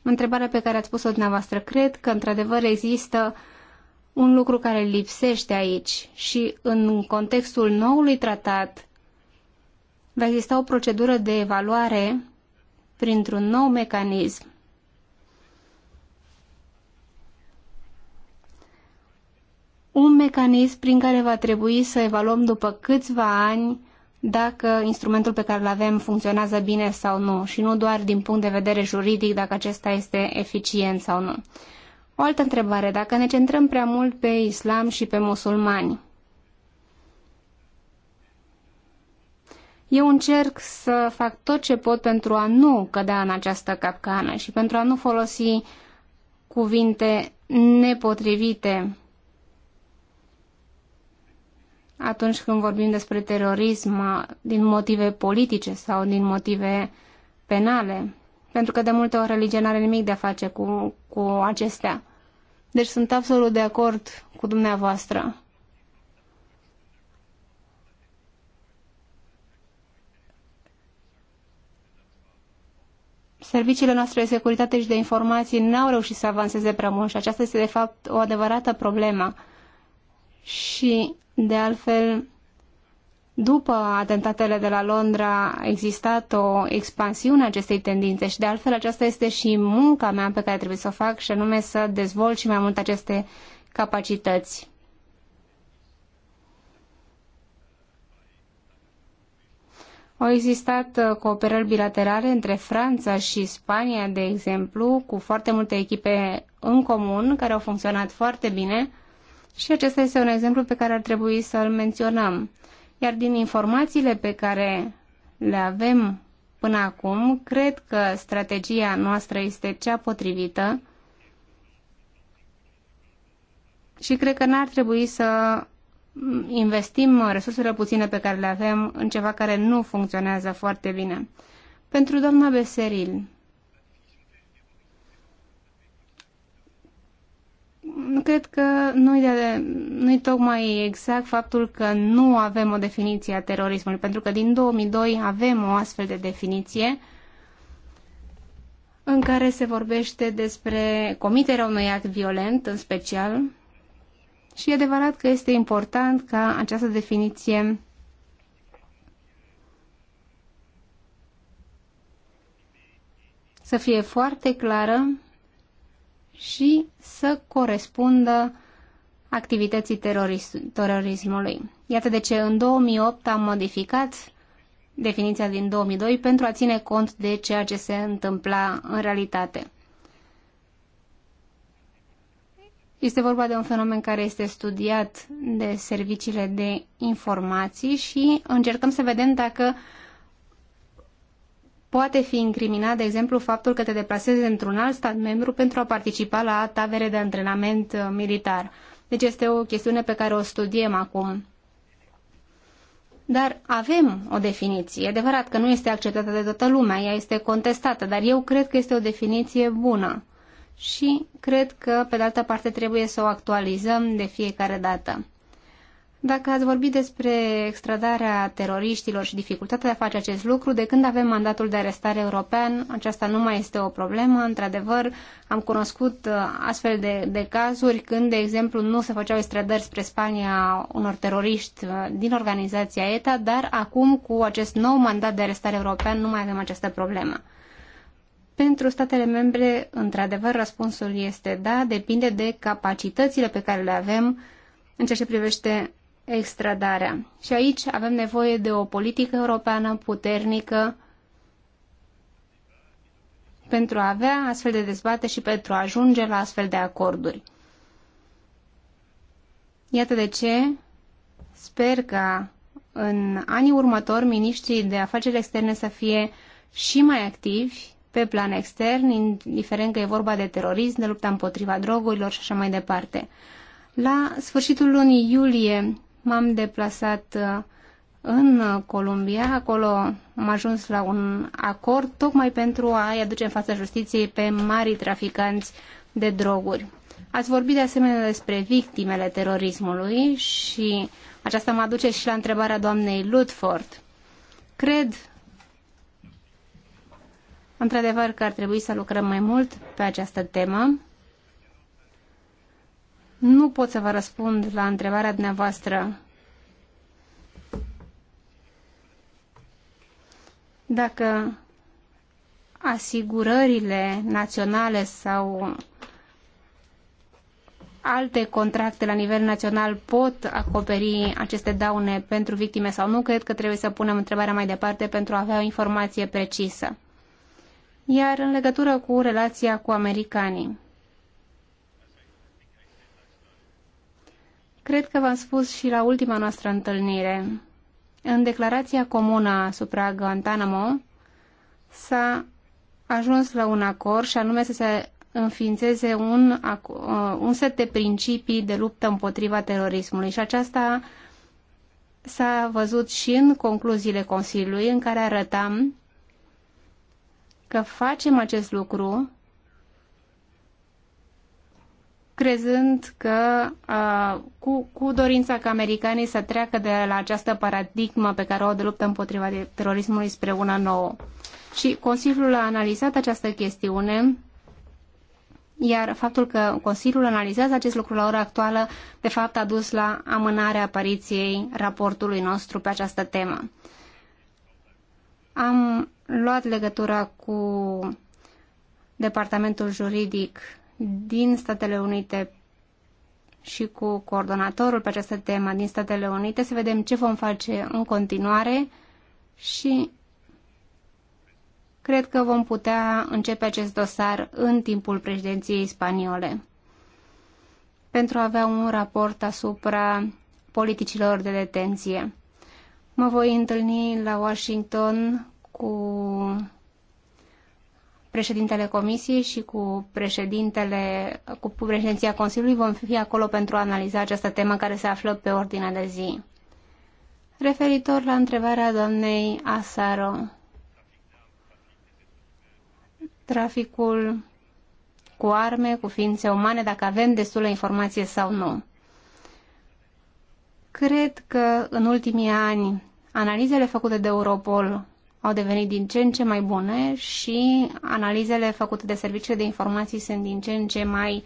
întrebarea pe care ați pus-o dumneavoastră, cred că într-adevăr există uh, un lucru care lipsește aici și în contextul noului tratat va exista o procedură de evaluare printr-un nou mecanism. Un mecanism prin care va trebui să evaluăm după câțiva ani dacă instrumentul pe care îl avem funcționează bine sau nu și nu doar din punct de vedere juridic dacă acesta este eficient sau nu. O altă întrebare, dacă ne centrăm prea mult pe islam și pe musulmani, Eu încerc să fac tot ce pot pentru a nu cădea în această capcană și pentru a nu folosi cuvinte nepotrivite atunci când vorbim despre terorism din motive politice sau din motive penale pentru că de multe ori religia nu are nimic de a face cu, cu acestea. Deci sunt absolut de acord cu dumneavoastră. Serviciile noastre de securitate și de informații n-au reușit să avanseze prea mult și aceasta este de fapt o adevărată problemă. Și de altfel, după atentatele de la Londra a existat o expansiune a acestei tendințe și de altfel aceasta este și munca mea pe care trebuie să o fac și anume să dezvolt și mai mult aceste capacități. Au existat uh, cooperări bilaterale între Franța și Spania, de exemplu, cu foarte multe echipe în comun care au funcționat foarte bine și acesta este un exemplu pe care ar trebui să-l menționăm. Iar din informațiile pe care le avem până acum, cred că strategia noastră este cea potrivită și cred că n-ar trebui să investim resursele puține pe care le avem în ceva care nu funcționează foarte bine. Pentru doamna Beseril, cred că nu-i, de, nu-i tocmai exact faptul că nu avem o definiție a terorismului, pentru că din 2002 avem o astfel de definiție în care se vorbește despre comiterea unui act violent în special și e adevărat că este important ca această definiție să fie foarte clară și să corespundă activității terorismului. Iată de ce în 2008 am modificat definiția din 2002 pentru a ține cont de ceea ce se întâmpla în realitate. Este vorba de un fenomen care este studiat de serviciile de informații și încercăm să vedem dacă uh, Poate fi incriminat, de exemplu, faptul că te deplasezi într-un alt stat membru pentru a participa la tavere de antrenament uh, militar. Deci este o chestiune pe care o studiem acum. Dar avem o definiție. E adevărat că nu este acceptată de toată lumea, ea este contestată, dar eu cred că este o definiție bună. Și cred că, pe de altă parte, trebuie să o actualizăm de fiecare dată. Dacă ați vorbit despre extradarea teroriștilor și dificultatea de a face acest lucru, de când avem mandatul de arestare european, aceasta nu mai este o problemă. Într-adevăr, am cunoscut uh, astfel de, de cazuri când, de exemplu, nu se făceau extradări spre Spania unor teroriști uh, din organizația ETA, dar acum, cu acest nou mandat de arestare european, nu mai avem această problemă. Pentru statele membre, într-adevăr, răspunsul este da, depinde de capacitățile pe care le avem în ceea ce privește extradarea. Și aici avem nevoie de o politică europeană puternică pentru a avea astfel de dezbate și pentru a ajunge la astfel de acorduri. Iată de ce sper că în anii următori miniștrii de afaceri externe să fie și mai activi pe plan extern, indiferent că e vorba de terorism, de lupta împotriva drogurilor și așa mai departe. La sfârșitul lunii iulie m-am deplasat uh, în Columbia. Acolo am ajuns la un acord tocmai pentru a-i aduce în fața justiției pe marii traficanți de droguri. Ați vorbit de asemenea despre victimele terorismului și aceasta mă aduce și la întrebarea doamnei Ludford. Cred într-adevăr că ar trebui să lucrăm mai mult pe această temă nu pot să vă răspund la întrebarea dumneavoastră. Dacă asigurările naționale sau alte contracte la nivel național pot acoperi aceste daune pentru victime sau nu, cred că trebuie să punem întrebarea mai departe pentru a avea o informație precisă. Iar în legătură cu relația cu americanii, Cred că v-am spus și la ultima noastră întâlnire. În declarația comună asupra Guantanamo s-a ajuns la un acord și anume să se înființeze un, uh, un set de principii de luptă împotriva terorismului și aceasta s-a văzut și în concluziile Consiliului în care arătam că facem acest lucru crezând că uh, cu, cu dorința ca americanii să treacă de la această paradigmă pe care o de luptă împotriva terorismului spre una nouă. Și Consiliul a analizat această chestiune, iar faptul că Consiliul analizează acest lucru la ora actuală, de fapt a dus la amânarea apariției raportului nostru pe această temă. Am luat legătura cu departamentul juridic din Statele Unite și cu coordonatorul pe această temă din Statele Unite să vedem ce vom face în continuare și cred că vom putea începe acest dosar în timpul președinției spaniole pentru a avea un raport asupra politicilor de detenție. Mă voi întâlni la Washington cu președintele Comisiei și cu președintele, cu președinția Consiliului vom fi acolo pentru a analiza această temă care se află pe ordinea de zi. Referitor la întrebarea doamnei Asaro, traficul cu arme, cu ființe umane, dacă avem destulă informație sau nu. Cred că în ultimii ani analizele făcute de Europol au devenit din ce în ce mai bune și analizele făcute de serviciile de informații sunt din ce în ce mai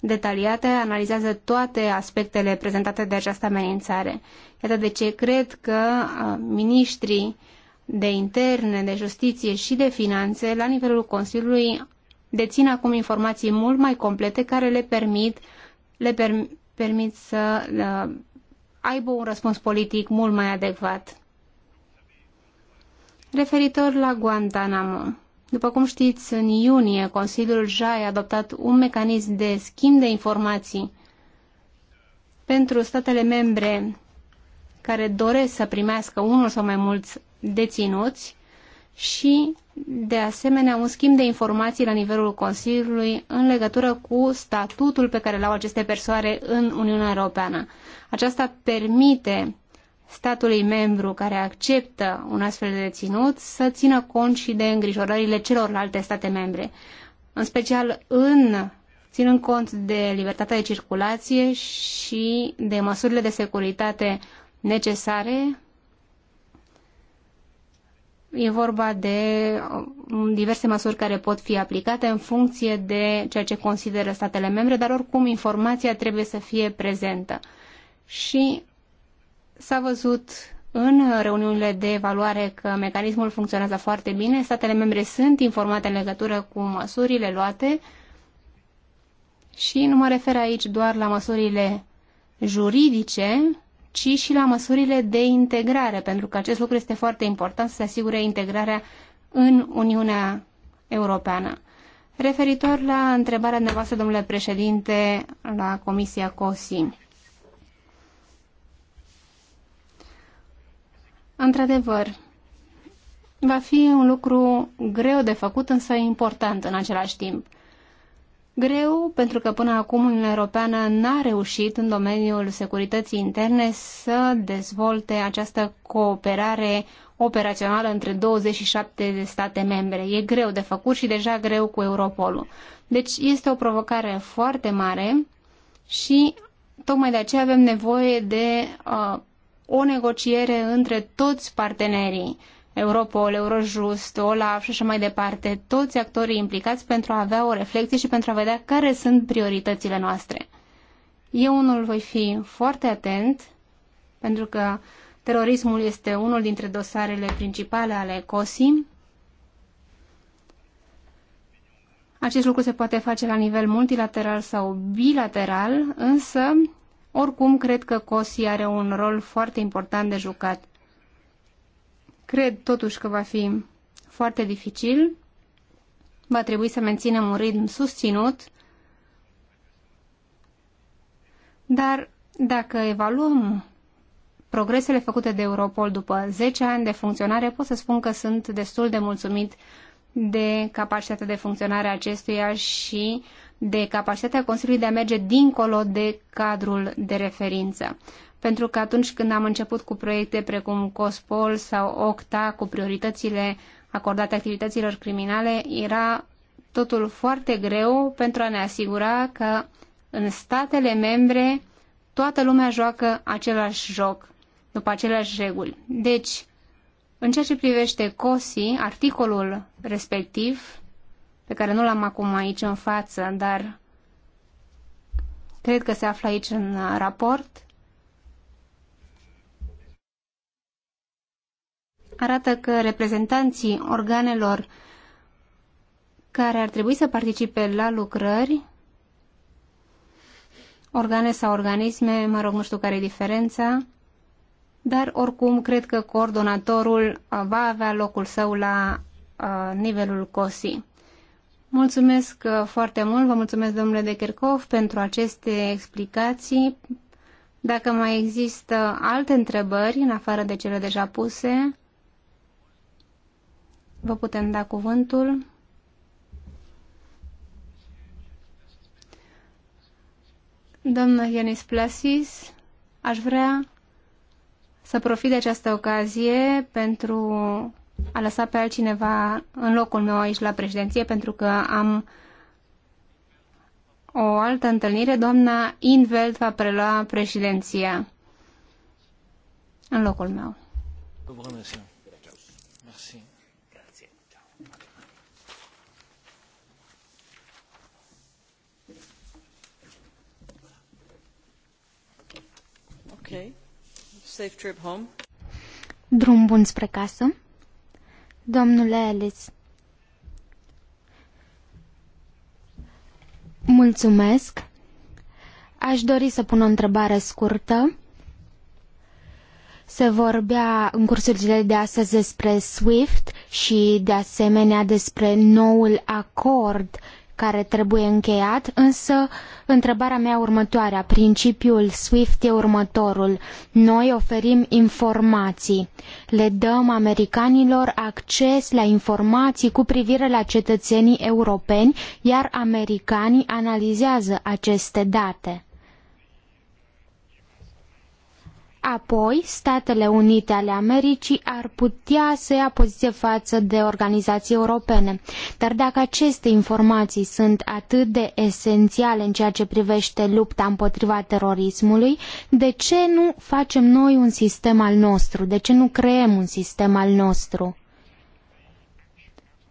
detaliate, analizează toate aspectele prezentate de această amenințare. Iată de ce cred că uh, miniștrii de interne, de justiție și de finanțe la nivelul Consiliului dețin acum informații mult mai complete care le permit, le per, permit să uh, aibă un răspuns politic mult mai adecvat. Referitor la Guantanamo, după cum știți, în iunie Consiliul JAI a adoptat un mecanism de schimb de informații pentru statele membre care doresc să primească unul sau mai mulți deținuți și, de asemenea, un schimb de informații la nivelul Consiliului în legătură cu statutul pe care l-au aceste persoane în Uniunea Europeană. Aceasta permite statului membru care acceptă un astfel de ținut să țină cont și de îngrijorările celorlalte state membre, în special în ținând cont de libertatea de circulație și de măsurile de securitate necesare. E vorba de um, diverse măsuri care pot fi aplicate în funcție de ceea ce consideră statele membre, dar oricum informația trebuie să fie prezentă. Și S-a văzut în reuniunile de evaluare că mecanismul funcționează foarte bine, statele membre sunt informate în legătură cu măsurile luate și nu mă refer aici doar la măsurile juridice, ci și la măsurile de integrare, pentru că acest lucru este foarte important să se asigure integrarea în Uniunea Europeană. Referitor la întrebarea dumneavoastră, domnule președinte, la Comisia COSI. Într-adevăr, va fi un lucru greu de făcut, însă important în același timp. Greu pentru că până acum Uniunea Europeană n-a reușit în domeniul securității interne să dezvolte această cooperare operațională între 27 de state membre. E greu de făcut și deja greu cu Europolul. Deci este o provocare foarte mare și tocmai de aceea avem nevoie de uh, o negociere între toți partenerii, Europol, Eurojust, OLAF și așa mai departe, toți actorii implicați pentru a avea o reflecție și pentru a vedea care sunt prioritățile noastre. Eu unul voi fi foarte atent, pentru că terorismul este unul dintre dosarele principale ale COSI. Acest lucru se poate face la nivel multilateral sau bilateral, însă oricum, cred că COSI are un rol foarte important de jucat. Cred totuși că va fi foarte dificil. Va trebui să menținem un ritm susținut. Dar dacă evaluăm progresele făcute de Europol după 10 ani de funcționare, pot să spun că sunt destul de mulțumit de capacitatea de funcționare a acestuia și de capacitatea Consiliului de a merge dincolo de cadrul de referință. Pentru că atunci când am început cu proiecte precum COSPOL sau OCTA, cu prioritățile acordate activităților criminale, era totul foarte greu pentru a ne asigura că în statele membre toată lumea joacă același joc, după aceleași reguli. Deci, în ceea ce privește COSI, articolul respectiv pe care nu l-am acum aici în față, dar cred că se află aici în raport, arată că reprezentanții organelor care ar trebui să participe la lucrări, organe sau organisme, mă rog, nu știu care e diferența, dar oricum cred că coordonatorul uh, va avea locul său la uh, nivelul COSI. Mulțumesc uh, foarte mult, vă mulțumesc domnule de Kerkov pentru aceste explicații. Dacă mai există alte întrebări în afară de cele deja puse, vă putem da cuvântul. Doamna Ionis Plasis, aș vrea să profit de această ocazie pentru a lăsat pe altcineva în locul meu aici la președinție pentru că am o altă întâlnire. Doamna Inveld va prelua președinția în locul meu. Okay. Safe trip home. Drum bun spre casă. Domnule Ellis, mulțumesc. Aș dori să pun o întrebare scurtă. Se vorbea în cursurile de astăzi despre SWIFT și de asemenea despre noul acord care trebuie încheiat, însă întrebarea mea următoare, principiul SWIFT e următorul. Noi oferim informații, le dăm americanilor acces la informații cu privire la cetățenii europeni, iar americanii analizează aceste date. Apoi, Statele Unite ale Americii ar putea să ia poziție față de organizații europene. Dar dacă aceste informații sunt atât de esențiale în ceea ce privește lupta împotriva terorismului, de ce nu facem noi un sistem al nostru? De ce nu creăm un sistem al nostru?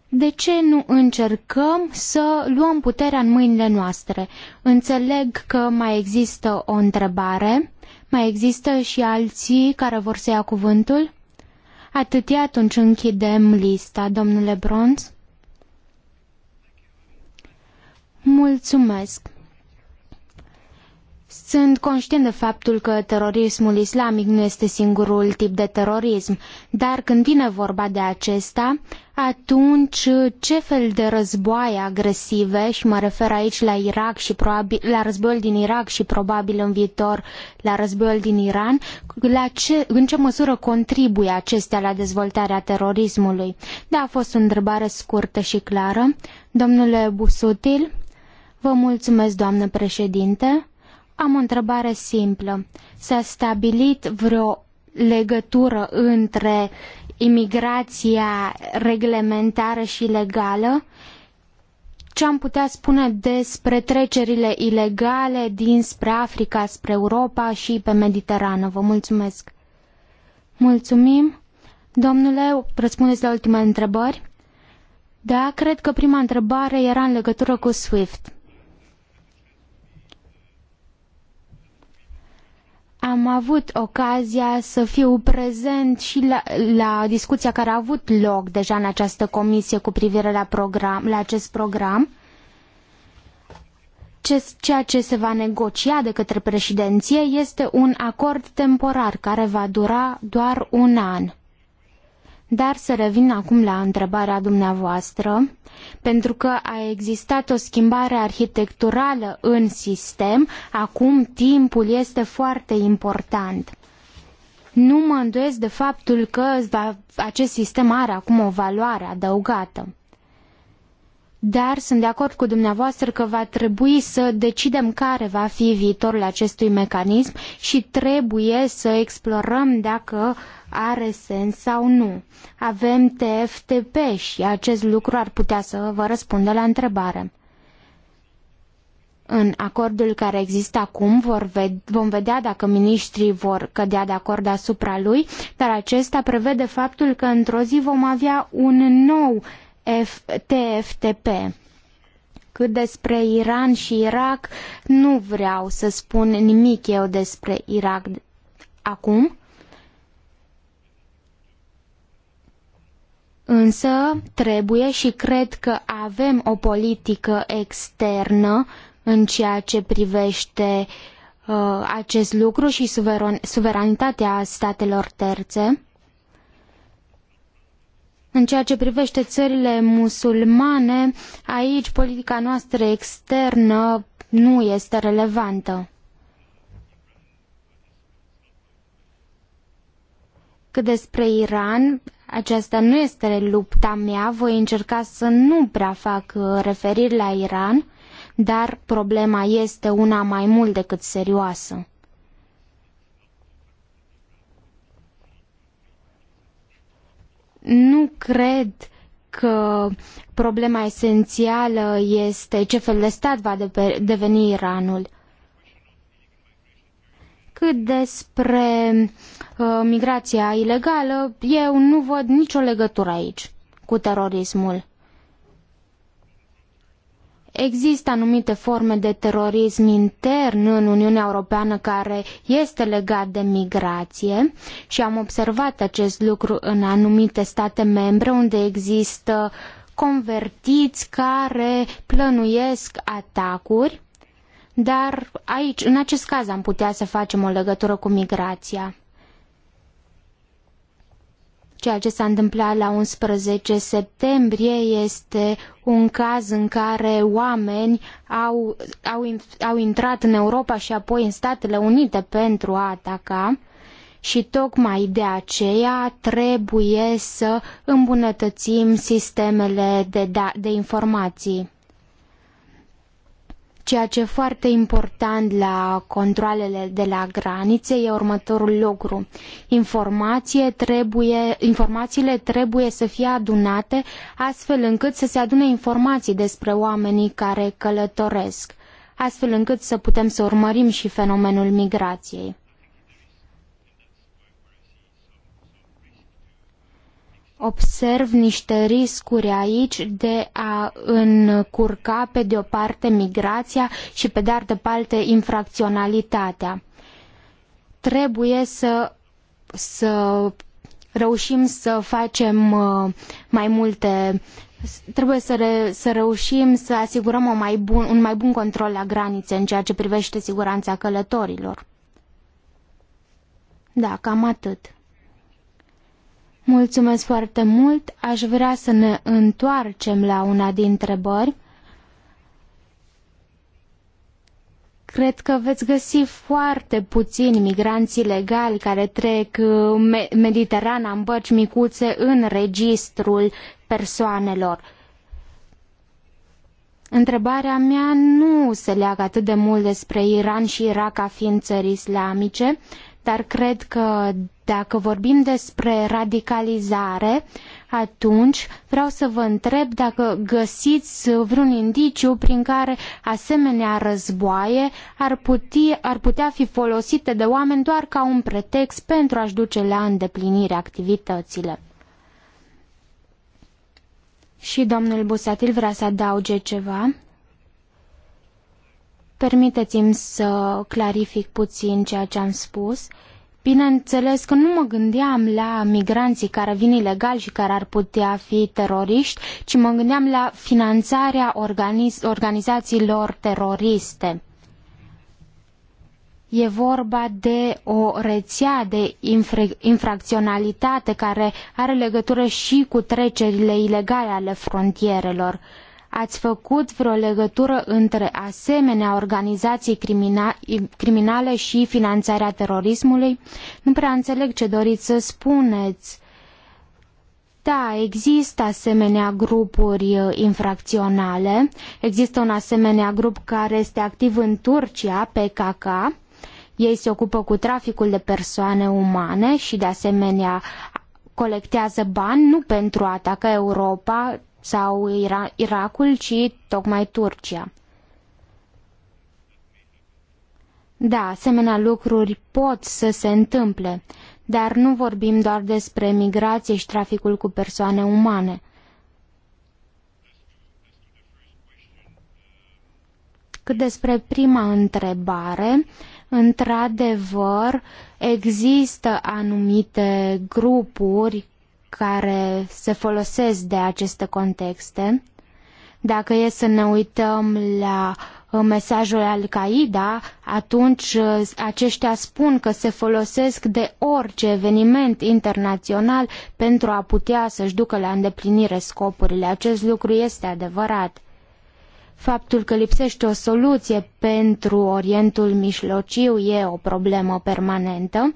De ce nu încercăm să luăm puterea în mâinile noastre? Înțeleg că mai există o întrebare. Mai există și alții care vor să ia cuvântul? Atâtia atunci închidem lista, domnule Bronz. Mulțumesc. Sunt conștient de faptul că terorismul islamic nu este singurul tip de terorism, dar când vine vorba de acesta, atunci ce fel de războaie agresive, și mă refer aici la Irak și probabil, la războiul din Irak și probabil în viitor la războiul din Iran, la ce, în ce măsură contribuie acestea la dezvoltarea terorismului? Da, a fost o întrebare scurtă și clară. Domnule Busutil, vă mulțumesc, doamnă președinte. Am o întrebare simplă. S-a stabilit vreo legătură între imigrația reglementară și legală, ce am putea spune despre trecerile ilegale dinspre Africa, spre Europa și pe Mediterană. Vă mulțumesc! Mulțumim! Domnule, răspundeți la ultimele întrebări? Da, cred că prima întrebare era în legătură cu SWIFT. Am avut ocazia să fiu prezent și la, la discuția care a avut loc deja în această comisie cu privire la, program, la acest program ceea ce se va negocia de către președinție este un acord temporar care va dura doar un an. Dar să revin acum la întrebarea dumneavoastră, pentru că a existat o schimbare arhitecturală în sistem, acum timpul este foarte important. Nu mă îndoiesc de faptul că acest sistem are acum o valoare adăugată dar sunt de acord cu dumneavoastră că va trebui să decidem care va fi viitorul acestui mecanism și trebuie să explorăm dacă are sens sau nu. Avem TFTP și acest lucru ar putea să vă răspundă la întrebare. În acordul care există acum vor vom vedea dacă miniștrii vor cădea de acord asupra lui, dar acesta prevede faptul că într-o zi vom avea un nou F TFTP. Cât despre Iran și Irak, nu vreau să spun nimic eu despre Irak acum. Însă trebuie și cred că avem o politică externă în ceea ce privește uh, acest lucru și suveran- suveranitatea statelor terțe. În ceea ce privește țările musulmane, aici politica noastră externă nu este relevantă. Cât despre Iran, aceasta nu este lupta mea, voi încerca să nu prea fac uh, referiri la Iran, dar problema este una mai mult decât serioasă. Nu cred că problema esențială este ce fel de stat va deveni Iranul. Cât despre uh, migrația ilegală, eu nu văd nicio legătură aici cu terorismul. Există anumite forme de terorism intern în Uniunea Europeană care este legat de migrație și am observat acest lucru în anumite state membre unde există convertiți care plănuiesc atacuri, dar aici, în acest caz, am putea să facem o legătură cu migrația. Ceea ce s-a întâmplat la 11 septembrie este un caz în care oameni au, au, au intrat în Europa și apoi în Statele Unite pentru a ataca și tocmai de aceea trebuie să îmbunătățim sistemele de, da, de informații. Ceea ce este foarte important la controlele de la granițe e următorul lucru. Informație trebuie, informațiile trebuie să fie adunate astfel încât să se adune informații despre oamenii care călătoresc, astfel încât să putem să urmărim și fenomenul migrației. observ niște riscuri aici de a încurca pe de o parte migrația și pe de altă parte infracționalitatea. Trebuie să, să reușim să facem uh, mai multe trebuie să, re, să reușim să asigurăm o mai bun, un mai bun control la granițe în ceea ce privește siguranța călătorilor. Da, cam atât. Mulțumesc foarte mult. Aș vrea să ne întoarcem la una din întrebări. Cred că veți găsi foarte puțini migranți legali care trec uh, Mediterana în bărci micuțe în registrul persoanelor. Întrebarea mea nu se leagă atât de mult despre Iran și Irak ca fiind țări islamice, dar cred că dacă vorbim despre radicalizare, atunci vreau să vă întreb dacă găsiți vreun indiciu prin care asemenea războaie ar putea, ar putea fi folosite de oameni doar ca un pretext pentru a-și duce la îndeplinire activitățile. Și domnul Busatil vrea să adauge ceva. Permiteți-mi să clarific puțin ceea ce am spus. Uh, Bineînțeles că nu mă gândeam la migranții care vin ilegal și care ar putea fi teroriști, ci mă gândeam la finanțarea organiz- organizațiilor teroriste. E vorba de o rețea de infra- infracționalitate care are legătură și cu trecerile ilegale ale frontierelor. Ați făcut vreo legătură între asemenea organizații crimina criminale și finanțarea terorismului? Nu prea înțeleg ce doriți să spuneți. Da, există asemenea grupuri uh, infracționale. Există un asemenea grup care este activ în Turcia, PKK. Ei se ocupă cu traficul de persoane umane și de asemenea colectează bani nu pentru a ataca Europa, sau Ira Irakul, ci tocmai Turcia. Da, asemenea lucruri pot să se întâmple, dar nu vorbim doar despre migrație și traficul cu persoane umane. Cât despre prima întrebare, într-adevăr, există anumite grupuri care se folosesc de aceste contexte. Dacă e să ne uităm la uh, mesajul Al-Qaeda, atunci uh, aceștia spun că se folosesc de orice eveniment internațional pentru a putea să-și ducă la îndeplinire scopurile. Acest lucru este adevărat. Faptul că lipsește o soluție pentru Orientul Mijlociu e o problemă permanentă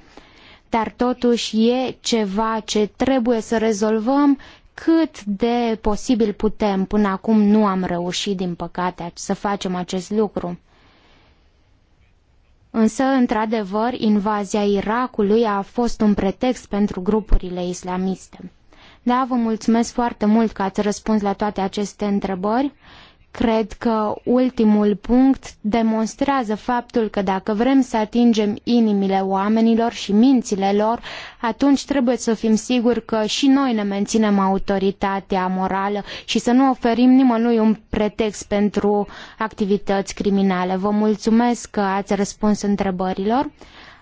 dar totuși e ceva ce trebuie să rezolvăm cât de posibil putem. Până acum nu am reușit, din păcate, să facem acest lucru. Însă, într-adevăr, invazia Irakului a fost un pretext pentru grupurile islamiste. Da, vă mulțumesc foarte mult că ați răspuns la toate aceste întrebări. Cred că ultimul punct demonstrează faptul că dacă vrem să atingem inimile oamenilor și mințile lor, atunci trebuie să fim siguri că și noi ne menținem autoritatea morală și să nu oferim nimănui un pretext pentru activități criminale. Vă mulțumesc că ați răspuns întrebărilor.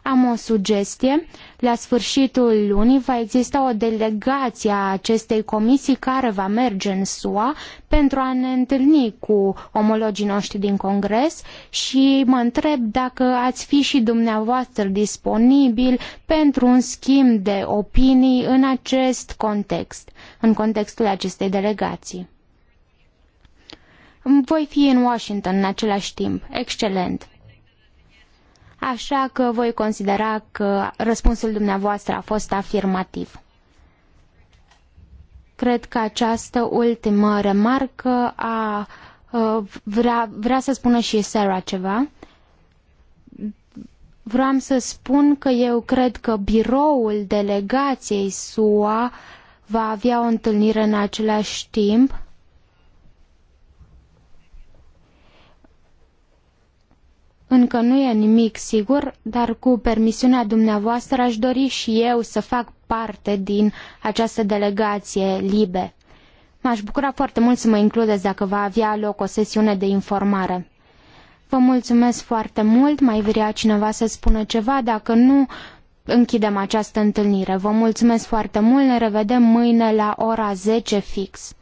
Am o sugestie. La sfârșitul lunii va exista o delegație a acestei comisii care va merge în SUA pentru a ne întâlni cu omologii noștri din Congres și mă întreb dacă ați fi și dumneavoastră disponibil pentru un schimb de opinii în acest context, în contextul acestei delegații. Voi fi în Washington în același timp. Excelent! așa că voi considera că răspunsul dumneavoastră a fost afirmativ. Cred că această ultimă remarcă a, a vrea, vrea să spună și Sarah ceva. Vreau să spun că eu cred că biroul delegației SUA va avea o întâlnire în același timp Încă nu e nimic sigur, dar cu permisiunea dumneavoastră aș dori și eu să fac parte din această delegație libe. M-aș bucura foarte mult să mă includeți dacă va avea loc o sesiune de informare. Vă mulțumesc foarte mult, mai vrea cineva să spună ceva, dacă nu, închidem această întâlnire. Vă mulțumesc foarte mult, ne revedem mâine la ora 10 fix.